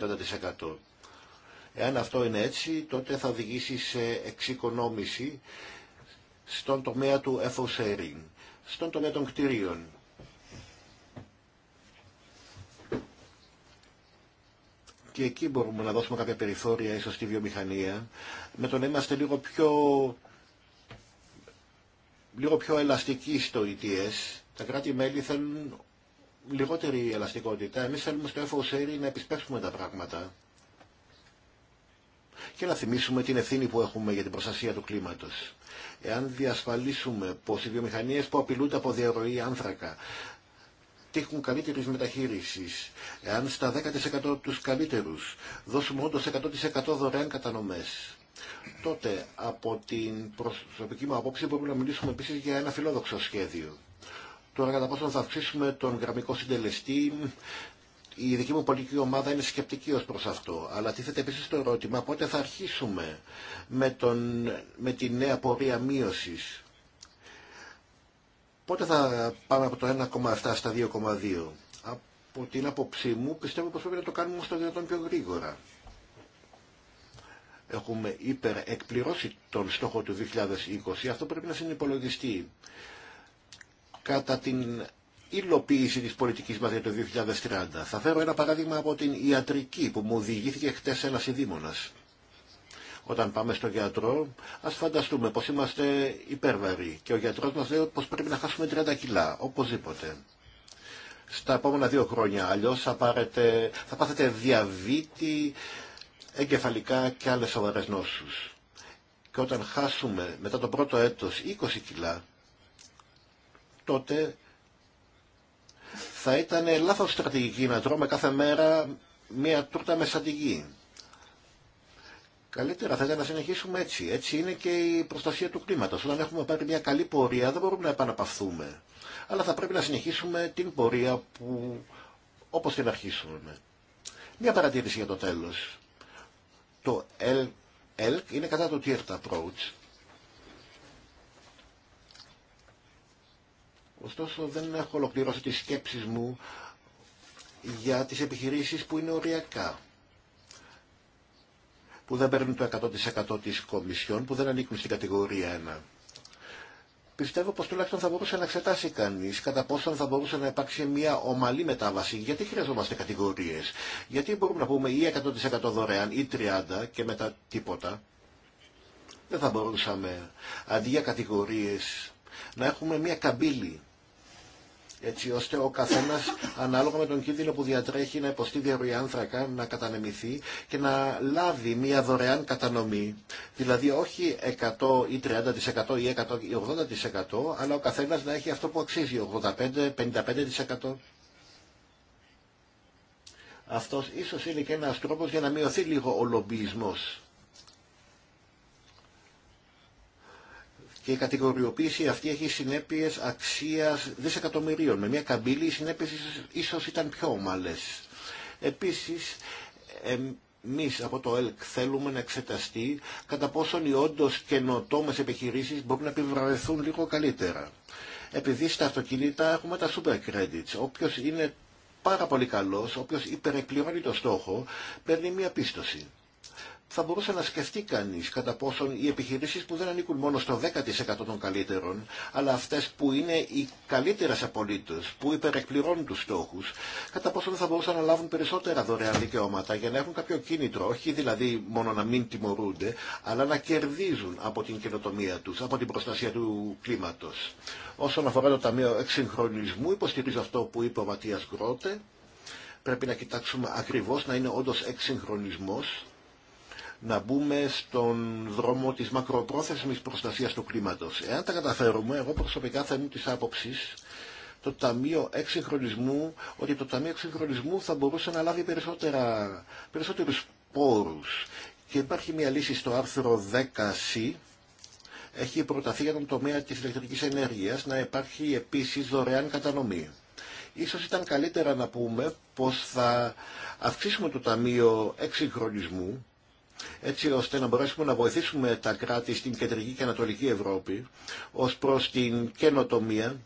30%. Εάν αυτό είναι έτσι, τότε θα οδηγήσει σε εξοικονόμηση στον τομέα του εφοσέριν, στον τομέα των κτηρίων. Και εκεί μπορούμε να δώσουμε κάποια περιθώρια ίσως στη βιομηχανία, με το να είμαστε λίγο πιο, λίγο πιο ελαστικοί στο ETS. Τα κράτη-μέλη θέλουν λιγότερη ελαστικότητα. Εμείς θέλουμε στο FOSR να επισπεύσουμε τα πράγματα και να θυμίσουμε την ευθύνη που έχουμε για την προστασία του κλίματος. Εάν διασφαλίσουμε πως οι βιομηχανίες που απειλούνται από διαρροή άνθρακα τύχουν καλύτερη μεταχείριση. Εάν στα 10% τους καλύτερους δώσουμε όντως 100% δωρεάν κατανομές, τότε από την προσωπική μου απόψη μπορούμε να μιλήσουμε επίσης για ένα φιλόδοξο σχέδιο. Τώρα κατά πόσο θα αυξήσουμε τον γραμμικό συντελεστή η δική μου πολιτική ομάδα είναι σκεπτική ως προς αυτό, αλλά τίθεται επίσης το ερώτημα πότε θα αρχίσουμε με, τον, με τη νέα πορεία μείωσης. Πότε θα πάμε από το 1,7 στα 2,2. Από την άποψή μου πιστεύω πως πρέπει να το κάνουμε στο δυνατόν πιο γρήγορα. Έχουμε υπερεκπληρώσει τον στόχο του 2020, αυτό πρέπει να συνυπολογιστεί. Κατά την υλοποίηση της πολιτικής μας για το 2030. Θα φέρω ένα παράδειγμα από την ιατρική που μου οδηγήθηκε χτες ένας ειδήμονας. Όταν πάμε στον γιατρό, ας φανταστούμε πως είμαστε υπέρβαροι και ο γιατρός μας λέει πως πρέπει να χάσουμε 30 κιλά, οπωσδήποτε. Στα επόμενα δύο χρόνια, αλλιώς θα, πάρετε, πάθετε διαβήτη, εγκεφαλικά και άλλες σοβαρές νόσους. Και όταν χάσουμε μετά το πρώτο έτος 20 κιλά, τότε θα ήταν λάθος στρατηγική να τρώμε κάθε μέρα μία τούρτα με σαντιγή. Καλύτερα θα ήταν να συνεχίσουμε έτσι. Έτσι είναι και η προστασία του κλίματος. Όταν έχουμε πάρει μια καλή πορεία δεν μπορούμε να επαναπαυθούμε. Αλλά θα πρέπει να συνεχίσουμε την πορεία που όπως την αρχίσουμε. Μια παρατήρηση για το τέλος. Το ELK είναι κατά το TFT approach. Ωστόσο δεν έχω ολοκληρώσει τις σκέψεις μου για τις επιχειρήσεις που είναι οριακά που δεν παίρνουν το 100% της κομισιόν, που δεν ανήκουν στην κατηγορία 1. Πιστεύω πως τουλάχιστον θα μπορούσε να εξετάσει κανείς κατά πόσον θα μπορούσε να υπάρξει μια ομαλή μετάβαση. Γιατί χρειαζόμαστε κατηγορίες. Γιατί μπορούμε να πούμε ή 100% δωρεάν ή 30% και μετά τίποτα. Δεν θα μπορούσαμε αντί για κατηγορίες να έχουμε μια καμπύλη έτσι ώστε ο καθένα ανάλογα με τον κίνδυνο που διατρέχει να υποστεί διαρροή άνθρακα, να κατανεμηθεί και να λάβει μια δωρεάν κατανομή. Δηλαδή όχι 100 ή 30% ή 100 ή 80% αλλά ο καθένα να έχει αυτό που αξίζει, 85-55%. Αυτός ίσως είναι και ένας τρόπος για να μειωθεί λίγο ο λομπισμός Και η κατηγοριοποίηση αυτή έχει συνέπειες αξίας δισεκατομμυρίων. Με μια καμπύλη οι συνέπειες ίσως ήταν πιο ομαλές. Επίσης, Εμεί από το ΕΛΚ θέλουμε να εξεταστεί κατά πόσον οι όντω καινοτόμες επιχειρήσεις μπορούν να επιβραβευθούν λίγο καλύτερα. Επειδή στα αυτοκίνητα έχουμε τα super credits. Όποιος είναι πάρα πολύ καλό, όποιο υπερεκπληρώνει το στόχο, παίρνει μια πίστοση θα μπορούσε να σκεφτεί κανείς κατά πόσον οι επιχειρήσεις που δεν ανήκουν μόνο στο 10% των καλύτερων, αλλά αυτές που είναι οι καλύτερες απολύτως, που υπερεκπληρώνουν τους στόχους, κατά πόσον θα μπορούσαν να λάβουν περισσότερα δωρεάν δικαιώματα για να έχουν κάποιο κίνητρο, όχι δηλαδή μόνο να μην τιμωρούνται, αλλά να κερδίζουν από την καινοτομία τους, από την προστασία του κλίματος. Όσον αφορά το Ταμείο Εξυγχρονισμού, υποστηρίζω αυτό που είπε ο Ματίας Γκρότε, Πρέπει να κοιτάξουμε ακριβώς να είναι όντως εξυγχρονισμός να μπούμε στον δρόμο της μακροπρόθεσμης προστασίας του κλίματος. Εάν τα καταφέρουμε, εγώ προσωπικά θα ήμουν της άποψης το Ταμείο Εξυγχρονισμού, ότι το Ταμείο Εξυγχρονισμού θα μπορούσε να λάβει περισσότερα, περισσότερους πόρους. Και υπάρχει μια λύση στο άρθρο 10C, έχει προταθεί για τον τομέα της ηλεκτρικής ενέργειας να υπάρχει επίσης δωρεάν κατανομή. Ίσως ήταν καλύτερα να πούμε πως θα αυξήσουμε το Ταμείο Εξυγχρονισμού έτσι ώστε να μπορέσουμε να βοηθήσουμε τα κράτη στην κεντρική και ανατολική Ευρώπη ως προς την καινοτομία,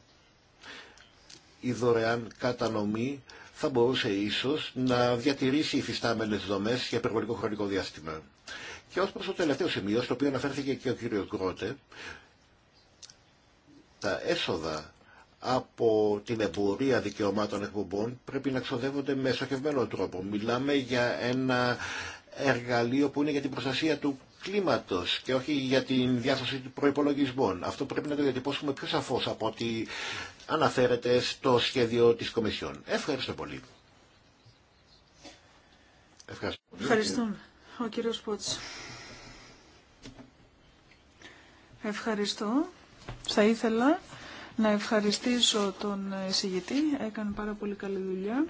η δωρεάν κατανομή θα μπορούσε ίσως να διατηρήσει φυστάμενες δομές για υπερβολικό χρονικό διάστημα. Και ως προς το τελευταίο σημείο, στο οποίο αναφέρθηκε και ο κύριος Γκρότε, τα έσοδα από την εμπορία δικαιωμάτων εκπομπών πρέπει να ξοδεύονται με στοχευμένο τρόπο. Μιλάμε για ένα εργαλείο που είναι για την προστασία του κλίματος και όχι για την διάσταση του προϋπολογισμών. Αυτό πρέπει να το διατυπώσουμε πιο σαφώς από ότι αναφέρεται στο σχέδιο της Κομισιόν. Ευχαριστώ πολύ. Ευχαριστώ. Ευχαριστώ. Ο κύριος Πότς. Ευχαριστώ. Θα ήθελα να ευχαριστήσω τον εισηγητή. Έκανε πάρα πολύ καλή δουλειά.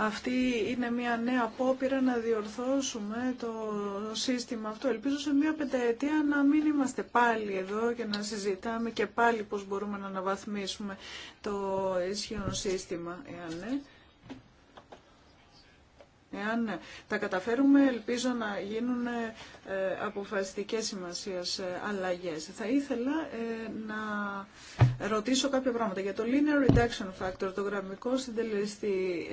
Αυτή είναι μια νέα απόπειρα να διορθώσουμε το σύστημα αυτό. Ελπίζω σε μια πενταετία να μην είμαστε πάλι εδώ και να συζητάμε και πάλι πώς μπορούμε να αναβαθμίσουμε το ισχυρό σύστημα, εάν ναι. Εάν ε, τα καταφέρουμε, ελπίζω να γίνουν ε, ε, αποφασιστικές σημασίες αλλαγές. Θα ήθελα να ρωτήσω κάποια πράγματα για το Linear Reduction Factor, το γραμμικό συντελεστή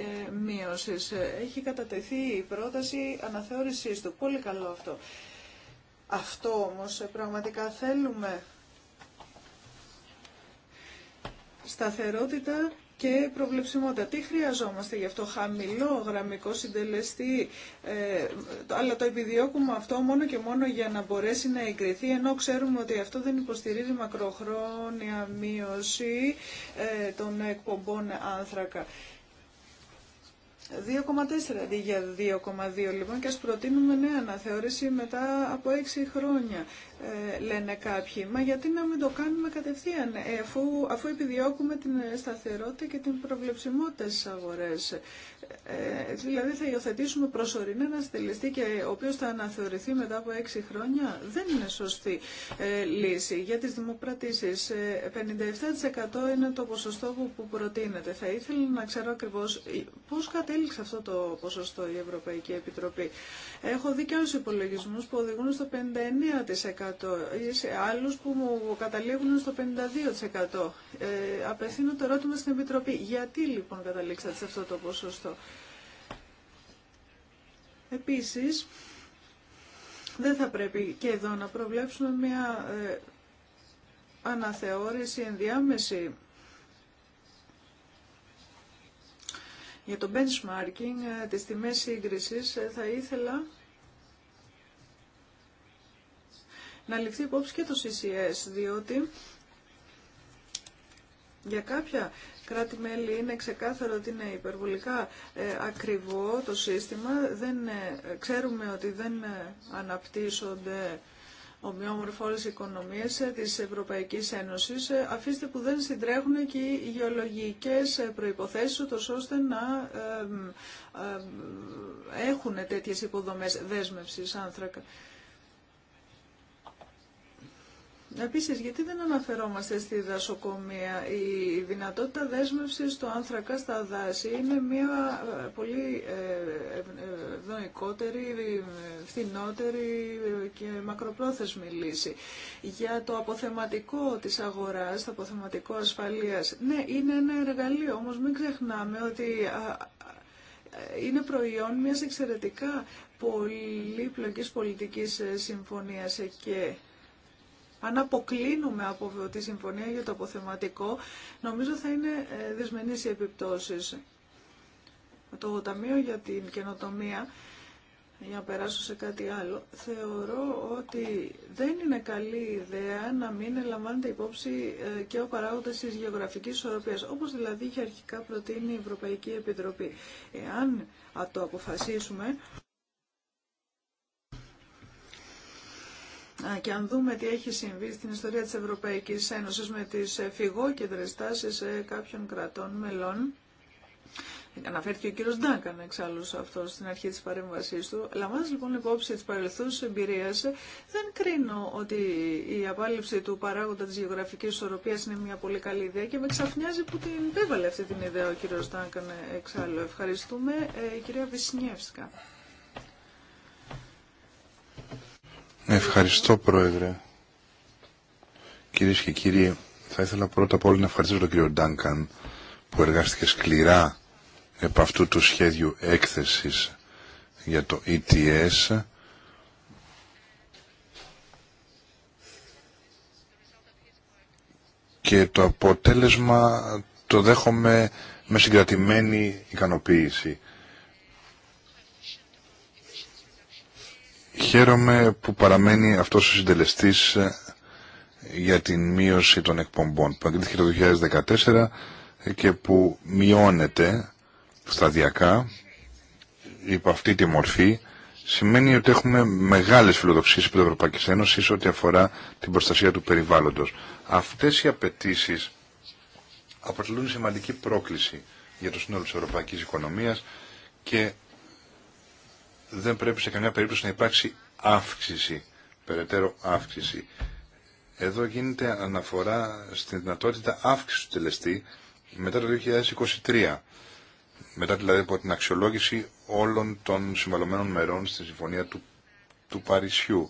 μείωσης. Έχει κατατεθεί η πρόταση αναθεώρησής του. Πολύ καλό αυτό. Αυτό όμως πραγματικά θέλουμε σταθερότητα και προβλεψιμότητα. Τι χρειαζόμαστε γι' αυτό, χαμηλό γραμμικό συντελεστή, ε, αλλά το επιδιώκουμε αυτό μόνο και μόνο για να μπορέσει να εγκριθεί, ενώ ξέρουμε ότι αυτό δεν υποστηρίζει μακροχρόνια μείωση ε, των εκπομπών άνθρακα. 2,4 αντί για 2,2 λοιπόν και ας προτείνουμε νέα αναθεώρηση μετά από 6 χρόνια. Ε, λένε κάποιοι. Μα γιατί να μην το κάνουμε κατευθείαν, ε, αφού, αφού επιδιώκουμε την σταθερότητα και την προβλεψιμότητα στις αγορές. Ε, δηλαδή θα υιοθετήσουμε προσωρινά ένα στελεστή και ο οποίος θα αναθεωρηθεί μετά από έξι χρόνια. Δεν είναι σωστή ε, λύση για τις δημοπρατήσεις. Ε, 57% είναι το ποσοστό που, που προτείνεται. Θα ήθελα να ξέρω ακριβώς πώς κατέληξε αυτό το ποσοστό η Ευρωπαϊκή Επιτροπή. Έχω δει και υπολογισμούς που οδηγούν στο 59% ή σε άλλους που μου καταλήγουν στο 52%. Ε, απευθύνω το ερώτημα στην Επιτροπή. Γιατί λοιπόν καταλήξατε σε αυτό το ποσοστό. Επίσης, δεν θα πρέπει και εδώ να προβλέψουμε μια ε, αναθεώρηση ενδιάμεση για το benchmarking, της ε, τις τιμές σύγκρισης, ε, θα ήθελα να ληφθεί υπόψη και το CCS, διότι για κάποια κράτη-μέλη είναι ξεκάθαρο ότι είναι υπερβολικά ε, ακριβό το σύστημα. Δεν, ε, ξέρουμε ότι δεν ε, αναπτύσσονται ομοιόμορφα όλες οι οικονομίες της Ευρωπαϊκής Ένωσης. Αφήστε που δεν συντρέχουν και οι γεωλογικές προϋποθέσεις, ούτως ώστε να έχουν τέτοιες υποδομές δέσμευσης άνθρακα. Επίση, γιατί δεν αναφερόμαστε στη δασοκομεία. Η δυνατότητα δέσμευση του άνθρακα στα δάση είναι μια ε, πολύ ε, ευνοϊκότερη, φθηνότερη και μακροπρόθεσμη λύση. Για το αποθεματικό της αγοράς, το αποθεματικό ασφαλεία. ναι, είναι ένα εργαλείο, όμως μην ξεχνάμε ότι ε, είναι προϊόν μια εξαιρετικά πολύπλοκη πολιτικής συμφωνία και αν αποκλίνουμε από τη συμφωνία για το αποθεματικό, νομίζω θα είναι ε, δυσμενείς οι επιπτώσεις. Το Ταμείο για την Καινοτομία, για να περάσω σε κάτι άλλο, θεωρώ ότι δεν είναι καλή ιδέα να μην λαμβάνεται υπόψη ε, και ο παράγοντας της γεωγραφικής ισορροπίας, όπως δηλαδή είχε αρχικά προτείνει η Ευρωπαϊκή Επιτροπή. Εάν το αποφασίσουμε... Και αν δούμε τι έχει συμβεί στην ιστορία της Ευρωπαϊκής Ένωσης με τις φυγόκεντρες τάσεις ε, κάποιων κρατών μελών, Αναφέρθηκε ο κύριο Ντάκαν εξάλλου σε αυτό στην αρχή τη παρέμβασή του. Λαμβάνοντα λοιπόν υπόψη τη παρελθού εμπειρία, δεν κρίνω ότι η απάλληψη του παράγοντα τη γεωγραφική ισορροπία είναι μια πολύ καλή ιδέα και με ξαφνιάζει που την επέβαλε αυτή την ιδέα ο κύριο Ντάκαν εξάλλου. Ευχαριστούμε. Ε, κυρία Βυσνιεύσκα. Ευχαριστώ Πρόεδρε. Κυρίες και κύριοι, θα ήθελα πρώτα απ' να ευχαριστήσω τον κύριο Ντάνκαν που εργάστηκε σκληρά επ' αυτού του σχέδιου έκθεσης για το ETS. Και το αποτέλεσμα το δέχομαι με συγκρατημένη ικανοποίηση. Χαίρομαι που παραμένει αυτός ο συντελεστής ε, για την μείωση των εκπομπών που εγκρίθηκε το 2014 ε, και που μειώνεται σταδιακά υπό αυτή τη μορφή σημαίνει ότι έχουμε μεγάλες φιλοδοξίες από την Ευρωπαϊκή Ένωση ό,τι αφορά την προστασία του περιβάλλοντος. Αυτές οι απαιτήσει αποτελούν σημαντική πρόκληση για το σύνολο της ευρωπαϊκής οικονομίας και δεν πρέπει σε καμιά περίπτωση να υπάρξει αύξηση, περαιτέρω αύξηση. Εδώ γίνεται αναφορά στην δυνατότητα αύξηση του τελεστή μετά το 2023. Μετά δηλαδή από την αξιολόγηση όλων των συμβαλωμένων μερών στη Συμφωνία του, του Παρισιού.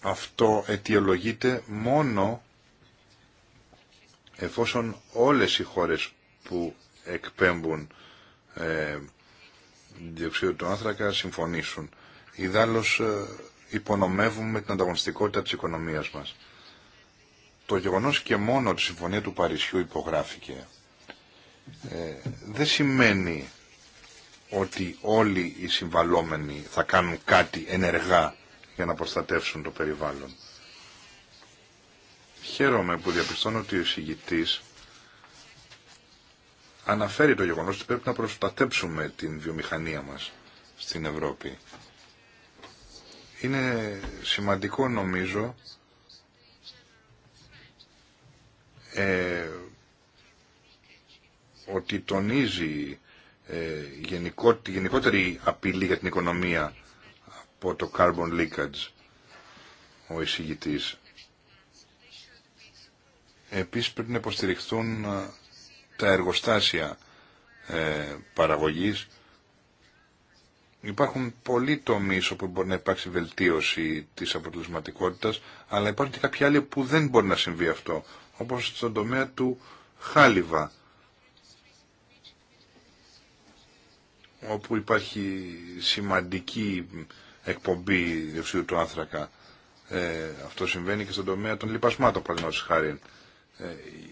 Αυτό αιτιολογείται μόνο εφόσον όλες οι χώρες που εκπέμπουν ε, διοξείδιο του άνθρακα συμφωνήσουν. Ιδάλως ε, υπονομεύουμε την ανταγωνιστικότητα της οικονομίας μας. Το γεγονός και μόνο ότι η Συμφωνία του Παρισιού υπογράφηκε ε, δεν σημαίνει ότι όλοι οι συμβαλόμενοι θα κάνουν κάτι ενεργά για να προστατεύσουν το περιβάλλον. Χαίρομαι που διαπιστώνω ότι ο εισηγητής αναφέρει το γεγονός ότι πρέπει να προστατέψουμε την βιομηχανία μας στην Ευρώπη. Είναι σημαντικό νομίζω ε, ότι τονίζει ε, γενικότερη απειλή για την οικονομία από το carbon leakage ο εισηγητής. Επίσης πρέπει να υποστηριχθούν ε, τα εργοστάσια ε, παραγωγής. Υπάρχουν πολλοί τομείς όπου μπορεί να υπάρξει βελτίωση της αποτελεσματικότητας, αλλά υπάρχουν και κάποια άλλη που δεν μπορεί να συμβεί αυτό, όπως στον τομέα του χάλιβα, όπου υπάρχει σημαντική εκπομπή διοξειδίου του άνθρακα. Ε, αυτό συμβαίνει και στον τομέα των λοιπασμάτων, παραδείγματος χάρη. Ε,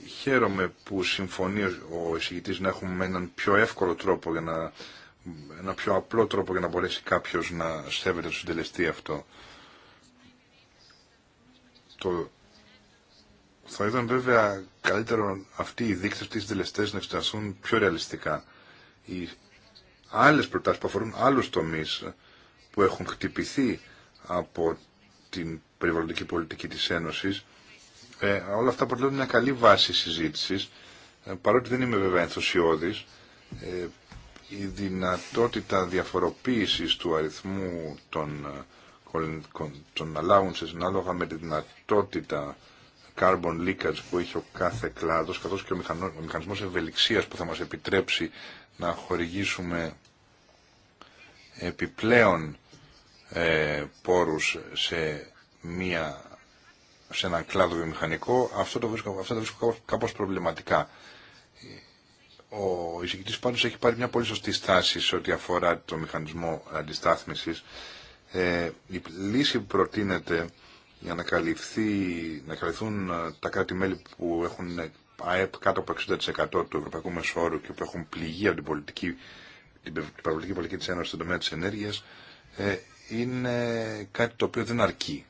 χαίρομαι που συμφωνεί ο εισηγητή να έχουμε έναν πιο εύκολο τρόπο για να ένα πιο απλό τρόπο για να μπορέσει κάποιο να σέβεται το συντελεστή αυτό. Το... Θα ήταν βέβαια καλύτερο αυτοί οι δείκτες, αυτοί οι να εξεταστούν πιο ρεαλιστικά. Οι άλλες προτάσεις που αφορούν άλλου τομεί που έχουν χτυπηθεί από την περιβαλλοντική πολιτική της Ένωσης ε, όλα αυτά αποτελούν μια καλή βάση συζήτησης, ε, παρότι δεν είμαι βέβαια ενθουσιώδης. Ε, η δυνατότητα διαφοροποίησης του αριθμού των, ε, των allowances ανάλογα με τη δυνατότητα carbon leakage που έχει ο κάθε κλάδος, καθώς και ο, μηχανο, ο μηχανισμός ευελιξίας που θα μας επιτρέψει να χορηγήσουμε επιπλέον ε, πόρους σε μία σε έναν κλάδο βιομηχανικό, αυτό το βρίσκω, αυτό το βρίσκω κάπως προβληματικά. Ο εισηγητής πάντως έχει πάρει μια πολύ σωστή στάση σε ό,τι αφορά το μηχανισμό αντιστάθμισης. Ε, η λύση που προτείνεται για να, καλυφθεί, να καλυφθούν ε, τα κράτη-μέλη που έχουν ΑΕΠ κάτω από 60% του ευρωπαϊκού Μεσόρου και που έχουν πληγεί από την πολιτική, την παραγωγική πολιτική της Ένωσης στον τομέα της ενέργειας, ε, είναι κάτι το οποίο δεν αρκεί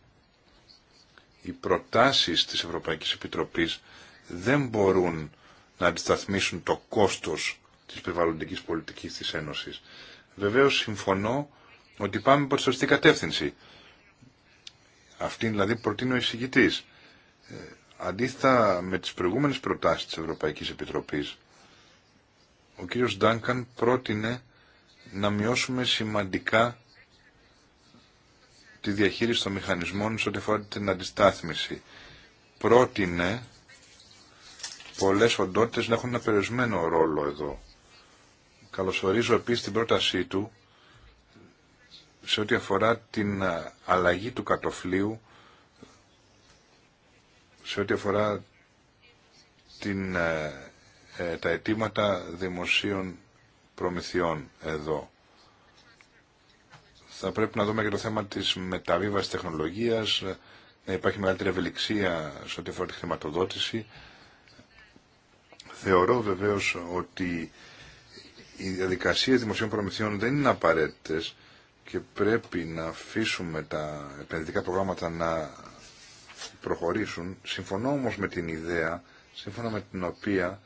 οι προτάσεις της Ευρωπαϊκής Επιτροπής δεν μπορούν να αντισταθμίσουν το κόστος της περιβαλλοντικής πολιτικής της Ένωσης. Βεβαίως συμφωνώ ότι πάμε προς τη σωστή κατεύθυνση. Αυτή δηλαδή προτείνει ο εισηγητής. Ε, αντίθετα με τις προηγούμενες προτάσεις της Ευρωπαϊκής Επιτροπής, ο κύριος Ντάνκαν πρότεινε να μειώσουμε σημαντικά τη διαχείριση των μηχανισμών σε ό,τι αφορά την αντιστάθμιση. Πρότεινε πολλές οντότητες να έχουν ένα περιορισμένο ρόλο εδώ. Καλωσορίζω επίσης την πρότασή του σε ό,τι αφορά την αλλαγή του κατοφλίου, σε ό,τι αφορά την, ε, ε, τα αιτήματα δημοσίων προμηθειών εδώ θα πρέπει να δούμε και το θέμα της μεταβίβασης τεχνολογίας, να υπάρχει μεγαλύτερη ευελιξία σε ό,τι αφορά τη χρηματοδότηση. Θεωρώ βεβαίως ότι οι διαδικασίες δημοσίων προμηθειών δεν είναι απαραίτητες και πρέπει να αφήσουμε τα επενδυτικά προγράμματα να προχωρήσουν. Συμφωνώ όμως με την ιδέα, σύμφωνα με την οποία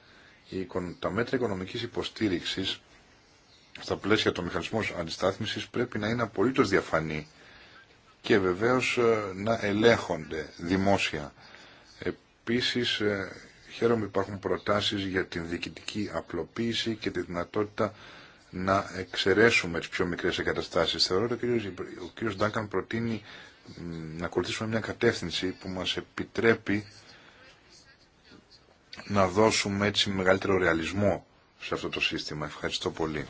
τα μέτρα οικονομικής υποστήριξης στα πλαίσια των μηχανισμών αντιστάθμισης πρέπει να είναι απολύτως διαφανή και βεβαίως ε, να ελέγχονται δημόσια. Επίσης ε, χαίρομαι υπάρχουν προτάσεις για την διοικητική απλοποίηση και τη δυνατότητα να εξαιρέσουμε τις πιο μικρές εγκαταστάσεις. Θεωρώ ότι ο κ. Ντάκαν προτείνει να ακολουθήσουμε μια κατεύθυνση που μας επιτρέπει να δώσουμε έτσι μεγαλύτερο ρεαλισμό σε αυτό το σύστημα. Ευχαριστώ πολύ.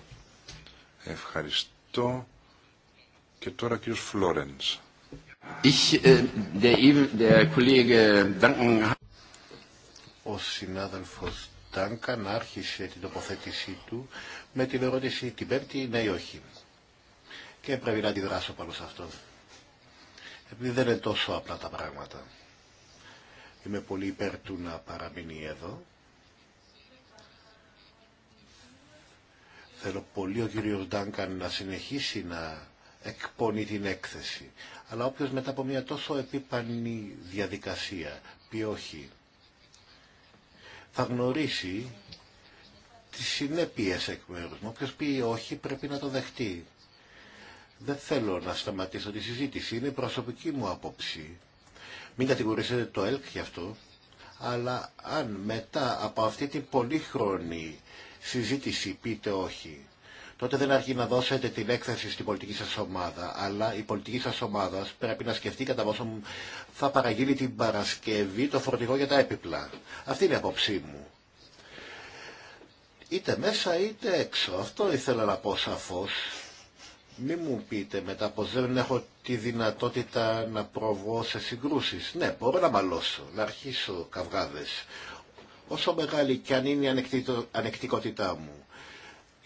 Ευχαριστώ. Και τώρα ο κύριος Φλόρενς. Äh, ο συνάδελφος Τάνκαν άρχισε την τοποθέτησή του με την ερώτηση την πέμπτη ναι ή όχι. Και πρέπει να αντιδράσω πάνω σε αυτό. Επειδή δεν είναι τόσο απλά τα πράγματα. Είμαι πολύ υπέρ του να παραμείνει εδώ Θέλω πολύ ο κύριος Ντάγκαν να συνεχίσει να εκπονεί την έκθεση. Αλλά όποιος μετά από μια τόσο επίπανη διαδικασία πει όχι, θα γνωρίσει τις συνέπειες εκ μέρους μου. Όποιος πει όχι πρέπει να το δεχτεί. Δεν θέλω να σταματήσω τη συζήτηση, είναι η προσωπική μου άποψη. Μην κατηγορήσετε το ΕΛΚ γι' αυτό, αλλά αν μετά από αυτή την πολύχρονη συζήτηση πείτε όχι, τότε δεν αρκεί να δώσετε την έκθεση στην πολιτική σας ομάδα, αλλά η πολιτική σας ομάδα πρέπει να σκεφτεί κατά πόσο θα παραγγείλει την Παρασκευή το φορτηγό για τα έπιπλα. Αυτή είναι η απόψή μου. Είτε μέσα είτε έξω. Αυτό ήθελα να πω σαφώς. Μη μου πείτε μετά πως δεν έχω τη δυνατότητα να προβώ σε συγκρούσεις. Ναι, μπορώ να μαλώσω, να αρχίσω καυγάδες όσο μεγάλη και αν είναι η ανεκτικότητά μου.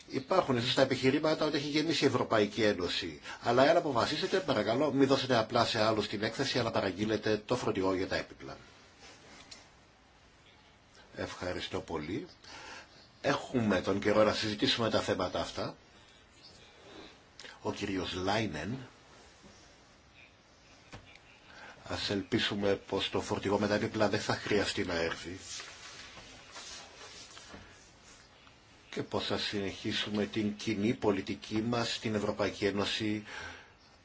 Υπάρχουν εσείς τα επιχειρήματα ότι έχει γεννήσει η Ευρωπαϊκή Ένωση. Αλλά εάν αποφασίσετε, παρακαλώ, μην δώσετε απλά σε άλλους την έκθεση, αλλά παραγγείλετε το φροντιό για τα έπιπλα. Ευχαριστώ πολύ. Έχουμε τον καιρό να συζητήσουμε τα θέματα αυτά. Ο κύριος Λάινεν. Ας ελπίσουμε πως το φορτηγό με τα έπιπλα δεν θα χρειαστεί να έρθει. και πώς θα συνεχίσουμε την κοινή πολιτική μας στην Ευρωπαϊκή Ένωση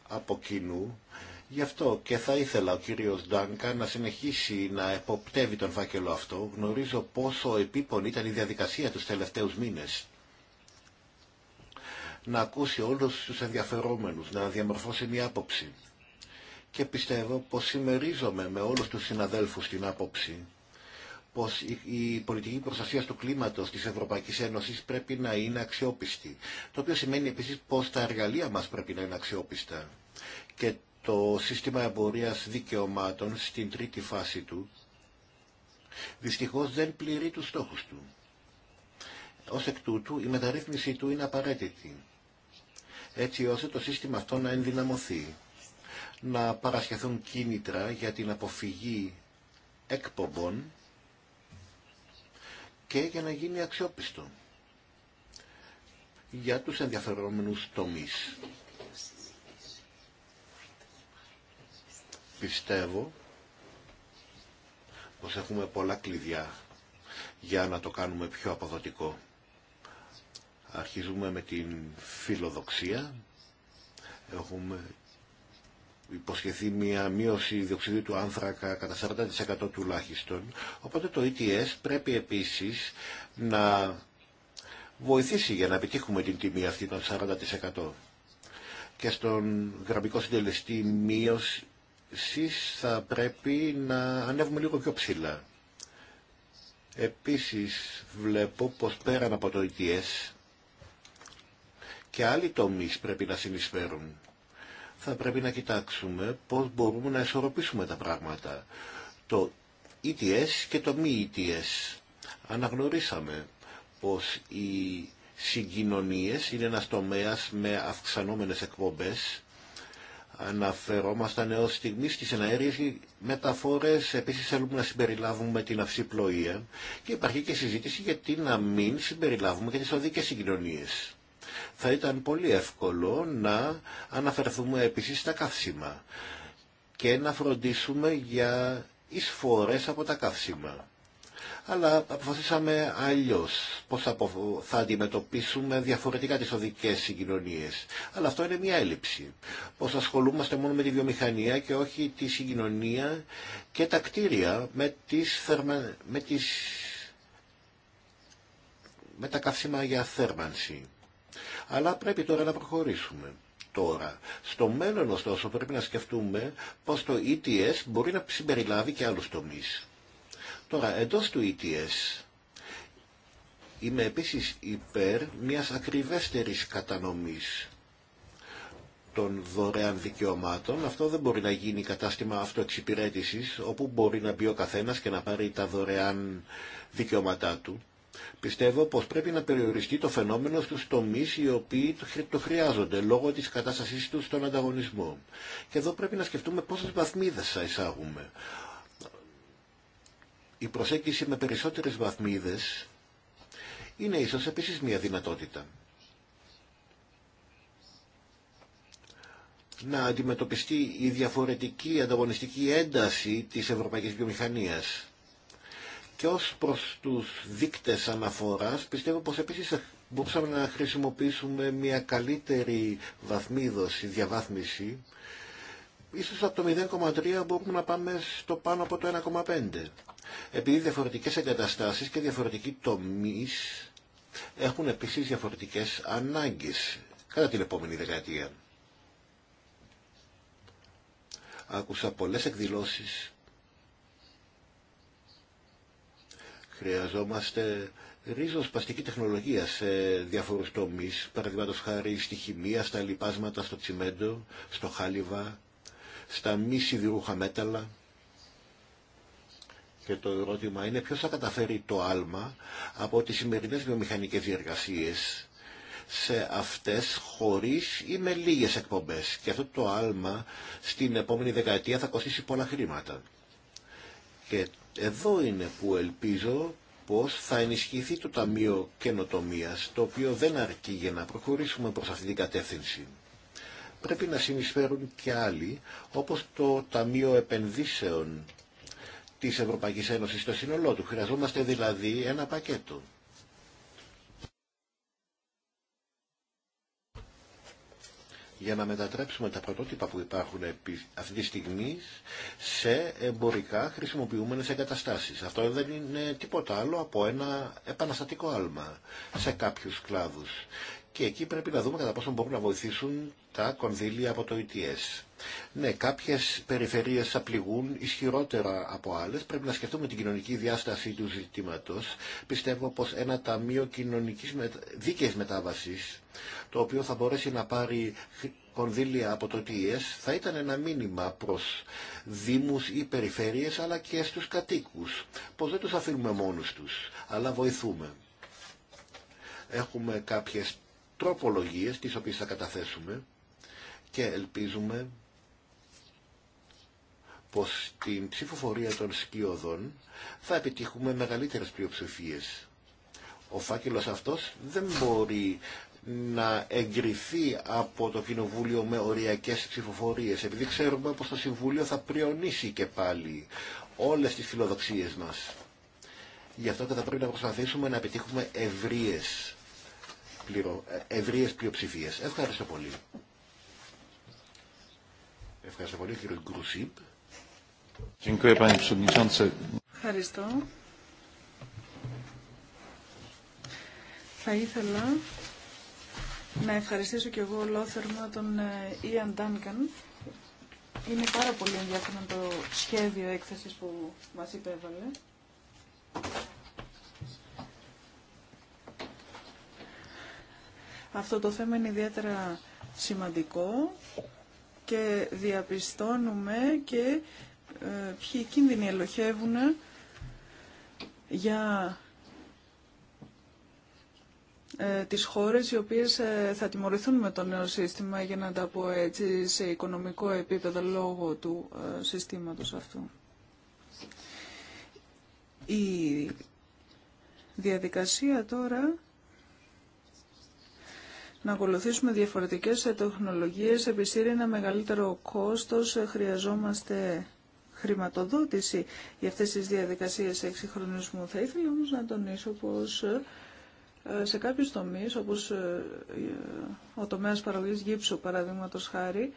από κοινού. Γι' αυτό και θα ήθελα ο κύριος Ντάνκα να συνεχίσει να εποπτεύει τον φάκελο αυτό. Γνωρίζω πόσο επίπονη ήταν η διαδικασία τους τελευταίους μήνες. Να ακούσει όλους τους ενδιαφερόμενους, να διαμορφώσει μια άποψη. Και πιστεύω πως συμμερίζομαι με όλους τους συναδέλφους την άποψη πως η πολιτική προστασία του κλίματος της Ευρωπαϊκής Ένωσης πρέπει να είναι αξιόπιστη. Το οποίο σημαίνει επίσης πως τα εργαλεία μας πρέπει να είναι αξιόπιστα. Και το σύστημα εμπορίας δικαιωμάτων στην τρίτη φάση του δυστυχώς δεν πληρεί τους στόχους του. Ως εκ τούτου η μεταρρύθμιση του είναι απαραίτητη έτσι ώστε το σύστημα αυτό να ενδυναμωθεί, να παρασχεθούν κίνητρα για την αποφυγή εκπομπών και για να γίνει αξιόπιστο για τους ενδιαφερόμενους τομείς. Πιστεύω πως έχουμε πολλά κλειδιά για να το κάνουμε πιο αποδοτικό. Αρχίζουμε με την φιλοδοξία, έχουμε υποσχεθεί μια μείωση διοξιδίου του άνθρακα κατά 40% τουλάχιστον. Οπότε το ETS πρέπει επίσης να βοηθήσει για να επιτύχουμε την τιμή αυτή των 40%. Και στον γραμμικό συντελεστή μείωση θα πρέπει να ανέβουμε λίγο πιο ψηλά. Επίσης βλέπω πως πέραν από το ETS και άλλοι τομείς πρέπει να συνεισφέρουν θα πρέπει να κοιτάξουμε πώς μπορούμε να ισορροπήσουμε τα πράγματα. Το ETS και το μη ETS. Αναγνωρίσαμε πως οι συγκοινωνίες είναι ένας τομέας με αυξανόμενες εκπομπές. Αναφερόμασταν έως στιγμής στις εναέριες μεταφορές, επίσης θέλουμε να συμπεριλάβουμε την αυσιπλοεία και υπάρχει και συζήτηση γιατί να μην συμπεριλάβουμε και τις οδικές συγκοινωνίες θα ήταν πολύ εύκολο να αναφερθούμε επίσης στα καύσιμα και να φροντίσουμε για εισφορές από τα καύσιμα. Αλλά αποφασίσαμε αλλιώς πώς θα αντιμετωπίσουμε διαφορετικά τις οδικές συγκοινωνίες. Αλλά αυτό είναι μια έλλειψη. Πώς ασχολούμαστε μόνο με τη βιομηχανία και όχι τη συγκοινωνία και τα κτίρια με, τις τις... με τα καύσιμα για θέρμανση. Αλλά πρέπει τώρα να προχωρήσουμε. Τώρα. Στο μέλλον ωστόσο πρέπει να σκεφτούμε πως το ETS μπορεί να συμπεριλάβει και άλλους τομείς. Τώρα, εντός του ETS είμαι επίσης υπέρ μιας ακριβέστερης κατανομής των δωρεάν δικαιωμάτων. Αυτό δεν μπορεί να γίνει κατάστημα αυτοεξυπηρέτησης, όπου μπορεί να μπει ο καθένας και να πάρει τα δωρεάν δικαιώματά του. Πιστεύω πως πρέπει να περιοριστεί το φαινόμενο στους τομείς οι οποίοι το χρειάζονται λόγω της κατάστασής τους στον ανταγωνισμό. Και εδώ πρέπει να σκεφτούμε πόσες βαθμίδες θα εισάγουμε. Η προσέγγιση με περισσότερες βαθμίδες είναι ίσως επίσης μια δυνατότητα. να αντιμετωπιστεί η διαφορετική ανταγωνιστική ένταση της ευρωπαϊκής βιομηχανίας. Και ως προς τους δείκτες αναφοράς πιστεύω πως επίσης μπορούσαμε να χρησιμοποιήσουμε μια καλύτερη βαθμίδωση, διαβάθμιση. Ίσως από το 0,3 μπορούμε να πάμε στο πάνω από το 1,5. Επειδή διαφορετικές εγκαταστάσεις και διαφορετικοί τομείς έχουν επίσης διαφορετικές ανάγκες κατά την επόμενη δεκαετία. Άκουσα πολλές εκδηλώσεις Χρειαζόμαστε ρίζοσπαστική τεχνολογία σε διάφορους τομείς, παραδείγματος χάρη στη χημεία, στα λιπάσματα, στο τσιμέντο, στο χάλιβα, στα μη σιδηρούχα μέταλλα. Και το ερώτημα είναι ποιος θα καταφέρει το άλμα από τις σημερινές βιομηχανικές διεργασίες σε αυτές χωρίς ή με λίγες εκπομπές. Και αυτό το άλμα στην επόμενη δεκαετία θα κοστίσει πολλά χρήματα. Εδώ είναι που ελπίζω πως θα ενισχυθεί το Ταμείο Καινοτομίας, το οποίο δεν αρκεί για να προχωρήσουμε προς αυτή την κατεύθυνση. Πρέπει να συνεισφέρουν και άλλοι, όπως το Ταμείο Επενδύσεων της Ευρωπαϊκής Ένωσης στο σύνολό του. Χρειαζόμαστε δηλαδή ένα πακέτο. για να μετατρέψουμε τα πρωτότυπα που υπάρχουν αυτή τη στιγμή σε εμπορικά χρησιμοποιούμενες εγκαταστάσεις. Αυτό δεν είναι τίποτα άλλο από ένα επαναστατικό άλμα σε κάποιους κλάδους. Και εκεί πρέπει να δούμε κατά πόσο μπορούν να βοηθήσουν τα κονδύλια από το ETS. Ναι, κάποιες περιφερειές πληγούν ισχυρότερα από άλλες. Πρέπει να σκεφτούμε την κοινωνική διάσταση του ζητήματος. Πιστεύω πως ένα ταμείο κοινωνικής δίκαιης μετάβασης, το οποίο θα μπορέσει να πάρει κονδύλια από το ΤΙΕΣ, θα ήταν ένα μήνυμα προς δήμους ή περιφέρειες, αλλά και στους κατοίκους, πως δεν τους αφήνουμε μόνους τους, αλλά βοηθούμε. Έχουμε κάποιες τροπολογίες, τις οποίες θα καταθέσουμε και ελπίζουμε πως στην ψηφοφορία των σκιωδών θα επιτύχουμε μεγαλύτερες πλειοψηφίες. Ο φάκελος αυτός δεν μπορεί να εγκριθεί από το Κοινοβούλιο με οριακές ψηφοφορίες, επειδή ξέρουμε πως το Συμβούλιο θα πριονίσει και πάλι όλες τις φιλοδοξίες μας. Γι' αυτό και θα πρέπει να προσπαθήσουμε να επιτύχουμε ευρείες, πληρο, ευρείες πλειοψηφίες. Ευχαριστώ πολύ. Ευχαριστώ πολύ κύριο Γκρουσίπ. Ευχαριστώ. Θα ήθελα να ευχαριστήσω και εγώ ολόθερμα τον Ιαν ε, Ντάνκαν. Είναι πάρα πολύ ενδιαφέρον το σχέδιο έκθεσης που μας υπέβαλε. Αυτό το θέμα είναι ιδιαίτερα σημαντικό και διαπιστώνουμε και ε, ποιοι κίνδυνοι ελοχεύουν για ε, τις χώρες οι οποίες ε, θα τιμωρηθούν με το νέο σύστημα, για να τα πω έτσι, σε οικονομικό επίπεδο λόγω του συστήματος αυτού. Η διαδικασία τώρα να ακολουθήσουμε διαφορετικές τεχνολογίες επιστήρει ένα μεγαλύτερο κόστος. Χρειαζόμαστε χρηματοδότηση για αυτές τις διαδικασίες εξυγχρονισμού. Θα ήθελα όμως να τονίσω πως ε, σε κάποιους τομείς, όπως ε, ο τομέας παραγωγής γύψου, παραδείγματος χάρη,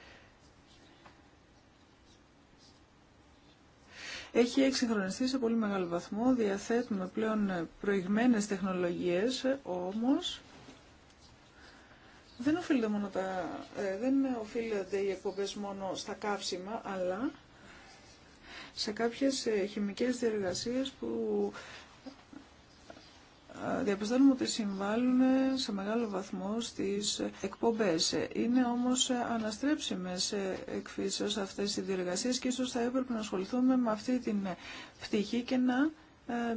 έχει εξυγχρονιστεί σε πολύ μεγάλο βαθμό. Διαθέτουμε πλέον ε, προηγμένες τεχνολογίες, όμως δεν οφείλεται μόνο δεν οφείλονται οι εκπομπές μόνο στα καύσιμα, αλλά σε κάποιες ε, χημικές διεργασίες που ε, διαπιστώνουμε ότι συμβάλλουν σε μεγάλο βαθμό στις εκπομπές. Είναι όμως ε, αναστρέψιμες εκφύσεως αυτές οι διεργασίες και ίσως θα έπρεπε να ασχοληθούμε με αυτή την πτυχή και να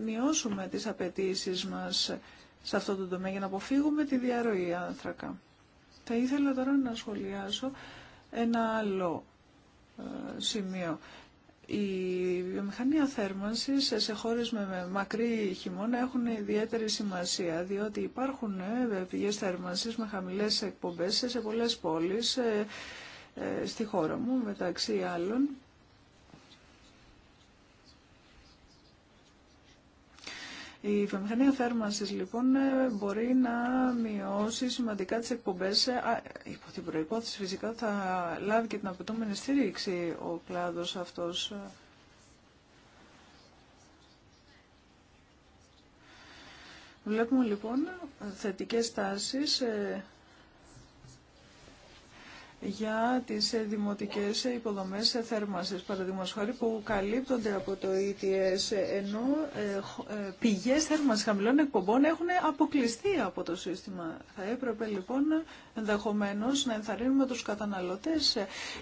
μειώσουμε τις απαιτήσεις μας σε αυτό το τομέα για να αποφύγουμε τη διαρροή άνθρακα. Θα ήθελα τώρα να σχολιάσω ένα άλλο σημείο. Η βιομηχανία θέρμανσης σε χώρες με μακρύ χειμώνα έχουν ιδιαίτερη σημασία, διότι υπάρχουν ε, πηγές θέρμανσης με χαμηλές εκπομπές σε πολλές πόλεις ε, ε, στη χώρα μου, μεταξύ άλλων. Η βιομηχανία θέρμανσης λοιπόν ε, μπορεί να μειώσει σημαντικά τις εκπομπές, ε, υπό την προϋπόθεση φυσικά θα λάβει και την απαιτούμενη στήριξη ο κλάδος αυτός. Βλέπουμε λοιπόν θετικές τάσεις ε, για τις ε, δημοτικές υποδομές ε, θέρμανσης, παραδείγματο που καλύπτονται από το ETS, ε, ενώ πηγές θέρμανσης χαμηλών εκπομπών έχουν αποκλειστεί από το σύστημα. Θα έπρεπε λοιπόν ενδεχομένως να ενθαρρύνουμε τους καταναλωτές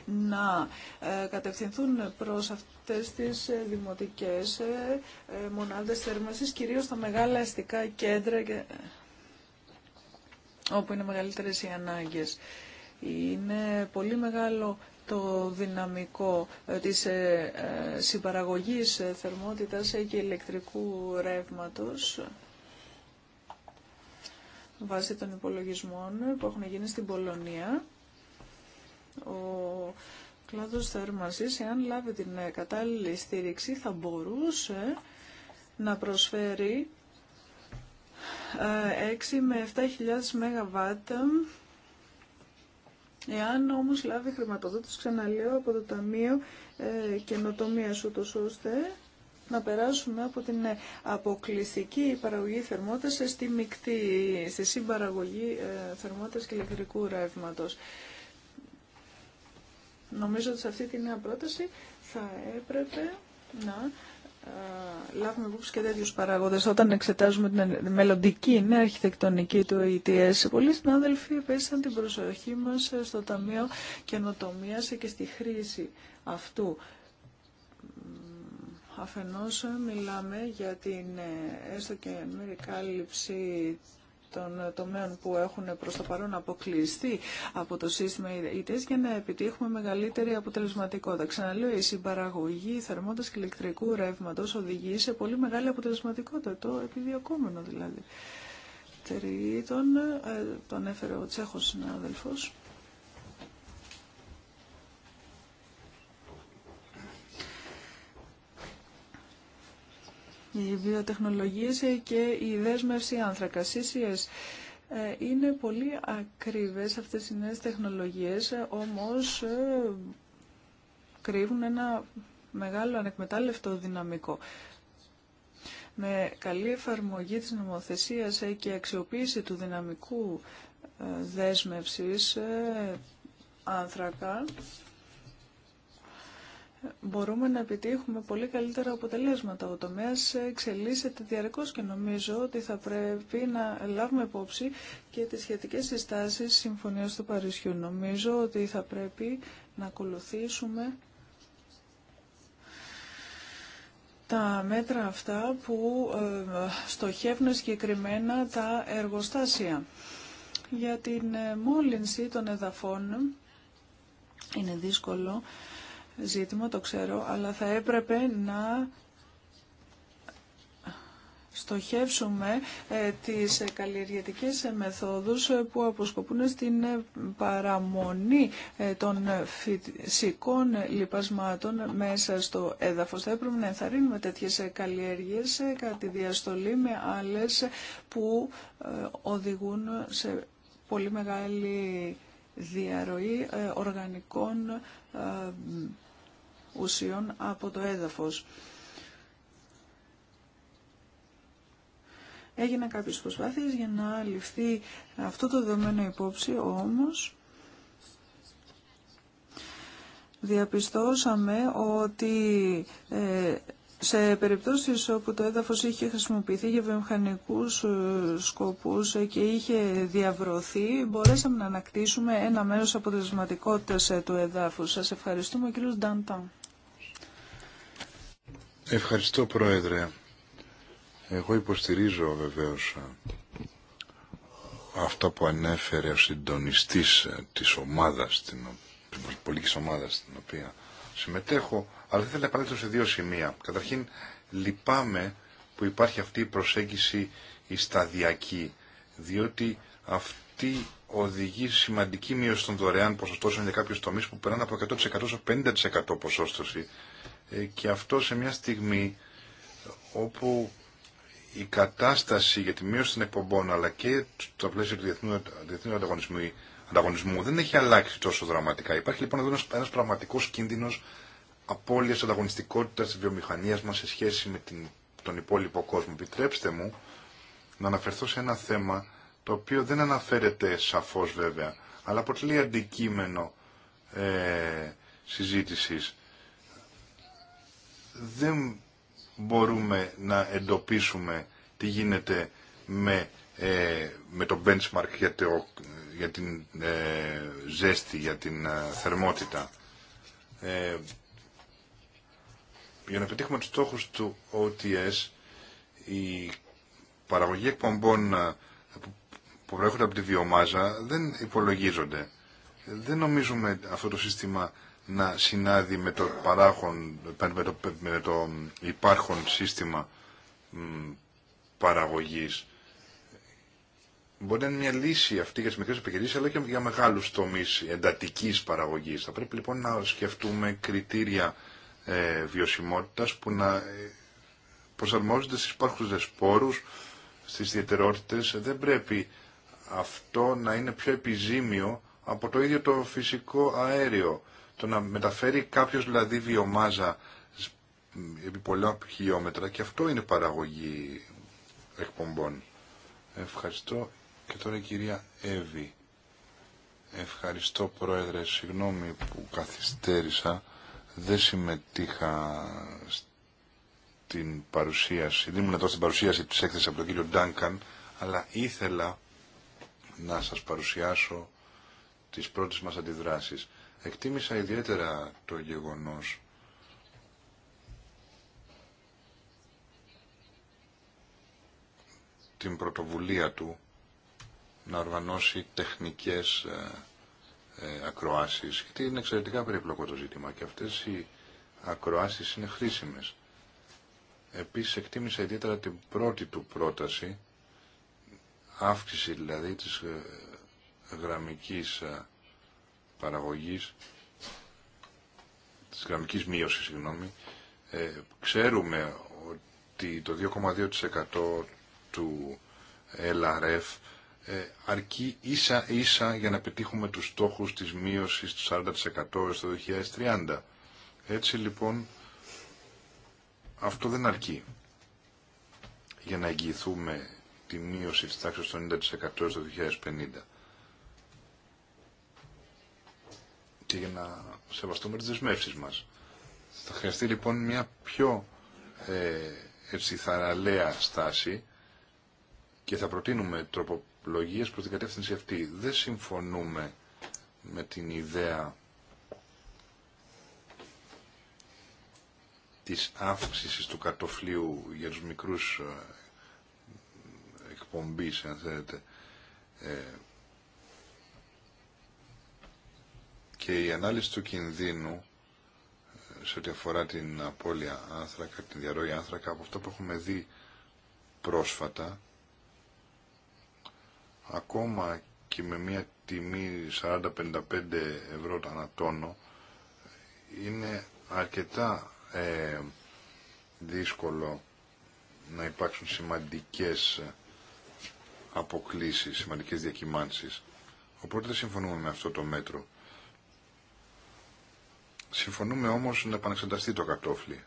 να κατευθυνθούν προς αυτές τις δημοτικές μονάδες θέρμανσης, κυρίως στα μεγάλα αστικά κέντρα, όπου είναι μεγαλύτερες οι ανάγκες. Είναι πολύ μεγάλο το δυναμικό ε, της ε, ε, συμπαραγωγής θερμότητας και ηλεκτρικού ρεύματος βάσει των υπολογισμών που έχουν γίνει στην Πολωνία. Ο κλάδος θέρμανσης, εάν λάβει την κατάλληλη στήριξη, θα μπορούσε να προσφέρει 6 με 7.000 ΜΒ Εάν όμως λάβει χρηματοδότηση, ξαναλέω, από το Ταμείο ε, σου ούτως ώστε να περάσουμε από την ε, αποκλειστική παραγωγή θερμότητας στη μεικτή, στη συμπαραγωγή ε, θερμότητας και ηλεκτρικού ρεύματος. Νομίζω ότι σε αυτή την νέα πρόταση θα έπρεπε να ε, λάβουμε υπόψη και τέτοιου παράγοντε όταν εξετάζουμε την μελλοντική νέα αρχιτεκτονική του ETS. Πολλοί συνάδελφοι επέστησαν την προσοχή μα στο Ταμείο Καινοτομία και στη χρήση αυτού. Αφενός μιλάμε για την ε, έστω και μερικά λήψη των ε, τομέων που έχουν προς το παρόν αποκλειστεί από το σύστημα ΙΤΕΣ για να επιτύχουμε μεγαλύτερη αποτελεσματικότητα. Ξαναλέω, η συμπαραγωγή θερμότητας και ηλεκτρικού ρεύματος οδηγεί σε πολύ μεγάλη αποτελεσματικότητα, το επιδιωκόμενο δηλαδή. Τρίτον, ε, τον έφερε ο Τσέχος συνάδελφος. οι βιοτεχνολογίες και η δέσμευση άνθρακα. CCS ε, είναι πολύ ακρίβες αυτές οι νέες τεχνολογίες, όμως ε, κρύβουν ένα μεγάλο ανεκμετάλλευτο δυναμικό. Με καλή εφαρμογή της νομοθεσίας ε, και αξιοποίηση του δυναμικού δέσμευσης άνθρακα, μπορούμε να επιτύχουμε πολύ καλύτερα αποτελέσματα. Ο τομέα εξελίσσεται διαρκώς και νομίζω ότι θα πρέπει να λάβουμε υπόψη και τις σχετικές συστάσεις Συμφωνία του Παρισιού. Νομίζω ότι θα πρέπει να ακολουθήσουμε τα μέτρα αυτά που ε, στοχεύουν συγκεκριμένα τα εργοστάσια. Για την ε, μόλυνση των εδαφών είναι δύσκολο ζήτημα, το ξέρω, αλλά θα έπρεπε να στοχεύσουμε ε, τις καλλιεργητικές μεθόδους ε, που αποσκοπούν στην ε, παραμονή των φυσικών λιπασμάτων μέσα στο έδαφος. Θα έπρεπε να ενθαρρύνουμε τέτοιες καλλιέργειες κατά τη διαστολή με άλλες που οδηγούν σε πολύ μεγάλη διαρροή οργανικών ουσιών από το έδαφος. Έγιναν κάποιες προσπάθειες για να ληφθεί αυτό το δεδομένο υπόψη, όμως διαπιστώσαμε ότι ε, σε περιπτώσεις όπου το έδαφος είχε χρησιμοποιηθεί για βιομηχανικούς ε, σκοπούς και είχε διαβρωθεί, μπορέσαμε να ανακτήσουμε ένα μέρος αποτελεσματικότητας ε, του εδάφους. Σας ευχαριστούμε, κύριος Νταντάν. Ευχαριστώ Πρόεδρε. Εγώ υποστηρίζω βεβαίως αυτό που ανέφερε ο συντονιστής ε, της ομάδας, την, πολιτική ομάδα στην οποία συμμετέχω, αλλά θέλω να επανέλθω σε δύο σημεία. Καταρχήν λυπάμαι που υπάρχει αυτή η προσέγγιση η σταδιακή, διότι αυτή οδηγεί σημαντική μείωση των δωρεάν ποσοστώσεων για κάποιου τομεί που περνάνε από 100% σε 50% ποσόστοση ε, και αυτό σε μια στιγμή όπου η κατάσταση για τη μείωση των εκπομπών αλλά και στο πλαίσιο του διεθνού, ανταγωνισμού, ανταγωνισμού, δεν έχει αλλάξει τόσο δραματικά. Υπάρχει λοιπόν εδώ ένας πραγματικός κίνδυνος απώλειας ανταγωνιστικότητας της βιομηχανίας μας σε σχέση με την, τον υπόλοιπο κόσμο. Επιτρέψτε μου να αναφερθώ σε ένα θέμα το οποίο δεν αναφέρεται σαφώς βέβαια, αλλά αποτελεί αντικείμενο ε, συζήτησης δεν μπορούμε να εντοπίσουμε τι γίνεται με, ε, με το benchmark για, για την ε, ζέστη, για την ε, θερμότητα. Ε, για να πετύχουμε τους στόχους του OTS, η παραγωγή εκπομπών που προέρχονται από τη βιομάζα δεν υπολογίζονται. Δεν νομίζουμε αυτό το σύστημα να συνάδει με το, παράγον, με το, με υπάρχον σύστημα παραγωγής. Μπορεί να είναι μια λύση αυτή για τις μικρές επιχειρήσεις, αλλά και για μεγάλους τομείς εντατικής παραγωγής. Θα πρέπει λοιπόν να σκεφτούμε κριτήρια ε, βιωσιμότητας που να ε, προσαρμόζονται στις υπάρχουσες σπόρους, στις ιδιαιτερότητες. Δεν πρέπει αυτό να είναι πιο επιζήμιο από το ίδιο το φυσικό αέριο. Το να μεταφέρει κάποιος δηλαδή βιομάζα επί πολλά χιλιόμετρα και αυτό είναι παραγωγή εκπομπών. Ευχαριστώ και τώρα η κυρία Εύη. Ευχαριστώ πρόεδρε, συγγνώμη που καθυστέρησα. Δεν συμμετείχα στην παρουσίαση, δεν ήμουν εδώ στην παρουσίαση της έκθεσης από τον κύριο Ντάνκαν, αλλά ήθελα να σας παρουσιάσω τις πρώτες μας αντιδράσεις. Εκτίμησα ιδιαίτερα το γεγονός την πρωτοβουλία του να οργανώσει τεχνικές ε, ε, ακροάσεις γιατί είναι εξαιρετικά περίπλοκο το ζήτημα και αυτές οι ακροάσεις είναι χρήσιμες. Επίσης εκτίμησα ιδιαίτερα την πρώτη του πρόταση αύξηση δηλαδή της ε, γραμμικής ε, παραγωγής, της γραμμικής μείωσης, συγγνώμη, ε, ξέρουμε ότι το 2,2% του LRF ε, αρκεί ίσα ίσα για να πετύχουμε τους στόχους της μείωσης του 40% στο 2030. Έτσι λοιπόν αυτό δεν αρκεί για να εγγυηθούμε τη μείωση τη τάξης των 90% στο 2050. και για να σεβαστούμε τις δεσμεύσεις μας. Θα χρειαστεί λοιπόν μια πιο ε, έτσι, θαραλέα στάση και θα προτείνουμε τροπολογίες προς την κατεύθυνση αυτή. Δεν συμφωνούμε με την ιδέα της αύξησης του κατοφλίου για τους μικρούς ε, εκπομπής, αν θέλετε. Ε, και η ανάλυση του κινδύνου ε, σε ό,τι αφορά την απώλεια άνθρακα, την διαρροή άνθρακα, από αυτά που έχουμε δει πρόσφατα, ακόμα και με μια τιμή 40-55 ευρώ το ανατόνο, είναι αρκετά ε, δύσκολο να υπάρξουν σημαντικές αποκλήσεις, σημαντικές διακυμάνσεις. Οπότε δεν συμφωνούμε με αυτό το μέτρο. Συμφωνούμε όμως να επανεξεταστεί το κατόφλι.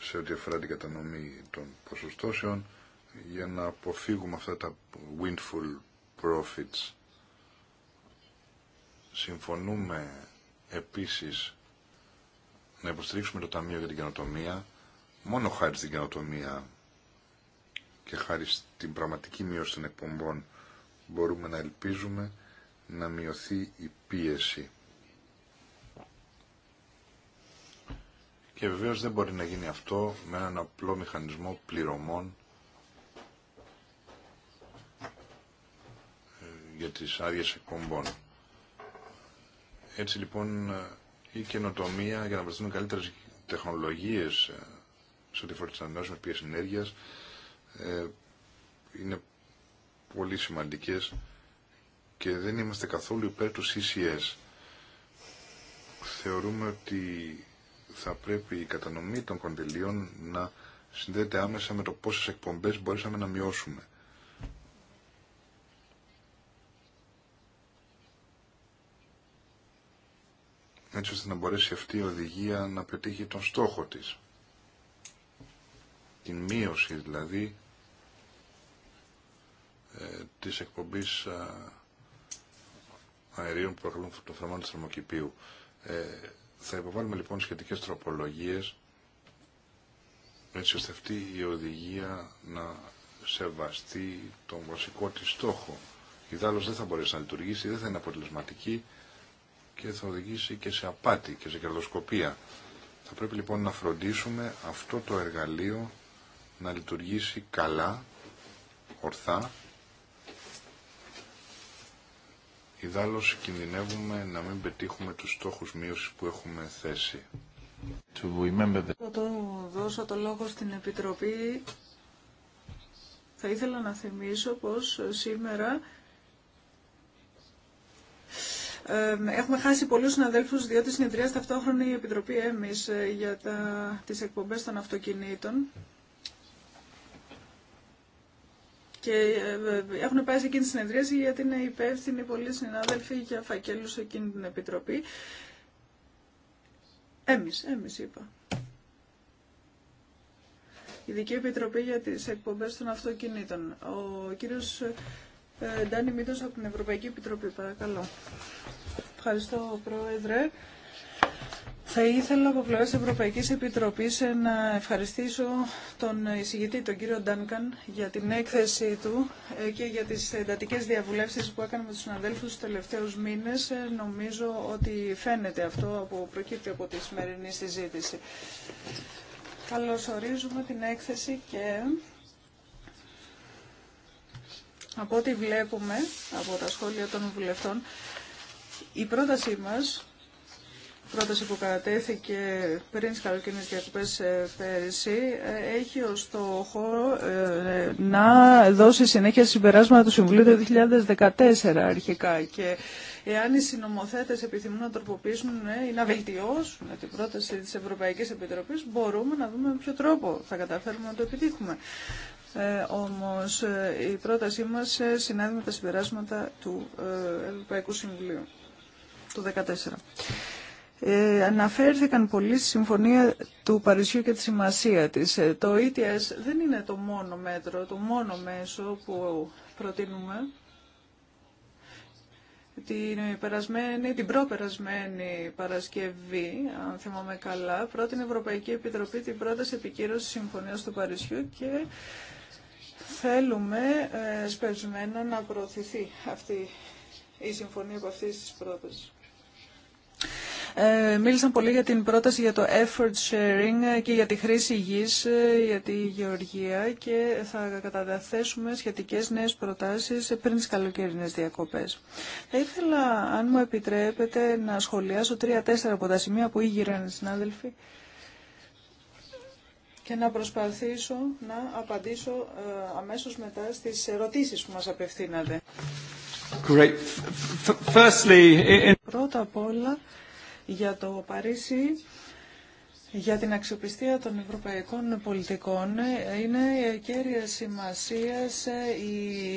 σε ό,τι αφορά την κατανομή των ποσοστώσεων για να αποφύγουμε αυτά τα windfall profits. Συμφωνούμε επίσης να υποστηρίξουμε το Ταμείο για την Καινοτομία μόνο χάρη στην καινοτομία και χάρη στην πραγματική μείωση των εκπομπών μπορούμε να ελπίζουμε να μειωθεί η πίεση. Και βεβαίως δεν μπορεί να γίνει αυτό με έναν απλό μηχανισμό πληρωμών ε, για τις άδειες εκπομπών. Έτσι λοιπόν ε, η καινοτομία για να βρεθούν καλύτερες τεχνολογίες ε, σε ό,τι φορτιστά να με ενέργειας είναι πολύ σημαντικές και δεν είμαστε καθόλου υπέρ του CCS. Θεωρούμε ότι θα πρέπει η κατανομή των κονδυλίων να συνδέεται άμεσα με το πόσες εκπομπές μπορέσαμε να μειώσουμε. έτσι ώστε να μπορέσει αυτή η οδηγία να πετύχει τον στόχο της. Την μείωση δηλαδή ε, της εκπομπής αερίων που προκαλούν το θερμό του θερμοκηπίου. Ε, θα υποβάλουμε λοιπόν σχετικές τροπολογίες έτσι ώστε αυτή η οδηγία να σεβαστεί τον βασικό της στόχο. Ιδάλλως δεν θα μπορέσει να λειτουργήσει, δεν θα είναι αποτελεσματική και θα οδηγήσει και σε απάτη και σε κερδοσκοπία. Θα πρέπει λοιπόν να φροντίσουμε αυτό το εργαλείο να λειτουργήσει καλά, ορθά Ιδάλλως κινδυνεύουμε να μην πετύχουμε τους στόχους μείωσης που έχουμε θέσει. Θα το δώσω το λόγο στην Επιτροπή. Θα ήθελα να θυμίσω πως σήμερα έχουμε χάσει πολλούς συναδέλφους διότι συνεδρία ταυτόχρονη η Επιτροπή εμείς ε, για τα, τις εκπομπές των αυτοκινήτων. και ε, έχουν πάει σε εκείνη τη συνεδρίαση γιατί είναι υπεύθυνοι πολλοί συνάδελφοι για φακέλου σε εκείνη την επιτροπή. Εμείς, εμεί είπα. Ειδική Επιτροπή για τι εκπομπέ των αυτοκινήτων. Ο κύριος ε, Ντάνι Μίτο από την Ευρωπαϊκή Επιτροπή, παρακαλώ. Ευχαριστώ, Πρόεδρε. Θα ήθελα από πλευρά τη Ευρωπαϊκή Επιτροπή να ευχαριστήσω τον εισηγητή, τον κύριο Ντάνκαν, για την έκθεσή του ε, και για τι εντατικέ διαβουλεύσει που έκανε με του συναδέλφου του τελευταίου μήνε. Ε, νομίζω ότι φαίνεται αυτό που προκύπτει από τη σημερινή συζήτηση. Καλωσορίζουμε την έκθεση και από ό,τι βλέπουμε από τα σχόλια των βουλευτών, η πρότασή μας πρόταση που κατατέθηκε πριν τις καλοκαιρινές διακοπές ε, πέρυσι ε, έχει ως στόχο ε, να δώσει συνέχεια συμπεράσματα του Συμβουλίου του 2014 αρχικά και εάν οι συνομοθέτες επιθυμούν να τροποποιήσουν ή να βελτιώσουν την πρόταση της Ευρωπαϊκής Επιτροπής μπορούμε να δούμε με ποιο τρόπο θα καταφέρουμε να το επιτύχουμε. Ε, όμως η πρότασή μας συνάδει με τα συμπεράσματα του Ευρωπαϊκού Συμβουλίου του 2014 ε, αναφέρθηκαν πολύ στη Συμφωνία του Παρισιού και τη σημασία της. Ε, το ETS δεν είναι το μόνο μέτρο, το μόνο μέσο που προτείνουμε. Την, περασμένη, την προπερασμένη Παρασκευή, αν θυμάμαι καλά, πρότεινε Ευρωπαϊκή Επιτροπή την πρόταση επικύρωση Συμφωνία του Παρισιού και θέλουμε ε, να προωθηθεί αυτή η συμφωνία από αυτή τη πρόταση. Ε, μίλησαν πολύ για την πρόταση για το effort sharing και για τη χρήση γης ε, για τη γεωργία και θα καταθέσουμε σχετικές νέες προτάσεις πριν τις καλοκαιρινές διακοπές. Θα ήθελα, αν μου επιτρέπετε, να σχολιάσω τρία-τέσσερα από τα σημεία που ήγηραν οι συνάδελφοι και να προσπαθήσω να απαντήσω ε, αμέσως μετά στις ερωτήσεις που μας απευθύνατε. Great. Firstly... Πρώτα απ' όλα, για το Παρίσι για την αξιοπιστία των ευρωπαϊκών πολιτικών είναι κέρια σημασία η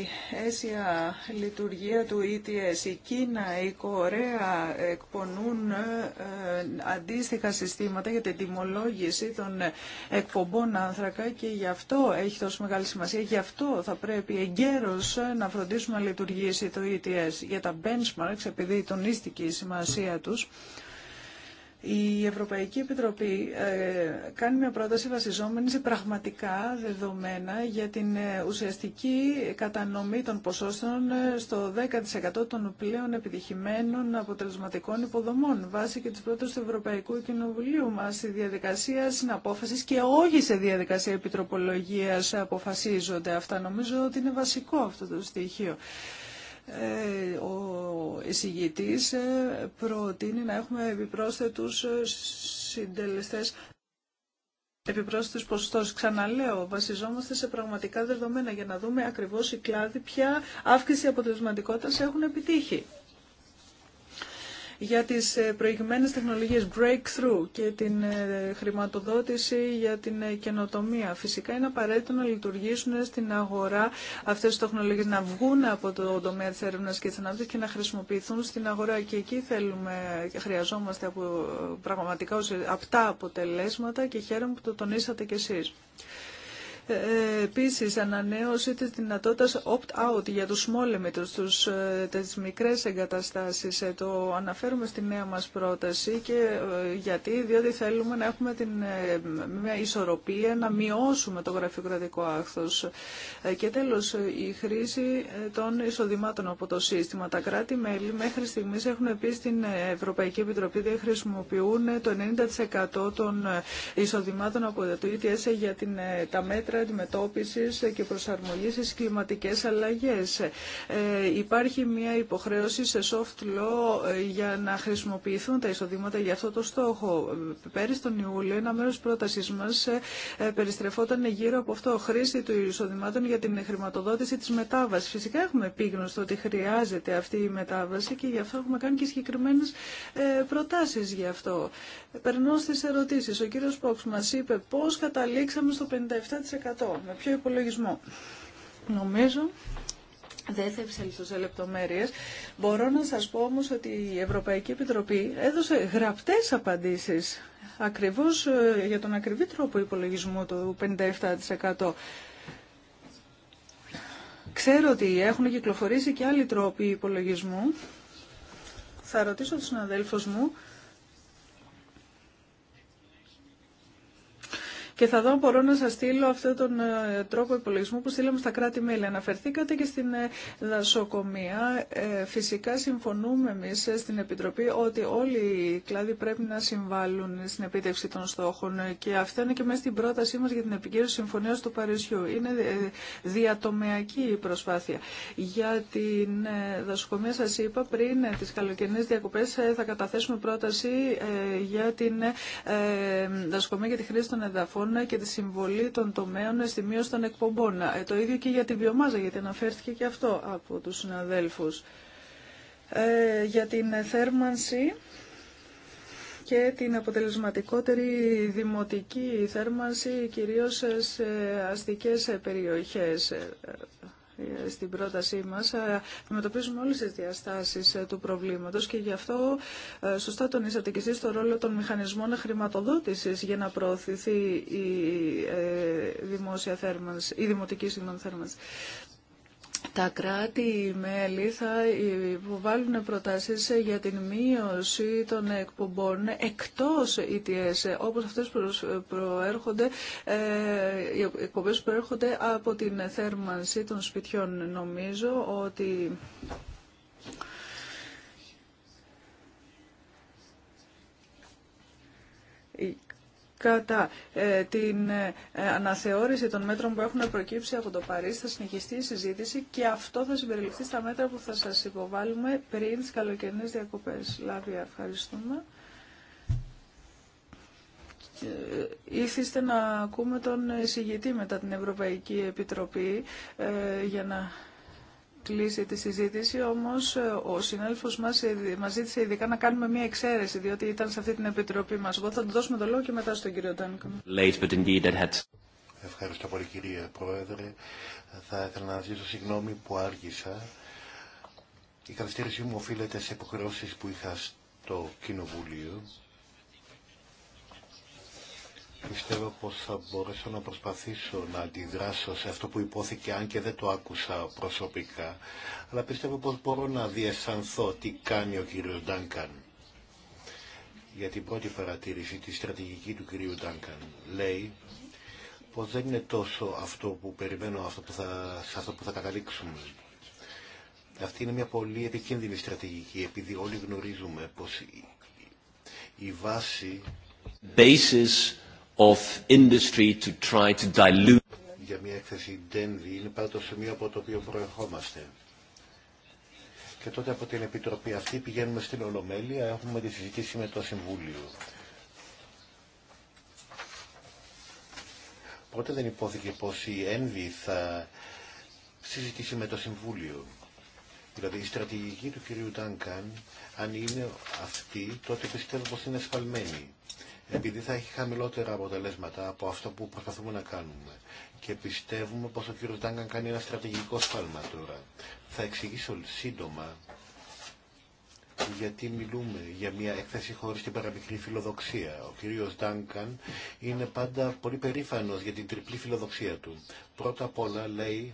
αίσια λειτουργία του ETS. Η Κίνα, η Κορέα εκπονούν ε, αντίστοιχα συστήματα για την τιμολόγηση των εκπομπών άνθρακα και γι' αυτό έχει τόσο μεγάλη σημασία. Γι' αυτό θα πρέπει εγκαίρως να φροντίσουμε να λειτουργήσει το ETS. Για τα benchmarks, επειδή τονίστηκε η σημασία τους, η Ευρωπαϊκή Επιτροπή ε, κάνει μια πρόταση βασιζόμενη σε πραγματικά δεδομένα για την ε, ουσιαστική κατανομή των ποσόστων ε, στο 10% των πλέον επιτυχημένων αποτελεσματικών υποδομών βάσει και της πρώτης του Ευρωπαϊκού Κοινοβουλίου μας. Η διαδικασία συναπόφασης και όχι σε διαδικασία επιτροπολογίας αποφασίζονται αυτά. Νομίζω ότι είναι βασικό αυτό το στοιχείο. Ε, ο εισηγητής ε, προτείνει να έχουμε επιπρόσθετους ε, συντελεστές Επιπρόσθετου ποσοστό. Ξαναλέω, βασιζόμαστε σε πραγματικά δεδομένα για να δούμε ακριβώ η κλάδοι ποια αύξηση αποτελεσματικότητα έχουν επιτύχει για τις ε, προηγμένες τεχνολογίες breakthrough και την ε, χρηματοδότηση για την ε, καινοτομία. Φυσικά είναι απαραίτητο να λειτουργήσουν στην αγορά αυτές τις τεχνολογίες, να βγουν από το τομέα της έρευνας και της ανάπτυξης και να χρησιμοποιηθούν στην αγορά. Και εκεί θέλουμε, χρειαζόμαστε από, πραγματικά αυτά αποτελέσματα και χαίρομαι που το τονίσατε κι εσείς. Επίσης, ανανέωση της δυνατότητας opt-out για τους small τους, ε, τις μικρές εγκαταστάσεις. Ε, το αναφέρουμε στη νέα μας πρόταση και ε, γιατί, διότι θέλουμε να έχουμε την, μια ισορροπία, να μειώσουμε το γραφειοκρατικό άχθος. Και τέλος, η χρήση των εισοδημάτων από το σύστημα. Τα κράτη-μέλη μέχρι στιγμής έχουν πει στην Ευρωπαϊκή Επιτροπή δεν χρησιμοποιούν το 90% των εισοδημάτων από το ETS για την, τα μέτρα μέτρα αντιμετώπισης και προσαρμογής στις κλιματικές αλλαγές. Ε, υπάρχει μια υποχρέωση σε soft law ε, για να χρησιμοποιηθούν τα εισοδήματα για αυτό το στόχο. Πέρυσι τον Ιούλιο ένα μέρος πρότασης μας ε, περιστρεφόταν γύρω από αυτό, χρήση του εισοδημάτων για την χρηματοδότηση της μετάβασης. Φυσικά έχουμε επίγνωστο ότι χρειάζεται αυτή η μετάβαση και γι' αυτό έχουμε κάνει και συγκεκριμένες προτάσεις γι' αυτό. Περνώ στις ερωτήσεις. Ο κύριος Πόξ μας είπε πώ καταλήξαμε στο 57% με ποιο υπολογισμό. Νομίζω δεν θα ευσέλθω σε λεπτομέρειες. Μπορώ να σας πω όμως ότι η Ευρωπαϊκή Επιτροπή έδωσε γραπτές απαντήσεις ακριβώς ε, για τον ακριβή τρόπο υπολογισμού του 57%. Ξέρω ότι έχουν κυκλοφορήσει και άλλοι τρόποι υπολογισμού. Θα ρωτήσω τους συναδέλφους μου και θα δω αν μπορώ να σα στείλω αυτόν τον ε, τρόπο υπολογισμού που στείλαμε στα κράτη-μέλη. Αναφερθήκατε και στην ε, δασοκομεία. Ε, φυσικά συμφωνούμε εμείς στην Επιτροπή ότι όλοι οι κλάδοι πρέπει να συμβάλλουν στην επίτευξη των στόχων και αυτό είναι και μέσα στην πρότασή μα για την επικύρωση Συμφωνία του Παρισιού. Είναι διατομεακή η προσπάθεια. Για την δασοκομεία σα είπα πριν τις καλοκαιρινέ διακοπές θα καταθέσουμε πρόταση για την δασοκομεία για τη χρήση των εδαφών και τη συμβολή των τομέων στη μείωση των εκπομπών. Ε, το ίδιο και για τη βιομάζα, γιατί αναφέρθηκε και αυτό από τους συναδέλφους. Ε, για την θέρμανση και την αποτελεσματικότερη δημοτική θέρμανση, κυρίως σε αστικές περιοχές. Ε, στην πρότασή μας ε, αντιμετωπίζουμε όλες τις διαστάσεις ε, του προβλήματος και γι' αυτό ε, σωστά τονίσατε και στο το ρόλο των μηχανισμών χρηματοδότησης για να προωθηθεί η, δημόσια θέρμανση, η δημοτική θέρμανση τα κράτη-μέλη θα υποβάλουν προτάσεις για την μείωση των εκπομπών εκτός ETS, όπως αυτές προέρχονται, ε, εκπομπές προέρχονται από την θέρμανση των σπιτιών. Νομίζω ότι κατά ε, την ε, αναθεώρηση των μέτρων που έχουν προκύψει από το Παρίσι θα συνεχιστεί η συζήτηση και αυτό θα συμπεριληφθεί στα μέτρα που θα σας υποβάλουμε πριν τις καλοκαιρινές διακοπές. Λάβια, ευχαριστούμε. Ε, ήθιστε να ακούμε τον εισηγητή μετά την Ευρωπαϊκή Επιτροπή για να κλείσει τη συζήτηση, όμως ε, ο συνάδελφος μας ε, μας ζήτησε ειδικά να κάνουμε μια εξαίρεση, διότι ήταν σε αυτή την επιτροπή μας. Εγώ θα του δώσουμε το λόγο και μετά στον κύριο Τάνικα. Ευχαριστώ πολύ κύριε Πρόεδρε. Θα ήθελα να ζητήσω συγγνώμη που άργησα. Η καθυστέρησή μου οφείλεται σε υποχρεώσεις που είχα στο Κοινοβούλιο Πιστεύω πως θα μπορέσω να προσπαθήσω να αντιδράσω σε αυτό που υπόθηκε αν και δεν το άκουσα προσωπικά. Αλλά πιστεύω πως μπορώ να διασανθώ τι κάνει ο κύριος Ντάνκαν. Για την πρώτη παρατήρηση, τη στρατηγική του κυρίου Ντάνκαν. Λέει πως δεν είναι τόσο αυτό που περιμένω αυτό που θα, σε αυτό που θα καταλήξουμε. Αυτή είναι μια πολύ επικίνδυνη στρατηγική, επειδή όλοι γνωρίζουμε πως η, βάση of industry to try to dilute. Για μια έκθεση Denvi είναι πάντα το σημείο από το οποίο προερχόμαστε. Και τότε από την Επιτροπή αυτή πηγαίνουμε στην Ολομέλεια, έχουμε τη συζήτηση με το Συμβούλιο. Πότε δεν υπόθηκε πως η Envy θα συζητήσει με το Συμβούλιο. Δηλαδή η στρατηγική του κυρίου Τάνκαν, αν είναι αυτή, τότε πιστεύω πως είναι ασφαλμένη επειδή θα έχει χαμηλότερα αποτελέσματα από αυτό που προσπαθούμε να κάνουμε. Και πιστεύουμε πως ο κύριος Ντάγκαν κάνει ένα στρατηγικό σφάλμα τώρα. Θα εξηγήσω σύντομα γιατί μιλούμε για μια έκθεση χωρίς την παραμικρή φιλοδοξία. Ο κύριος Ντάγκαν είναι πάντα πολύ περήφανος για την τριπλή φιλοδοξία του. Πρώτα απ' όλα λέει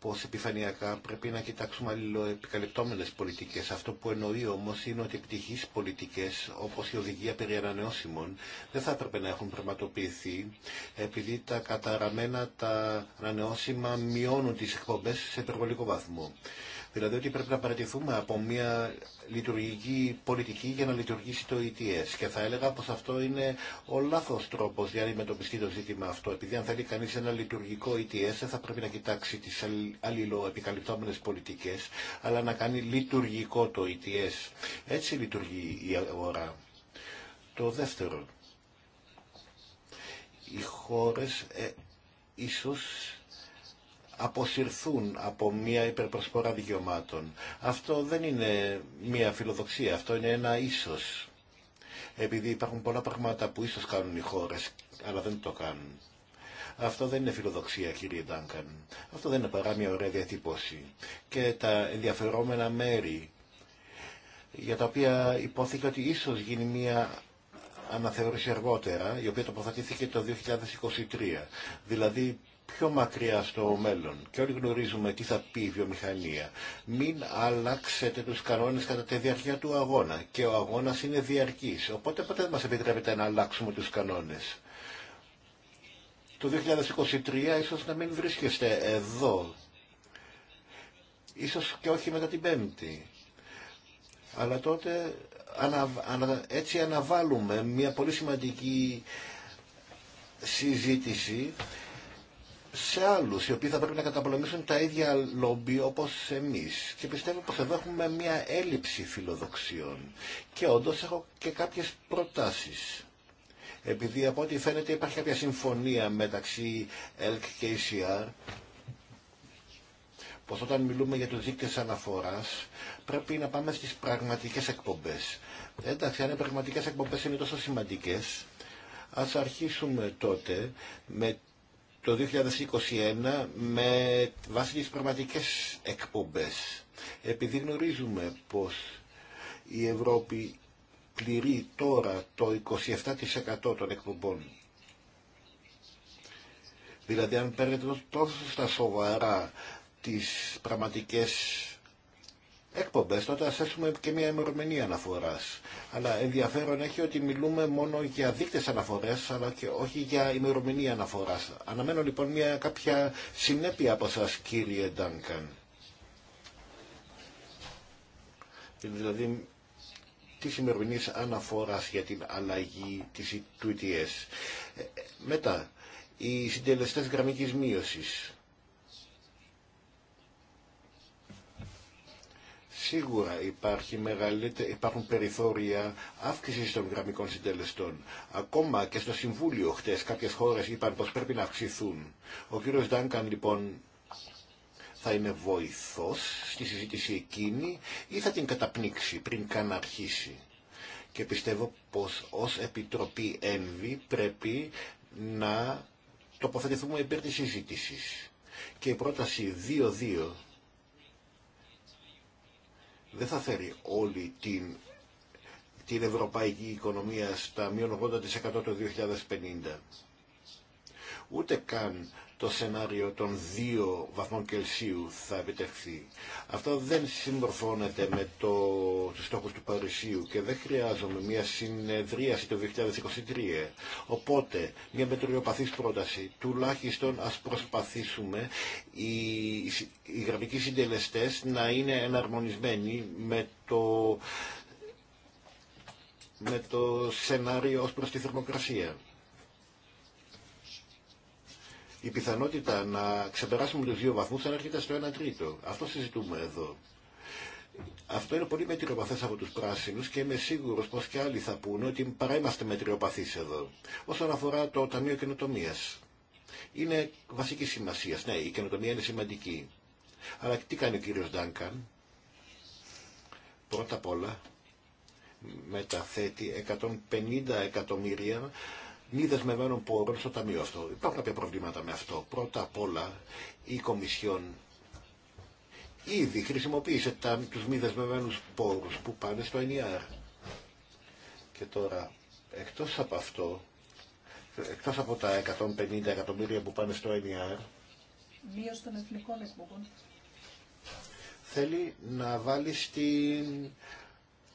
πως επιφανειακά πρέπει να κοιτάξουμε αλληλοεπικαλυπτόμενες πολιτικές. Αυτό που εννοεί όμως είναι ότι επιτυχείς πολιτικές όπως η οδηγία περί ανανεώσιμων δεν θα έπρεπε να έχουν πραγματοποιηθεί επειδή τα καταραμένα τα ανανεώσιμα μειώνουν τις εκπομπές σε υπερβολικό βαθμό. Δηλαδή ότι πρέπει να παρατηθούμε από μια λειτουργική πολιτική για να λειτουργήσει το ETS. Και θα έλεγα πως αυτό είναι ο λάθος τρόπος για να αντιμετωπιστεί το ζήτημα αυτό. Επειδή αν θέλει κανείς ένα λειτουργικό ETS θα πρέπει να κοιτάξει τις αλληλοεπικαλυπτόμενες πολιτικές, αλλά να κάνει λειτουργικό το ETS. Έτσι λειτουργεί η αγορά. Το δεύτερο, οι χώρες ε, ίσως αποσυρθούν από μια υπερπροσπορά δικαιωμάτων. Αυτό δεν είναι μια φιλοδοξία, αυτό είναι ένα ίσως. Επειδή υπάρχουν πολλά πράγματα που ίσως κάνουν οι χώρες, αλλά δεν το κάνουν. Αυτό δεν είναι φιλοδοξία, κύριε Ντάνκαν. Αυτό δεν είναι παρά μια ωραία διατύπωση. Και τα ενδιαφερόμενα μέρη, για τα οποία υπόθηκε ότι ίσως γίνει μια αναθεώρηση αργότερα, η οποία τοποθετήθηκε το 2023. Δηλαδή πιο μακριά στο μέλλον. Και όλοι γνωρίζουμε τι θα πει η βιομηχανία. Μην αλλάξετε τους κανόνες κατά τη διάρκεια του αγώνα. Και ο αγώνας είναι διαρκής. Οπότε ποτέ δεν μας επιτρέπεται να αλλάξουμε τους κανόνες. Το 2023 ίσως να μην βρίσκεστε εδώ. Ίσως και όχι μετά την Πέμπτη. Αλλά τότε έτσι αναβάλουμε μια πολύ σημαντική συζήτηση σε άλλους οι οποίοι θα πρέπει να καταπολεμήσουν τα ίδια λόμπι όπως εμείς και πιστεύω πως εδώ έχουμε μια έλλειψη φιλοδοξιών και όντως έχω και κάποιες προτάσεις επειδή από ό,τι φαίνεται υπάρχει κάποια συμφωνία μεταξύ ΕΛΚ και ECR πως όταν μιλούμε για τους δείκτες αναφοράς πρέπει να πάμε στις πραγματικές εκπομπές. Εντάξει, αν οι πραγματικές εκπομπές είναι τόσο σημαντικές, ας αρχίσουμε τότε με το 2021 με βάση τις πραγματικές εκπομπές. Επειδή γνωρίζουμε πως η Ευρώπη πληρεί τώρα το 27% των εκπομπών. Δηλαδή αν παίρνετε τόσο στα σοβαρά τις πραγματικές Εκπομπε, τότε α έχουμε και μια ημερομηνία αναφορά, Αλλά ενδιαφέρον έχει ότι μιλούμε μόνο για δείκτε αναφορέ, αλλά και όχι για ημερομηνία αναφορά. Αναμένω λοιπόν μια κάποια συνέπεια από εσά, κύριε Ντάνκαν. Δηλαδή τη ημερομηνία αναφορά για την αλλαγή τη του ETS. Ε ε, ε, μετά, οι συντελεστέ γραμμική μείωση. Σίγουρα υπάρχει μεγαλύτε, υπάρχουν περιθώρια αύξηση των γραμμικών συντελεστών. Ακόμα και στο Συμβούλιο χτε κάποιε χώρε είπαν πω πρέπει να αυξηθούν. Ο κύριο Ντάνκαν λοιπόν θα είναι βοηθό στη συζήτηση εκείνη ή θα την καταπνίξει πριν καν αρχίσει. Και πιστεύω πω ω Επιτροπή ΕΝΒΗ πρέπει να τοποθετηθούμε υπέρ τη συζήτηση. Και η πρόταση 2-2 δεν θα φέρει όλη την, την ευρωπαϊκή οικονομία στα μείον 80% το 2050. Ούτε καν το σενάριο των 2 βαθμών Κελσίου θα επιτευχθεί. Αυτό δεν συμμορφώνεται με το, τους στόχους του Παρισίου και δεν χρειάζομαι μια συνεδρίαση το 2023. Οπότε, μια μετριοπαθής πρόταση, τουλάχιστον ας προσπαθήσουμε οι, οι γραμμικοί συντελεστές να είναι εναρμονισμένοι με το, με το σενάριο ως προς τη θερμοκρασία η πιθανότητα να ξεπεράσουμε τους δύο βαθμού θα έρχεται στο 1 τρίτο. Αυτό συζητούμε εδώ. Αυτό είναι πολύ μετριοπαθέ από του πράσινου και είμαι σίγουρο πω και άλλοι θα πούνε ότι παρά είμαστε μετριοπαθεί εδώ. Όσον αφορά το Ταμείο Καινοτομία. Είναι βασική σημασία. Ναι, η καινοτομία είναι σημαντική. Αλλά τι κάνει ο κύριο Ντάνκαν. Πρώτα απ' όλα μεταθέτει 150 εκατομμύρια μη δεσμευμένων πόρων στο ταμείο αυτό. Υπάρχουν κάποια προβλήματα με αυτό. Πρώτα απ' όλα η Κομισιόν ήδη χρησιμοποίησε τα, τους μη δεσμευμένου πόρους που πάνε στο ΕΝΙΑΡ. E Και τώρα, εκτός από αυτό, εκτός από τα 150 εκατομμύρια που πάνε στο ΕΝΙΑΡ, e μείωση των θέλει να βάλει στην,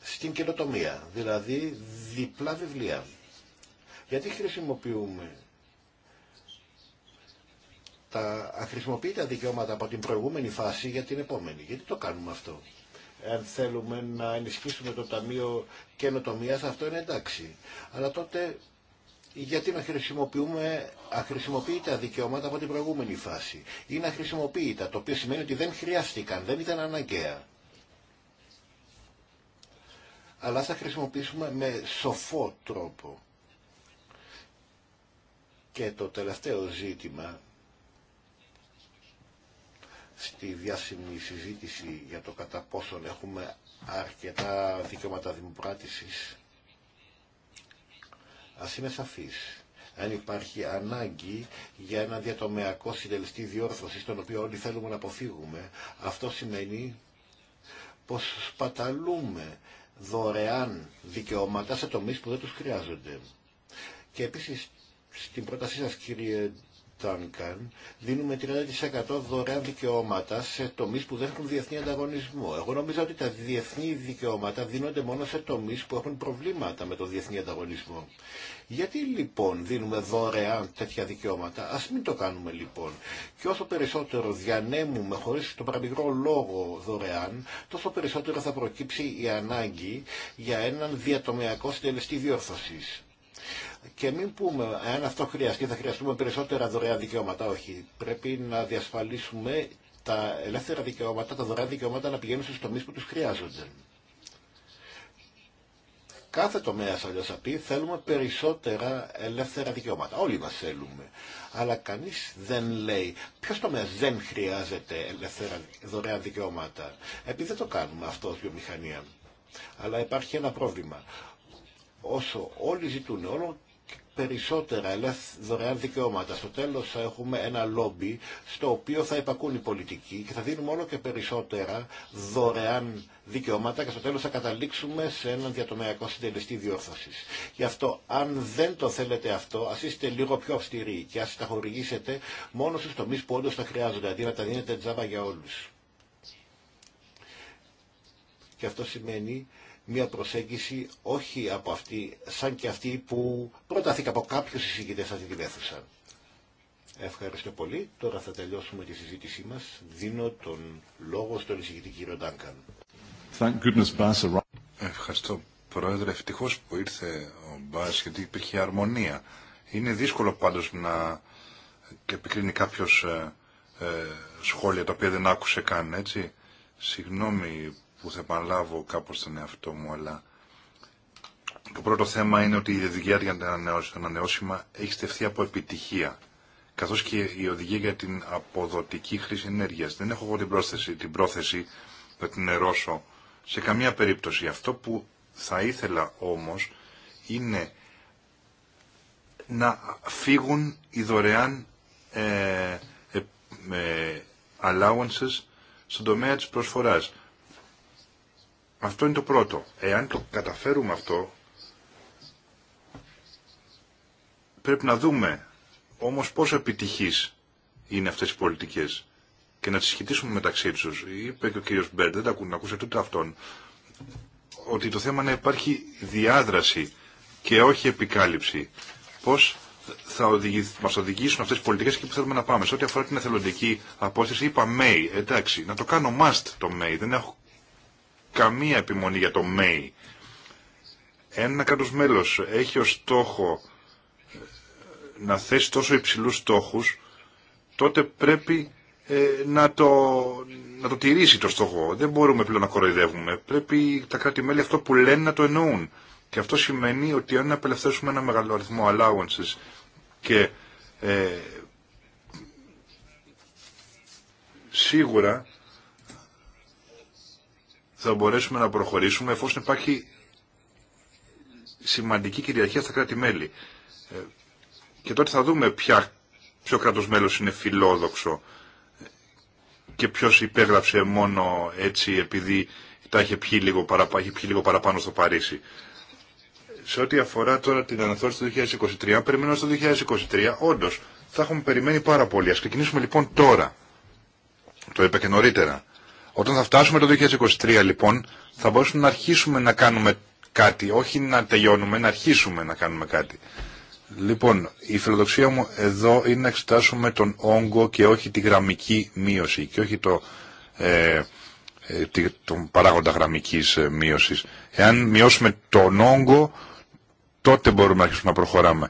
στην καινοτομία, δηλαδή διπλά βιβλία. Γιατί χρησιμοποιούμε τα αχρησιμοποιητά δικαιώματα από την προηγούμενη φάση για την επόμενη. Γιατί το κάνουμε αυτό. Αν θέλουμε να ενισχύσουμε το Ταμείο Καινοτομίας αυτό είναι εντάξει. Αλλά τότε γιατί να χρησιμοποιούμε αχρησιμοποιητά δικαιώματα από την προηγούμενη φάση. Είναι αχρησιμοποιητά, το οποίο σημαίνει ότι δεν χρειάστηκαν, δεν ήταν αναγκαία. Αλλά θα χρησιμοποιήσουμε με σοφό τρόπο. Και το τελευταίο ζήτημα στη διάσημη συζήτηση για το κατά πόσον έχουμε αρκετά δικαιώματα δημοπράτησης ας είμαι σαφής αν υπάρχει ανάγκη για ένα διατομεακό συντελεστή διόρθωση τον οποίο όλοι θέλουμε να αποφύγουμε αυτό σημαίνει πως σπαταλούμε δωρεάν δικαιώματα σε τομείς που δεν τους χρειάζονται και επίσης στην πρότασή σας κύριε Τάνκαν δίνουμε 30% δωρεάν δικαιώματα σε τομείς που δεν έχουν διεθνή ανταγωνισμό. Εγώ νομίζω ότι τα διεθνή δικαιώματα δίνονται μόνο σε τομείς που έχουν προβλήματα με το διεθνή ανταγωνισμό. Γιατί λοιπόν δίνουμε δωρεάν τέτοια δικαιώματα, ας μην το κάνουμε λοιπόν. Και όσο περισσότερο διανέμουμε χωρίς τον παραμικρό λόγο δωρεάν, τόσο περισσότερο θα προκύψει η ανάγκη για έναν διατομιακό συντελεστή διόρθωσης. Και μην πούμε, αν αυτό χρειαστεί, θα χρειαστούμε περισσότερα δωρεάν δικαιώματα. Όχι. Πρέπει να διασφαλίσουμε τα ελεύθερα δικαιώματα, τα δωρεά δικαιώματα να πηγαίνουν στους τομείς που τους χρειάζονται. Κάθε τομέα, αλλιώ θα πει θέλουμε περισσότερα ελεύθερα δικαιώματα. Όλοι μας θέλουμε. Αλλά κανείς δεν λέει ποιος τομέας δεν χρειάζεται ελεύθερα δωρεά δικαιώματα. Επειδή δεν το κάνουμε αυτό ως βιομηχανία. Αλλά υπάρχει ένα πρόβλημα. Όσο όλοι ζητούν όλο περισσότερα δωρεάν δικαιώματα. Στο τέλος θα έχουμε ένα λόμπι στο οποίο θα υπακούν οι πολιτικοί και θα δίνουμε όλο και περισσότερα δωρεάν δικαιώματα και στο τέλος θα καταλήξουμε σε έναν διατομεακό συντελεστή διόρθωσης. Γι' αυτό αν δεν το θέλετε αυτό, ας είστε λίγο πιο αυστηροί και ας τα χορηγήσετε μόνο στους τομείς που όντως τα χρειάζονται, αντί να τα δίνετε τζάμπα για όλους. Και αυτό σημαίνει μια προσέγγιση όχι από αυτή, σαν και αυτή που προτάθηκε από κάποιους συζητητές αυτή τη αίθουσα. Ευχαριστώ πολύ. Τώρα θα τελειώσουμε τη συζήτησή μας. Δίνω τον λόγο στον εισηγητή κύριο Ντάγκαν. Ευχαριστώ πρόεδρε. Ευτυχώς που ήρθε ο Μπάς γιατί υπήρχε αρμονία. Είναι δύσκολο πάντως να επικρίνει κάποιος ε, ε, σχόλια τα οποία δεν άκουσε καν, έτσι. Συγγνώμη που θα επαναλάβω κάπως τον εαυτό μου, αλλά το πρώτο θέμα είναι ότι η οδηγία για το ανανεώσιμα έχει στεφθεί από επιτυχία, καθώς και η οδηγία για την αποδοτική χρήση ενέργειας. Δεν έχω εγώ την, πρόθεση να την ερώσω σε καμία περίπτωση. Αυτό που θα ήθελα όμως είναι να φύγουν οι δωρεάν ε, ε, ε, allowances στον τομέα της προσφοράς. Αυτό είναι το πρώτο. Εάν το καταφέρουμε αυτό, πρέπει να δούμε όμως πόσο επιτυχής είναι αυτές οι πολιτικές και να τις σχετίσουμε μεταξύ τους. Είπε και ο κύριος Μπέρντ, δεν τα να ακούσετε ούτε αυτόν, ότι το θέμα να υπάρχει διάδραση και όχι επικάλυψη. Πώς θα οδηγηθ, μας οδηγήσουν αυτές οι πολιτικές και που θέλουμε να πάμε. Σε ό,τι αφορά την εθελοντική απόσταση είπα May, εντάξει, να το κάνω must το May, δεν έχω καμία επιμονή για το ΜΕΙ. Ένα κράτος μέλος έχει ως στόχο να θέσει τόσο υψηλούς στόχους, τότε πρέπει ε, να, το, να το τηρήσει το στόχο. Δεν μπορούμε πλέον να κοροϊδεύουμε. Πρέπει τα κράτη-μέλη αυτό που λένε να το εννοούν. Και αυτό σημαίνει ότι αν απελευθέσουμε ένα μεγάλο αριθμό allowances και ε, σίγουρα θα μπορέσουμε να προχωρήσουμε εφόσον υπάρχει σημαντική κυριαρχία στα κράτη-μέλη. Ε, και τότε θα δούμε ποια, ποιο κράτος μέλος είναι φιλόδοξο και ποιος υπέγραψε μόνο έτσι επειδή τα είχε πιει λίγο, παραπάνω στο Παρίσι. Σε ό,τι αφορά τώρα την αναθόρηση του 2023, αν περιμένω στο 2023, όντως θα έχουμε περιμένει πάρα πολύ. Α ξεκινήσουμε λοιπόν τώρα. Το είπα και νωρίτερα. Όταν θα φτάσουμε το 2023 λοιπόν θα μπορούσαμε να αρχίσουμε να κάνουμε κάτι, όχι να τελειώνουμε, να αρχίσουμε να κάνουμε κάτι. Λοιπόν, η φιλοδοξία μου εδώ είναι να εξετάσουμε τον όγκο και όχι τη γραμμική μείωση και όχι το, ε, ε τον παράγοντα γραμμικής ε, μείωσης. Εάν μειώσουμε τον όγκο, τότε μπορούμε να αρχίσουμε να προχωράμε.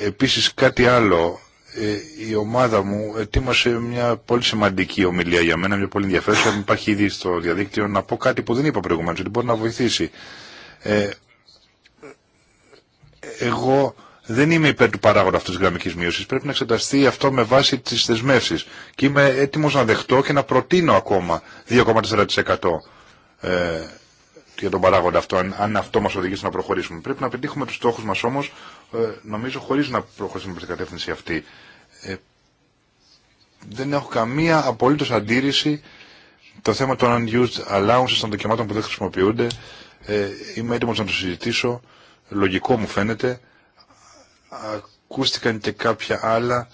Ε, επίσης κάτι άλλο, ε, η ομάδα μου ετοίμασε μια πολύ σημαντική ομιλία για μένα, μια πολύ ενδιαφέρουσα. Υπάρχει ήδη στο διαδίκτυο να πω κάτι που δεν είπα προηγουμένως, ότι μπορεί να βοηθήσει. Ε, εγώ δεν είμαι υπέρ του παράγοντα αυτή τη γραμμική μείωση. Πρέπει να εξεταστεί αυτό με βάση τι δεσμεύσει. Και είμαι έτοιμο να δεχτώ και να προτείνω ακόμα 2,4% ε, για τον παράγοντα αυτό, αν, αν αυτό μα οδηγήσει να προχωρήσουμε. Πρέπει να πετύχουμε του στόχου μα όμω ε, νομίζω χωρίς να προχωρήσουμε προς την κατεύθυνση αυτή. Ε, δεν έχω καμία απολύτως αντίρρηση το θέμα των unused allowances των δικαιωμάτων που δεν χρησιμοποιούνται. Ε, είμαι έτοιμος να το συζητήσω. Λογικό μου φαίνεται. Ακούστηκαν και κάποια άλλα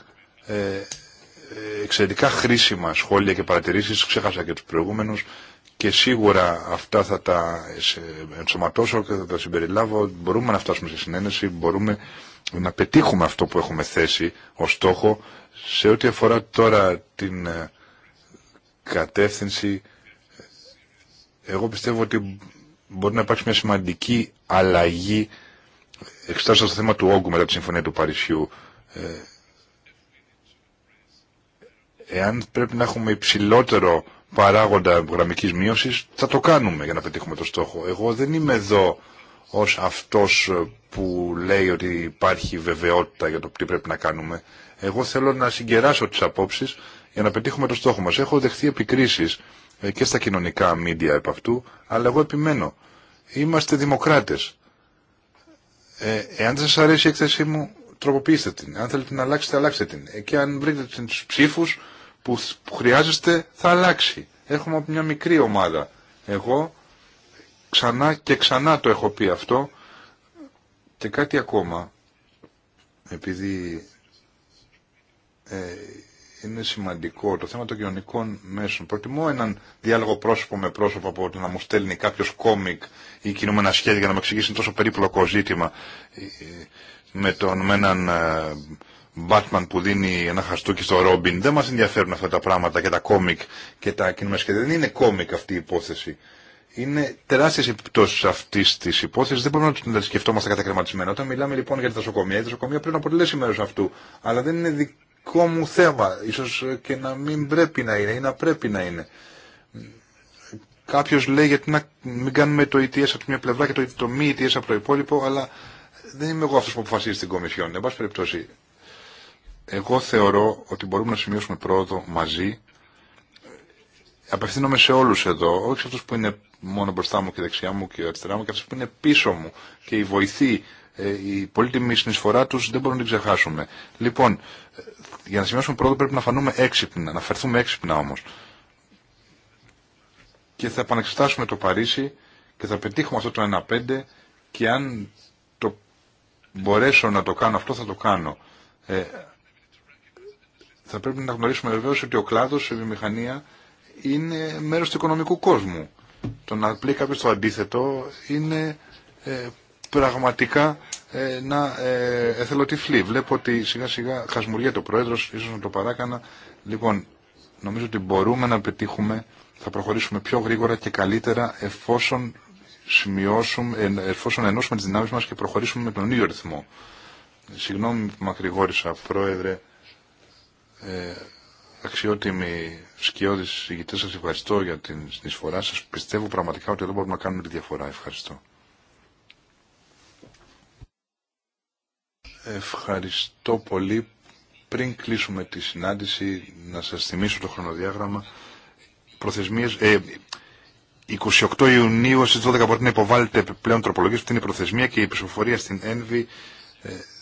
εξαιρετικά χρήσιμα σχόλια και παρατηρήσεις. Ξέχασα και τους προηγούμενους και σίγουρα αυτά θα τα ενσωματώσω και θα τα συμπεριλάβω. Μπορούμε να φτάσουμε σε συνένεση, μπορούμε να πετύχουμε αυτό που έχουμε θέσει ως στόχο σε ό,τι αφορά τώρα την ε, κατεύθυνση. Εγώ πιστεύω ότι μπορεί να υπάρξει μια σημαντική αλλαγή εξετάζοντας το θέμα του όγκου μετά τη Συμφωνία του Παρισιού. Ε, εάν πρέπει να έχουμε υψηλότερο παράγοντα γραμμική μείωση θα το κάνουμε για να πετύχουμε το στόχο. Εγώ δεν είμαι εδώ ως αυτός που λέει ότι υπάρχει βεβαιότητα για το τι πρέπει να κάνουμε. Εγώ θέλω να συγκεράσω τις απόψει για να πετύχουμε το στόχο μας. Έχω δεχθεί επικρίσεις ε, και στα κοινωνικά μίντια επ' αυτού, αλλά εγώ επιμένω. Είμαστε δημοκράτε. Ε, εάν δεν σας αρέσει η έκθεσή μου, τροποποιήστε την. Αν θέλετε να αλλάξετε, αλλάξτε την. Ε, και αν βρείτε του ψήφου που χρειάζεστε θα αλλάξει. Έχουμε μια μικρή ομάδα. Εγώ ξανά και ξανά το έχω πει αυτό και κάτι ακόμα επειδή ε, είναι σημαντικό το θέμα των κοινωνικών μέσων. Προτιμώ έναν διάλογο πρόσωπο με πρόσωπο από ότι να μου στέλνει κάποιο κόμικ ή κινούμενα σχέδια για να μου εξηγήσει τόσο περίπλοκο ζήτημα ε, ε, με, τον, με έναν Batman που δίνει ένα χαστούκι στο Ρόμπιν. Δεν μας ενδιαφέρουν αυτά τα πράγματα και τα κόμικ και τα κινούμενα Δεν είναι κόμικ αυτή η υπόθεση. Είναι τεράστιε επιπτώσει αυτή τη υπόθεση. Δεν μπορούμε να τα σκεφτόμαστε κατακρεματισμένα. Όταν μιλάμε λοιπόν για τα νοσοκομεία, η νοσοκομεία πρέπει να αποτελέσει μέρο αυτού. Αλλά δεν είναι δικό μου θέμα. σω και να μην πρέπει να είναι ή να πρέπει να είναι. Κάποιο λέει γιατί να μην κάνουμε το ETS από τη μια πλευρά και το, το μη ETS από το υπόλοιπο, αλλά δεν είμαι εγώ αυτό που αποφασίζει την Κομισιόν. Εν πάση περιπτώσει, εγώ θεωρώ ότι μπορούμε να σημειώσουμε πρόοδο μαζί. Απευθύνομαι σε όλου εδώ, όχι σε αυτού που είναι μόνο μπροστά μου και δεξιά μου και αριστερά μου και αυτού που είναι πίσω μου και η βοηθή, ε, η πολύτιμη συνεισφορά του δεν μπορούμε να την ξεχάσουμε. Λοιπόν, ε, για να σημειώσουμε πρόοδο πρέπει να φανούμε έξυπνα, να φερθούμε έξυπνα όμω. Και θα επαναξετάσουμε το Παρίσι και θα πετύχουμε αυτό το 1-5 και αν το μπορέσω να το κάνω αυτό θα το κάνω. Ε, θα πρέπει να γνωρίσουμε βεβαίω ότι ο κλάδο, η βιομηχανία είναι μέρο του οικονομικού κόσμου. Το να πλεί κάποιο το αντίθετο είναι ε, πραγματικά ε, να ε, εθελοτυφλεί. Βλέπω ότι σιγά σιγά χασμουριέται ο πρόεδρο, ίσω να το παράκανα. Λοιπόν, νομίζω ότι μπορούμε να πετύχουμε, θα προχωρήσουμε πιο γρήγορα και καλύτερα εφόσον σημειώσουμε, ε, εφόσον ενώσουμε τι δυνάμει μα και προχωρήσουμε με τον ίδιο ρυθμό. Συγγνώμη που μακρηγόρησα, Πρόεδρε. Ε, αξιότιμοι σκιώδη συγγητέ, σα ευχαριστώ για την συνεισφορά σας. Πιστεύω πραγματικά ότι εδώ μπορούμε να κάνουμε τη διαφορά. Ευχαριστώ. Ευχαριστώ πολύ. Πριν κλείσουμε τη συνάντηση, να σας θυμίσω το χρονοδιάγραμμα. Προθεσμίες, ε, 28 Ιουνίου στι 12 μπορείτε να υποβάλλετε πλέον τροπολογίες, που είναι η προθεσμία και η ψηφοφορία στην ΕΝΒΗ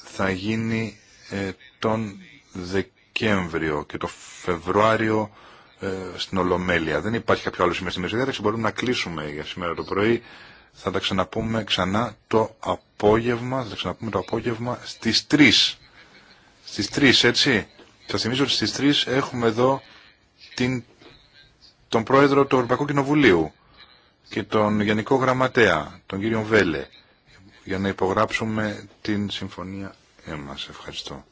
θα γίνει ε, τον Δεκέμβρη. Δεκέμβριο και το Φεβρουάριο ε, στην Ολομέλεια. Δεν υπάρχει κάποιο άλλο σημείο στη Δεν Μπορούμε να κλείσουμε για σήμερα το πρωί. Θα τα ξαναπούμε ξανά το απόγευμα. Θα ξαναπούμε το απόγευμα στις 3. Στις 3 έτσι. Θα θυμίζω ότι στις 3 έχουμε εδώ την, τον πρόεδρο του Ευρωπαϊκού Κοινοβουλίου και τον Γενικό Γραμματέα, τον κύριο Βέλε, για να υπογράψουμε την συμφωνία μας. Ευχαριστώ.